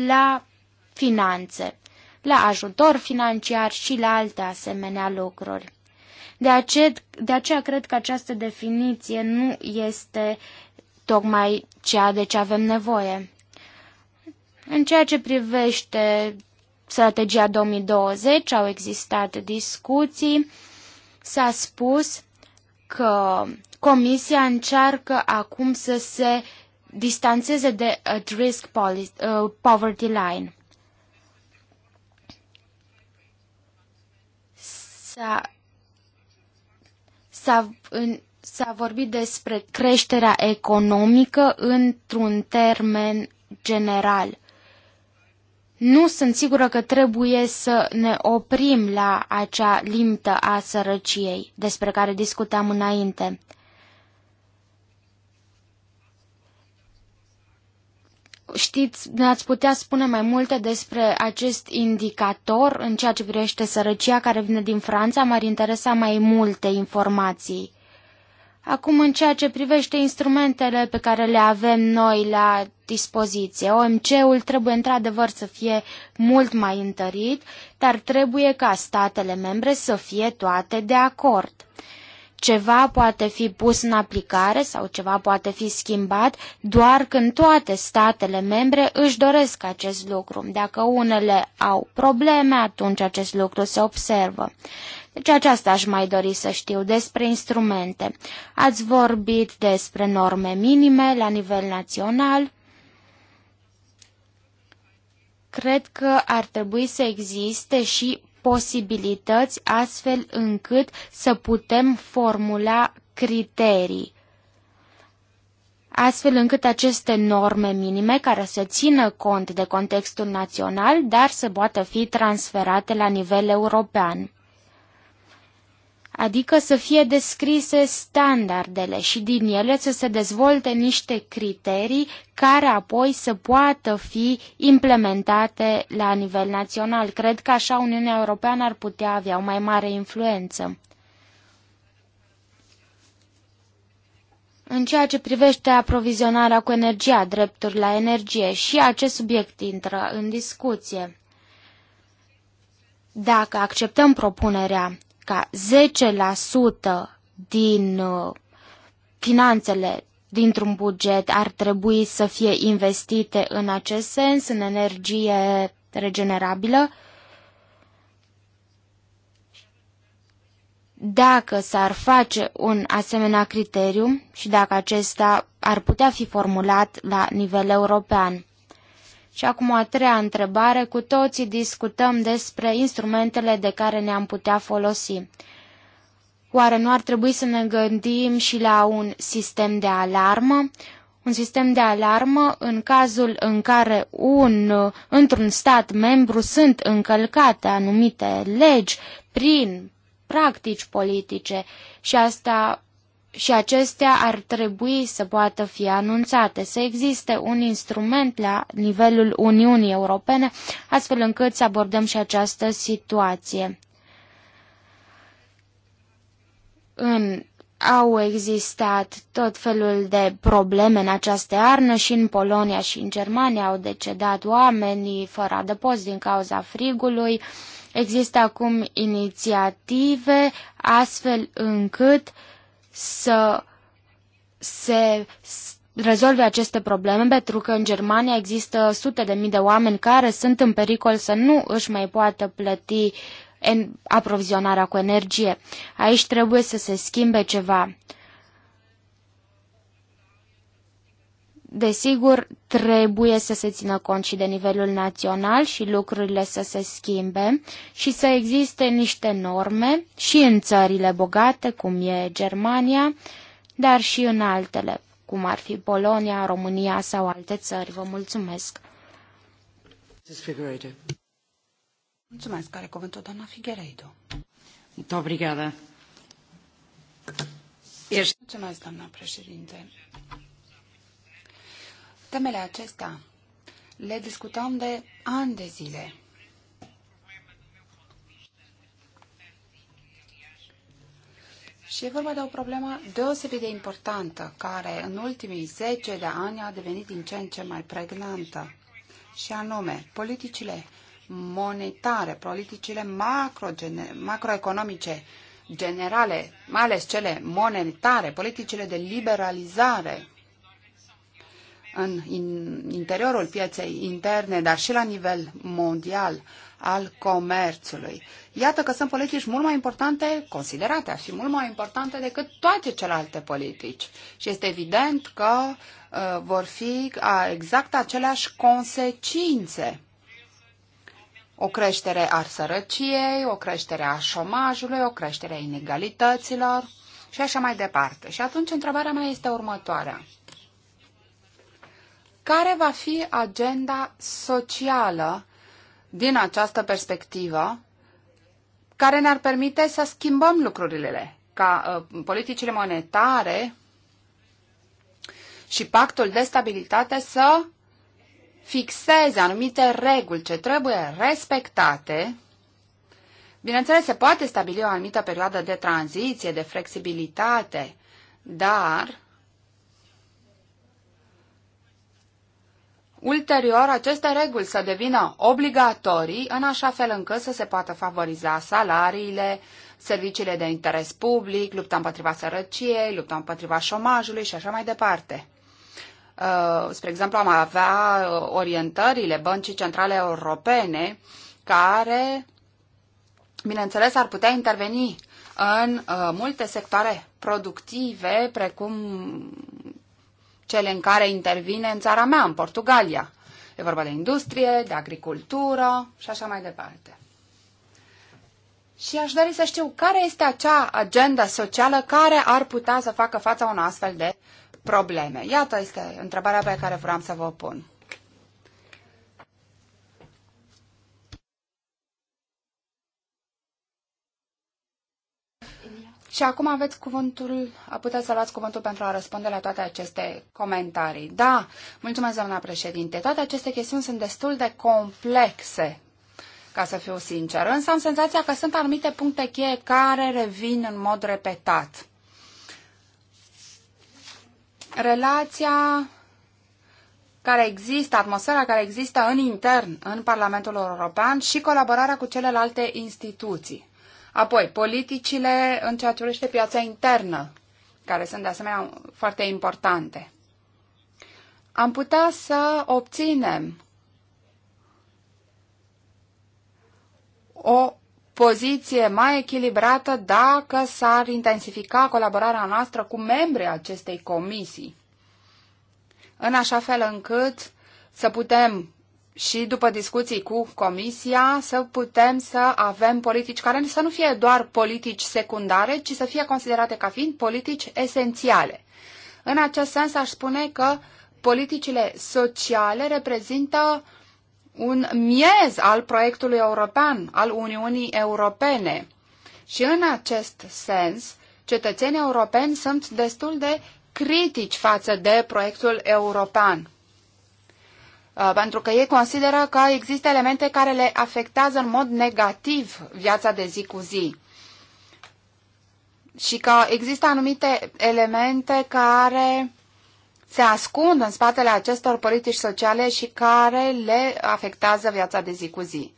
la finanțe, la ajutor financiar și la alte asemenea lucruri. De aceea, de aceea cred că această definiție nu este tocmai ceea de ce avem nevoie. În ceea ce privește strategia 2020, au existat discuții, s-a spus că Comisia încearcă acum să se distanțeze de at risk uh, poverty line. S-a, vorbit despre creșterea economică într-un termen general. Nu sunt sigură că trebuie să ne oprim la acea limită a sărăciei despre care discutam înainte. Știți, ne-ați putea spune mai multe despre acest indicator în ceea ce privește sărăcia care vine din Franța? M-ar interesa mai multe informații. Acum, în ceea ce privește instrumentele pe care le avem noi la dispoziție, OMC-ul trebuie într-adevăr să fie mult mai întărit, dar trebuie ca statele membre să fie toate de acord. Ceva poate fi pus în aplicare sau ceva poate fi schimbat doar când toate statele membre își doresc acest lucru. Dacă unele au probleme, atunci acest lucru se observă. Deci aceasta aș mai dori să știu despre instrumente. Ați vorbit despre norme minime la nivel național. Cred că ar trebui să existe și posibilități astfel încât să putem formula criterii astfel încât aceste norme minime care să țină cont de contextul național, dar să poată fi transferate la nivel european adică să fie descrise standardele și din ele să se dezvolte niște criterii care apoi să poată fi implementate la nivel național. Cred că așa Uniunea Europeană ar putea avea o mai mare influență. În ceea ce privește aprovizionarea cu energia, drepturi la energie, și acest subiect intră în discuție. Dacă acceptăm propunerea ca 10% din uh, finanțele dintr-un buget ar trebui să fie investite în acest sens, în energie regenerabilă. Dacă s-ar face un asemenea criteriu și dacă acesta ar putea fi formulat la nivel european. Și acum a treia întrebare, cu toții discutăm despre instrumentele de care ne-am putea folosi. Oare nu ar trebui să ne gândim și la un sistem de alarmă? Un sistem de alarmă în cazul în care un, într-un stat membru sunt încălcate anumite legi prin practici politice și asta și acestea ar trebui să poată fi anunțate, să existe un instrument la nivelul Uniunii Europene, astfel încât să abordăm și această situație. În au existat tot felul de probleme în această iarnă și în Polonia și în Germania au decedat oamenii fără adăpost din cauza frigului. Există acum inițiative astfel încât uh, să se rezolve aceste probleme, pentru că în Germania există sute de mii de oameni care sunt în pericol să nu își mai poată plăti aprovizionarea cu energie. Aici trebuie să se schimbe ceva. Desigur, trebuie să se țină cont și de nivelul național și lucrurile să se schimbe și să existe niște norme și în țările bogate, cum e Germania, dar și în altele, cum ar fi Polonia, România sau alte țări. Vă mulțumesc! Mulțumesc, care cuvântul doamna Figueiredo. Mulțumesc, doamna președinte. Temele acestea le discutam de ani de zile. Și e vorba de o problemă deosebit de importantă, care în ultimii 10 de ani a devenit din ce în ce mai pregnantă. Și anume, politicile monetare, politicile macro, macroeconomice generale, mai ales cele monetare, politicile de liberalizare în interiorul pieței interne, dar și la nivel mondial al comerțului. Iată că sunt politici mult mai importante, considerate și fi mult mai importante decât toate celelalte politici. Și este evident că uh, vor fi exact aceleași consecințe. O creștere a sărăciei, o creștere a șomajului, o creștere a inegalităților și așa mai departe. Și atunci întrebarea mea este următoarea. Care va fi agenda socială din această perspectivă care ne-ar permite să schimbăm lucrurile, ca ă, politicile monetare și pactul de stabilitate să fixeze anumite reguli ce trebuie respectate. Bineînțeles, se poate stabili o anumită perioadă de tranziție, de flexibilitate, dar ulterior aceste reguli să devină obligatorii în așa fel încât să se poată favoriza salariile, serviciile de interes public, lupta împotriva sărăciei, lupta împotriva șomajului și așa mai departe. Uh, spre exemplu, am avea uh, orientările Băncii Centrale Europene care, bineînțeles, ar putea interveni în uh, multe sectoare productive, precum cele în care intervine în țara mea, în Portugalia. E vorba de industrie, de agricultură și așa mai departe. Și aș dori să știu care este acea agenda socială care ar putea să facă fața unor astfel de probleme. Iată este întrebarea pe care vreau să vă pun. Și acum aveți cuvântul, puteți să luați cuvântul pentru a răspunde la toate aceste comentarii. Da, mulțumesc, doamna președinte. Toate aceste chestiuni sunt destul de complexe, ca să fiu sincer, însă am senzația că sunt anumite puncte cheie care revin în mod repetat. Relația care există, atmosfera care există în intern în Parlamentul European și colaborarea cu celelalte instituții. Apoi, politicile în ceea ce privește piața internă, care sunt de asemenea foarte importante. Am putea să obținem o poziție mai echilibrată dacă s-ar intensifica colaborarea noastră cu membrii acestei comisii, în așa fel încât să putem și după discuții cu Comisia să putem să avem politici care să nu fie doar politici secundare, ci să fie considerate ca fiind politici esențiale. În acest sens aș spune că politicile sociale reprezintă un miez al proiectului european, al Uniunii Europene. Și în acest sens, cetățenii europeni sunt destul de critici față de proiectul european Uh, pentru că ei consideră că există elemente care le afectează în mod negativ viața de zi cu zi și că există anumite elemente care se ascund în spatele acestor politici sociale și care le afectează viața de zi cu zi.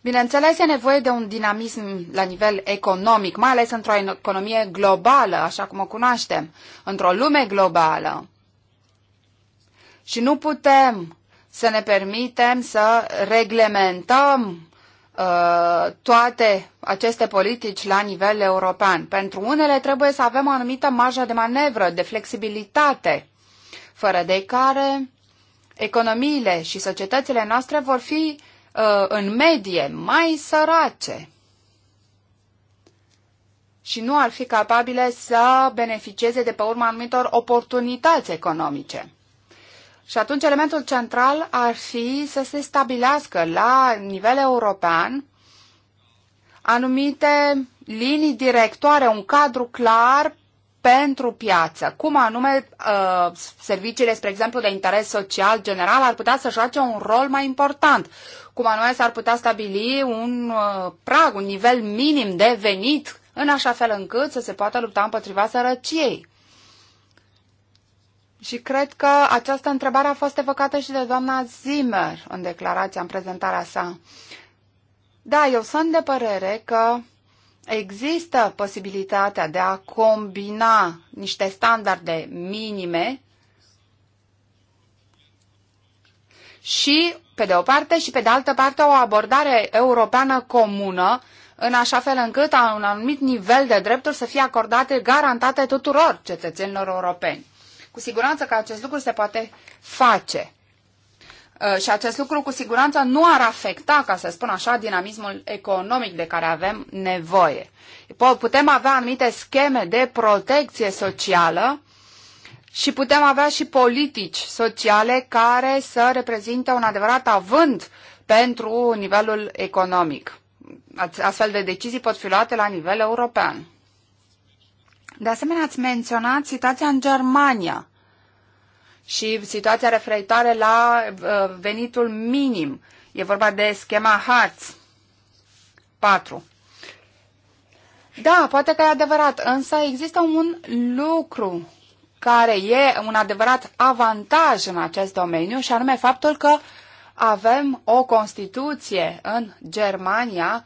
Bineînțeles, e nevoie de un dinamism la nivel economic, mai ales într-o economie globală, așa cum o cunoaștem, într-o lume globală. Și nu putem să ne permitem să reglementăm uh, toate aceste politici la nivel european. Pentru unele trebuie să avem o anumită marjă de manevră, de flexibilitate, fără de care economiile și societățile noastre vor fi uh, în medie mai sărace și nu ar fi capabile să beneficieze de pe urma anumitor oportunități economice. Și atunci elementul central ar fi să se stabilească la nivel european anumite linii directoare, un cadru clar pentru piață. Cum anume uh, serviciile, spre exemplu, de interes social general ar putea să joace un rol mai important? Cum anume s-ar putea stabili un uh, prag, un nivel minim de venit, în așa fel încât să se poată lupta împotriva sărăciei? Și cred că această întrebare a fost evocată și de doamna Zimmer în declarația, în prezentarea sa. Da, eu sunt de părere că există posibilitatea de a combina niște standarde minime și, pe de o parte, și pe de altă parte, o abordare europeană comună, în așa fel încât un anumit nivel de drepturi să fie acordate, garantate tuturor cetățenilor europeni. Cu siguranță că acest lucru se poate face. Uh, și acest lucru cu siguranță nu ar afecta, ca să spun așa, dinamismul economic de care avem nevoie. Putem avea anumite scheme de protecție socială și putem avea și politici sociale care să reprezinte un adevărat avânt pentru nivelul economic. Astfel de decizii pot fi luate la nivel european. De asemenea, ați menționat situația în Germania și situația referitoare la uh, venitul minim. E vorba de schema Hartz 4. Da, poate că e adevărat, însă există un lucru care e un adevărat avantaj în acest domeniu și anume faptul că avem o Constituție în Germania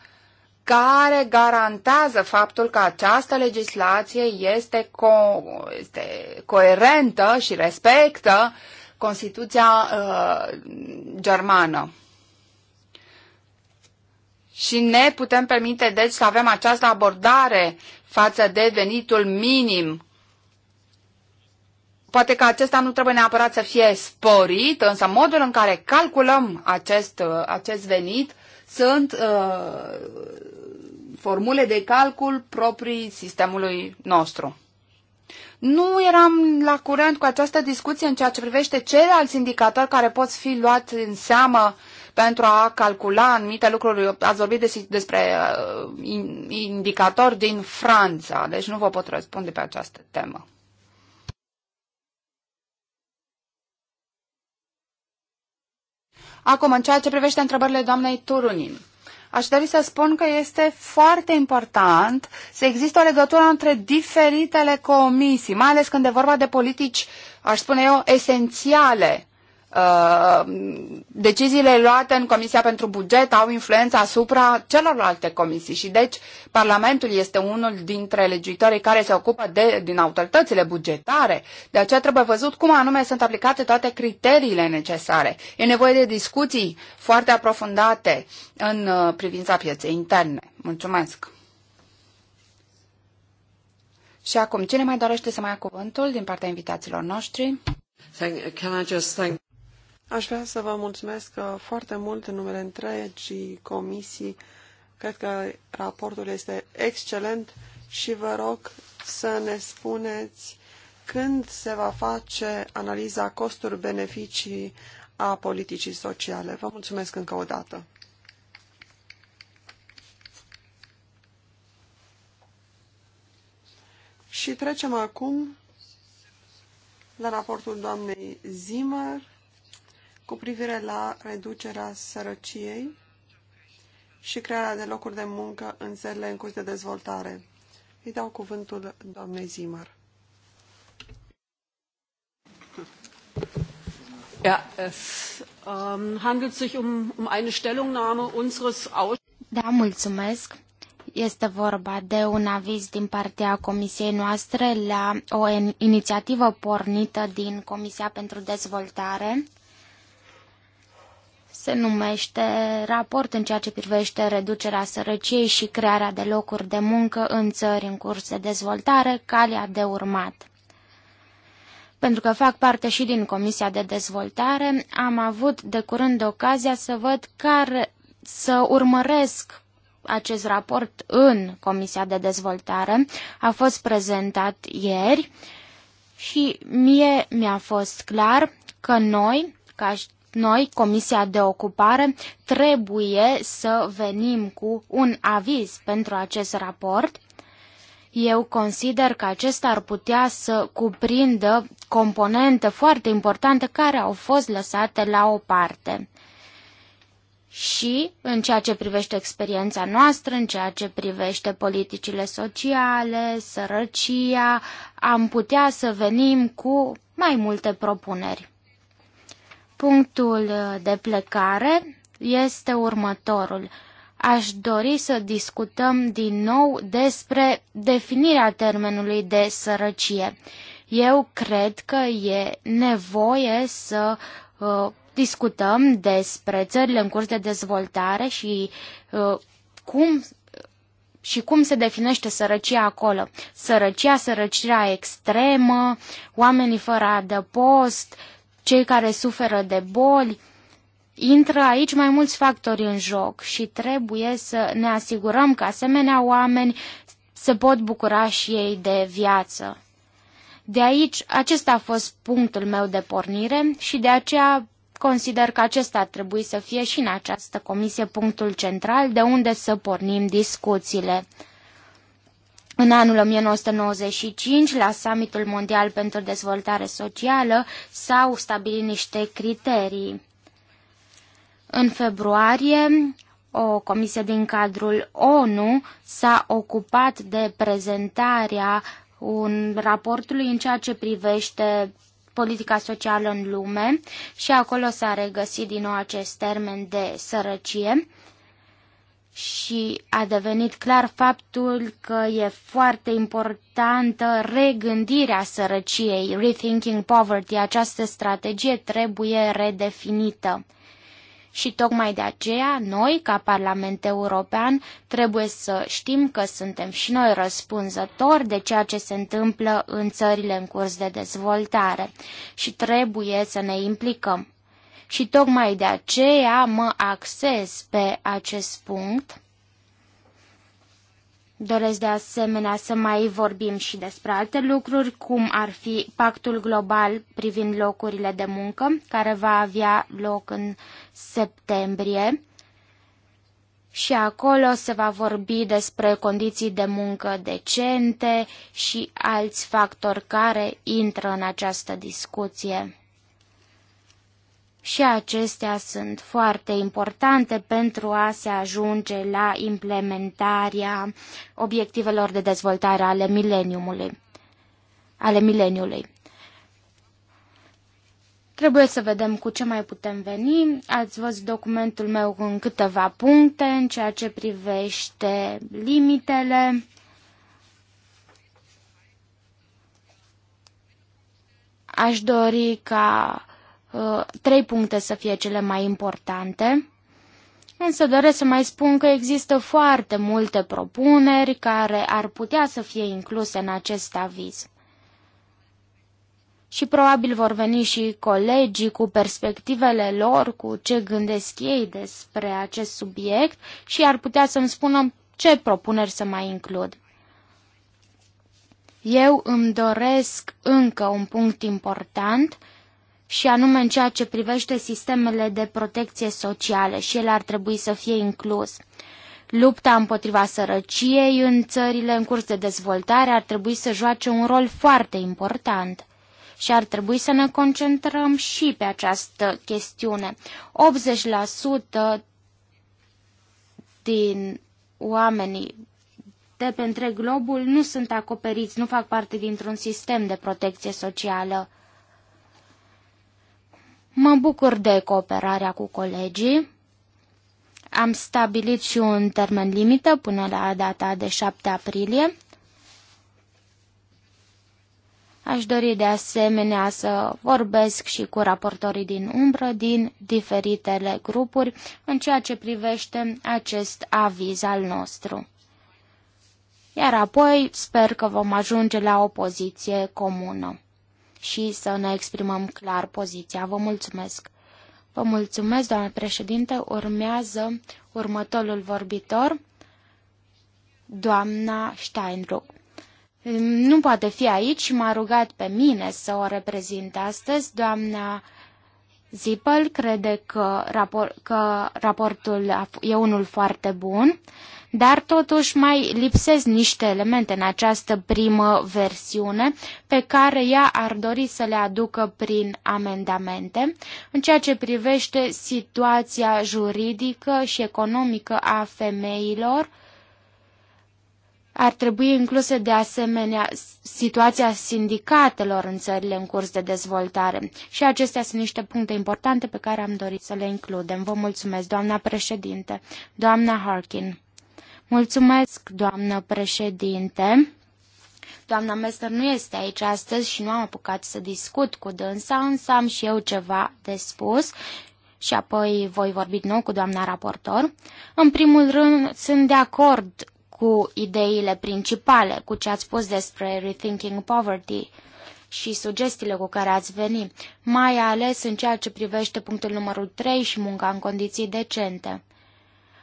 care garantează faptul că această legislație este, co- este coerentă și respectă Constituția uh, germană. Și ne putem permite, deci, să avem această abordare față de venitul minim. Poate că acesta nu trebuie neapărat să fie sporit, însă modul în care calculăm acest, uh, acest venit sunt uh, formule de calcul proprii sistemului nostru. Nu eram la curent cu această discuție în ceea ce privește ceilalți indicatori care pot fi luat în seamă pentru a calcula anumite lucruri. Ați vorbit despre uh, indicatori din Franța, deci nu vă pot răspunde pe această temă. Acum, în ceea ce privește întrebările doamnei Turunin aș dori să spun că este foarte important să există o legătură între diferitele comisii, mai ales când e vorba de politici, aș spune eu, esențiale Uh, deciziile luate în Comisia pentru Buget au influență asupra celorlalte comisii și deci Parlamentul este unul dintre legiuitorii care se ocupă de, din autoritățile bugetare. De aceea trebuie văzut cum anume sunt aplicate toate criteriile necesare. E nevoie de discuții foarte aprofundate în uh, privința pieței interne. Mulțumesc! Și acum, cine mai dorește să mai ia cuvântul din partea invitaților noștri? Can I just thank... Aș vrea să vă mulțumesc uh, foarte mult în numele întregii comisii. Cred că raportul este excelent și vă rog să ne spuneți când se va face analiza costuri-beneficii a politicii sociale. Vă mulțumesc încă o dată. Și trecem acum la raportul doamnei Zimmer cu privire la reducerea sărăciei și crearea de locuri de muncă în țările în curs de dezvoltare. Îi dau cuvântul doamnei Zimăr. Ja, es ähm, handelt sich um, um eine Stellungnahme unseres Ausschusses. Da, mulțumesc. Este vorba de un aviz din partea comisiei noastre la o inițiativă pornită din Comisia pentru Dezvoltare se numește raport în ceea ce privește reducerea sărăciei și crearea de locuri de muncă în țări în curs de dezvoltare, calea de urmat. Pentru că fac parte și din Comisia de Dezvoltare, am avut de curând ocazia să văd care să urmăresc acest raport în Comisia de Dezvoltare. A fost prezentat ieri și mie mi-a fost clar că noi, ca noi, Comisia de Ocupare, trebuie să venim cu un aviz pentru acest raport. Eu consider că acesta ar putea să cuprindă componente foarte importante care au fost lăsate la o parte. Și în ceea ce privește experiența noastră, în ceea ce privește politicile sociale, sărăcia, am putea să venim cu mai multe propuneri. Punctul uh, de plecare este următorul. Aș dori să discutăm din nou despre definirea termenului de sărăcie. Eu cred că e nevoie să uh, discutăm despre țările în curs de dezvoltare și uh, cum și cum se definește sărăcia acolo. Sărăcia, sărăcirea extremă, oamenii fără adăpost, cei care suferă de boli. Intră aici mai mulți factori în joc și trebuie să ne asigurăm că asemenea oameni se pot bucura și ei de viață. De aici, acesta a fost punctul meu de pornire și de aceea consider că acesta ar trebui să fie și în această comisie punctul central de unde să pornim discuțiile. În anul 1995, la Summitul Mondial pentru Dezvoltare Socială, s-au stabilit niște criterii. În februarie, o comisie din cadrul ONU s-a ocupat de prezentarea un raportului în ceea ce privește politica socială în lume și acolo s-a regăsit din nou acest termen de sărăcie și a devenit clar faptul că e foarte importantă regândirea sărăciei, rethinking poverty, această strategie trebuie redefinită. Și tocmai de aceea, noi, ca Parlament European, trebuie să știm că suntem și noi răspunzători de ceea ce se întâmplă în țările în curs de dezvoltare și trebuie să ne implicăm și tocmai de aceea mă acces pe acest punct. Doresc de asemenea să mai vorbim și despre alte lucruri, cum ar fi pactul global privind locurile de muncă, care va avea loc în septembrie. Și acolo se va vorbi despre condiții de muncă decente și alți factori care intră în această discuție și acestea sunt foarte importante pentru a se ajunge la implementarea obiectivelor de dezvoltare ale mileniumului. Ale mileniului. Trebuie să vedem cu ce mai putem veni. Ați văzut documentul meu în câteva puncte în ceea ce privește limitele. Aș dori ca Uh, trei puncte să fie cele mai importante. Însă doresc să mai spun că există foarte multe propuneri care ar putea să fie incluse în acest aviz. Și probabil vor veni și colegii cu perspectivele lor, cu ce gândesc ei despre acest subiect și ar putea să-mi spună ce propuneri să mai includ. Eu îmi doresc încă un punct important – și anume în ceea ce privește sistemele de protecție socială și ele ar trebui să fie inclus. Lupta împotriva sărăciei în țările în curs de dezvoltare ar trebui să joace un rol foarte important și ar trebui să ne concentrăm și pe această chestiune. 80% din oamenii de pe întreg globul nu sunt acoperiți, nu fac parte dintr-un sistem de protecție socială. Mă bucur de cooperarea cu colegii. Am stabilit și un termen limită până la data de 7 aprilie. Aș dori de asemenea să vorbesc și cu raportorii din umbră din diferitele grupuri în ceea ce privește acest aviz al nostru. Iar apoi sper că vom ajunge la o poziție comună și să ne exprimăm clar poziția. Vă mulțumesc! Vă mulțumesc, doamnă președinte. Urmează următorul vorbitor, doamna Steinruck. Nu poate fi aici și m-a rugat pe mine să o reprezint astăzi. Doamna Zipel crede că, rapor, că raportul e unul foarte bun, dar totuși mai lipsesc niște elemente în această primă versiune pe care ea ar dori să le aducă prin amendamente în ceea ce privește situația juridică și economică a femeilor ar trebui incluse de asemenea situația sindicatelor în țările în curs de dezvoltare. Și acestea sunt niște puncte importante pe care am dorit să le includem. Vă mulțumesc, doamna președinte. Doamna Harkin. Mulțumesc, doamnă președinte. Doamna Mester nu este aici astăzi și nu am apucat să discut cu dânsa, însă am și eu ceva de spus și apoi voi vorbi nou cu doamna raportor. În primul rând, sunt de acord cu ideile principale, cu ce ați spus despre Rethinking Poverty și sugestiile cu care ați venit, mai ales în ceea ce privește punctul numărul 3 și munca în condiții decente.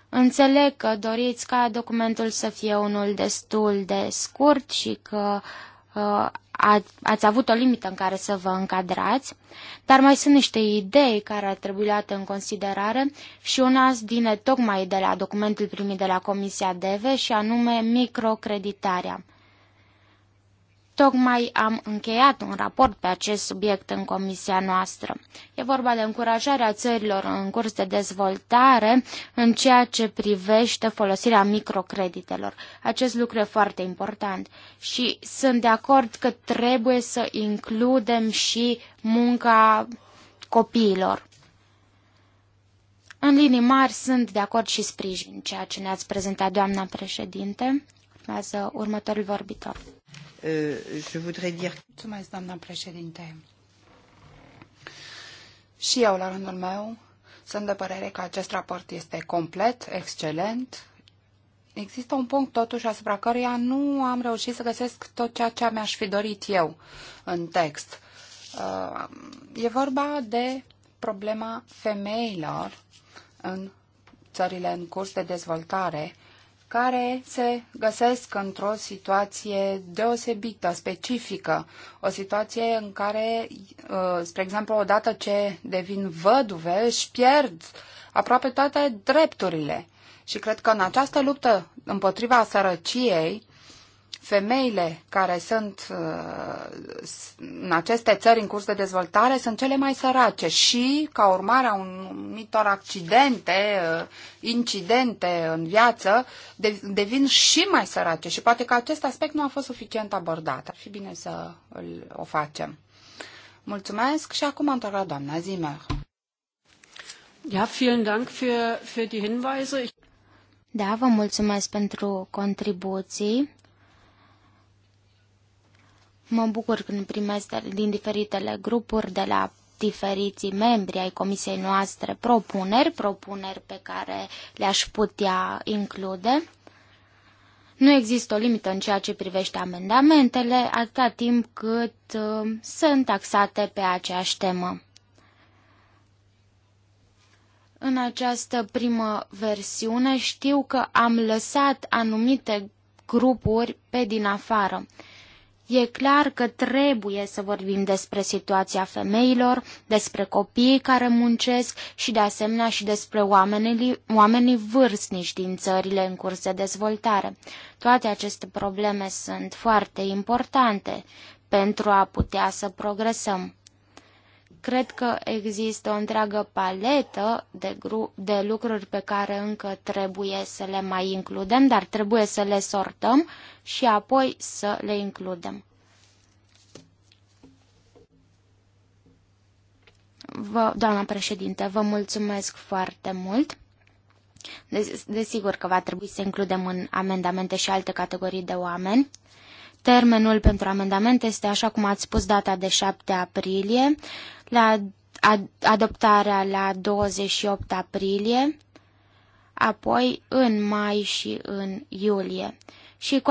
Înțeleg că doriți ca documentul să fie unul destul de scurt și că ați avut o limită în care să vă încadrați, dar mai sunt niște idei care ar trebui luate în considerare și una vine tocmai de la documentul primit de la Comisia DEVE și anume microcreditarea. Tocmai am încheiat un raport pe acest subiect în comisia noastră. E vorba de încurajarea țărilor în curs de dezvoltare în ceea ce privește folosirea microcreditelor. Acest lucru e foarte important și sunt de acord că trebuie să includem și munca copiilor. În linii mari sunt de acord și sprijin ceea ce ne-ați prezentat, doamna președinte. Urmează următorul vorbitor. Euh, je voudrais dire... Mulțumesc, doamna președinte. Și eu, la rândul meu, sunt de părere că acest raport este complet, excelent. Există un punct, totuși, asupra căruia nu am reușit să găsesc tot ceea ce mi-aș fi dorit eu în text. Uh, e vorba de problema femeilor în țările în curs de dezvoltare care se găsesc într-o situație deosebită, specifică, o situație în care, uh, spre exemplu, odată ce devin văduve, își pierd aproape toate drepturile. Și cred că în această luptă împotriva sărăciei, femeile care sunt uh, în aceste țări în curs de dezvoltare sunt cele mai sărace și, ca urmare a unor accidente, uh, incidente în viață, devin și mai sărace și poate că acest aspect nu a fost suficient abordat. Ar fi bine să îl, o facem. Mulțumesc și acum am la doamna Zimmer. Ja, vielen Dank für, für die Hinweise. Da, vă mulțumesc pentru contribuții. Mă bucur când primesc din diferitele grupuri de la diferiții membri ai comisiei noastre propuneri, propuneri pe care le-aș putea include. Nu există o limită în ceea ce privește amendamentele, atâta timp cât uh, sunt taxate pe aceeași temă. În această primă versiune știu că am lăsat anumite grupuri pe din afară. E clar că trebuie să vorbim despre situația femeilor, despre copiii care muncesc și de asemenea și despre oamenii, oamenii vârstnici din țările în curs de dezvoltare. Toate aceste probleme sunt foarte importante pentru a putea să progresăm. Cred că există o întreagă paletă de, de lucruri pe care încă trebuie să le mai includem, dar trebuie să le sortăm și apoi să le includem. Vă, doamna președinte, vă mulțumesc foarte mult. Desigur că va trebui să includem în amendamente și alte categorii de oameni. Termenul pentru amendamente este, așa cum ați spus, data de 7 aprilie la adoptarea la 28 aprilie, apoi în mai și în iulie. Și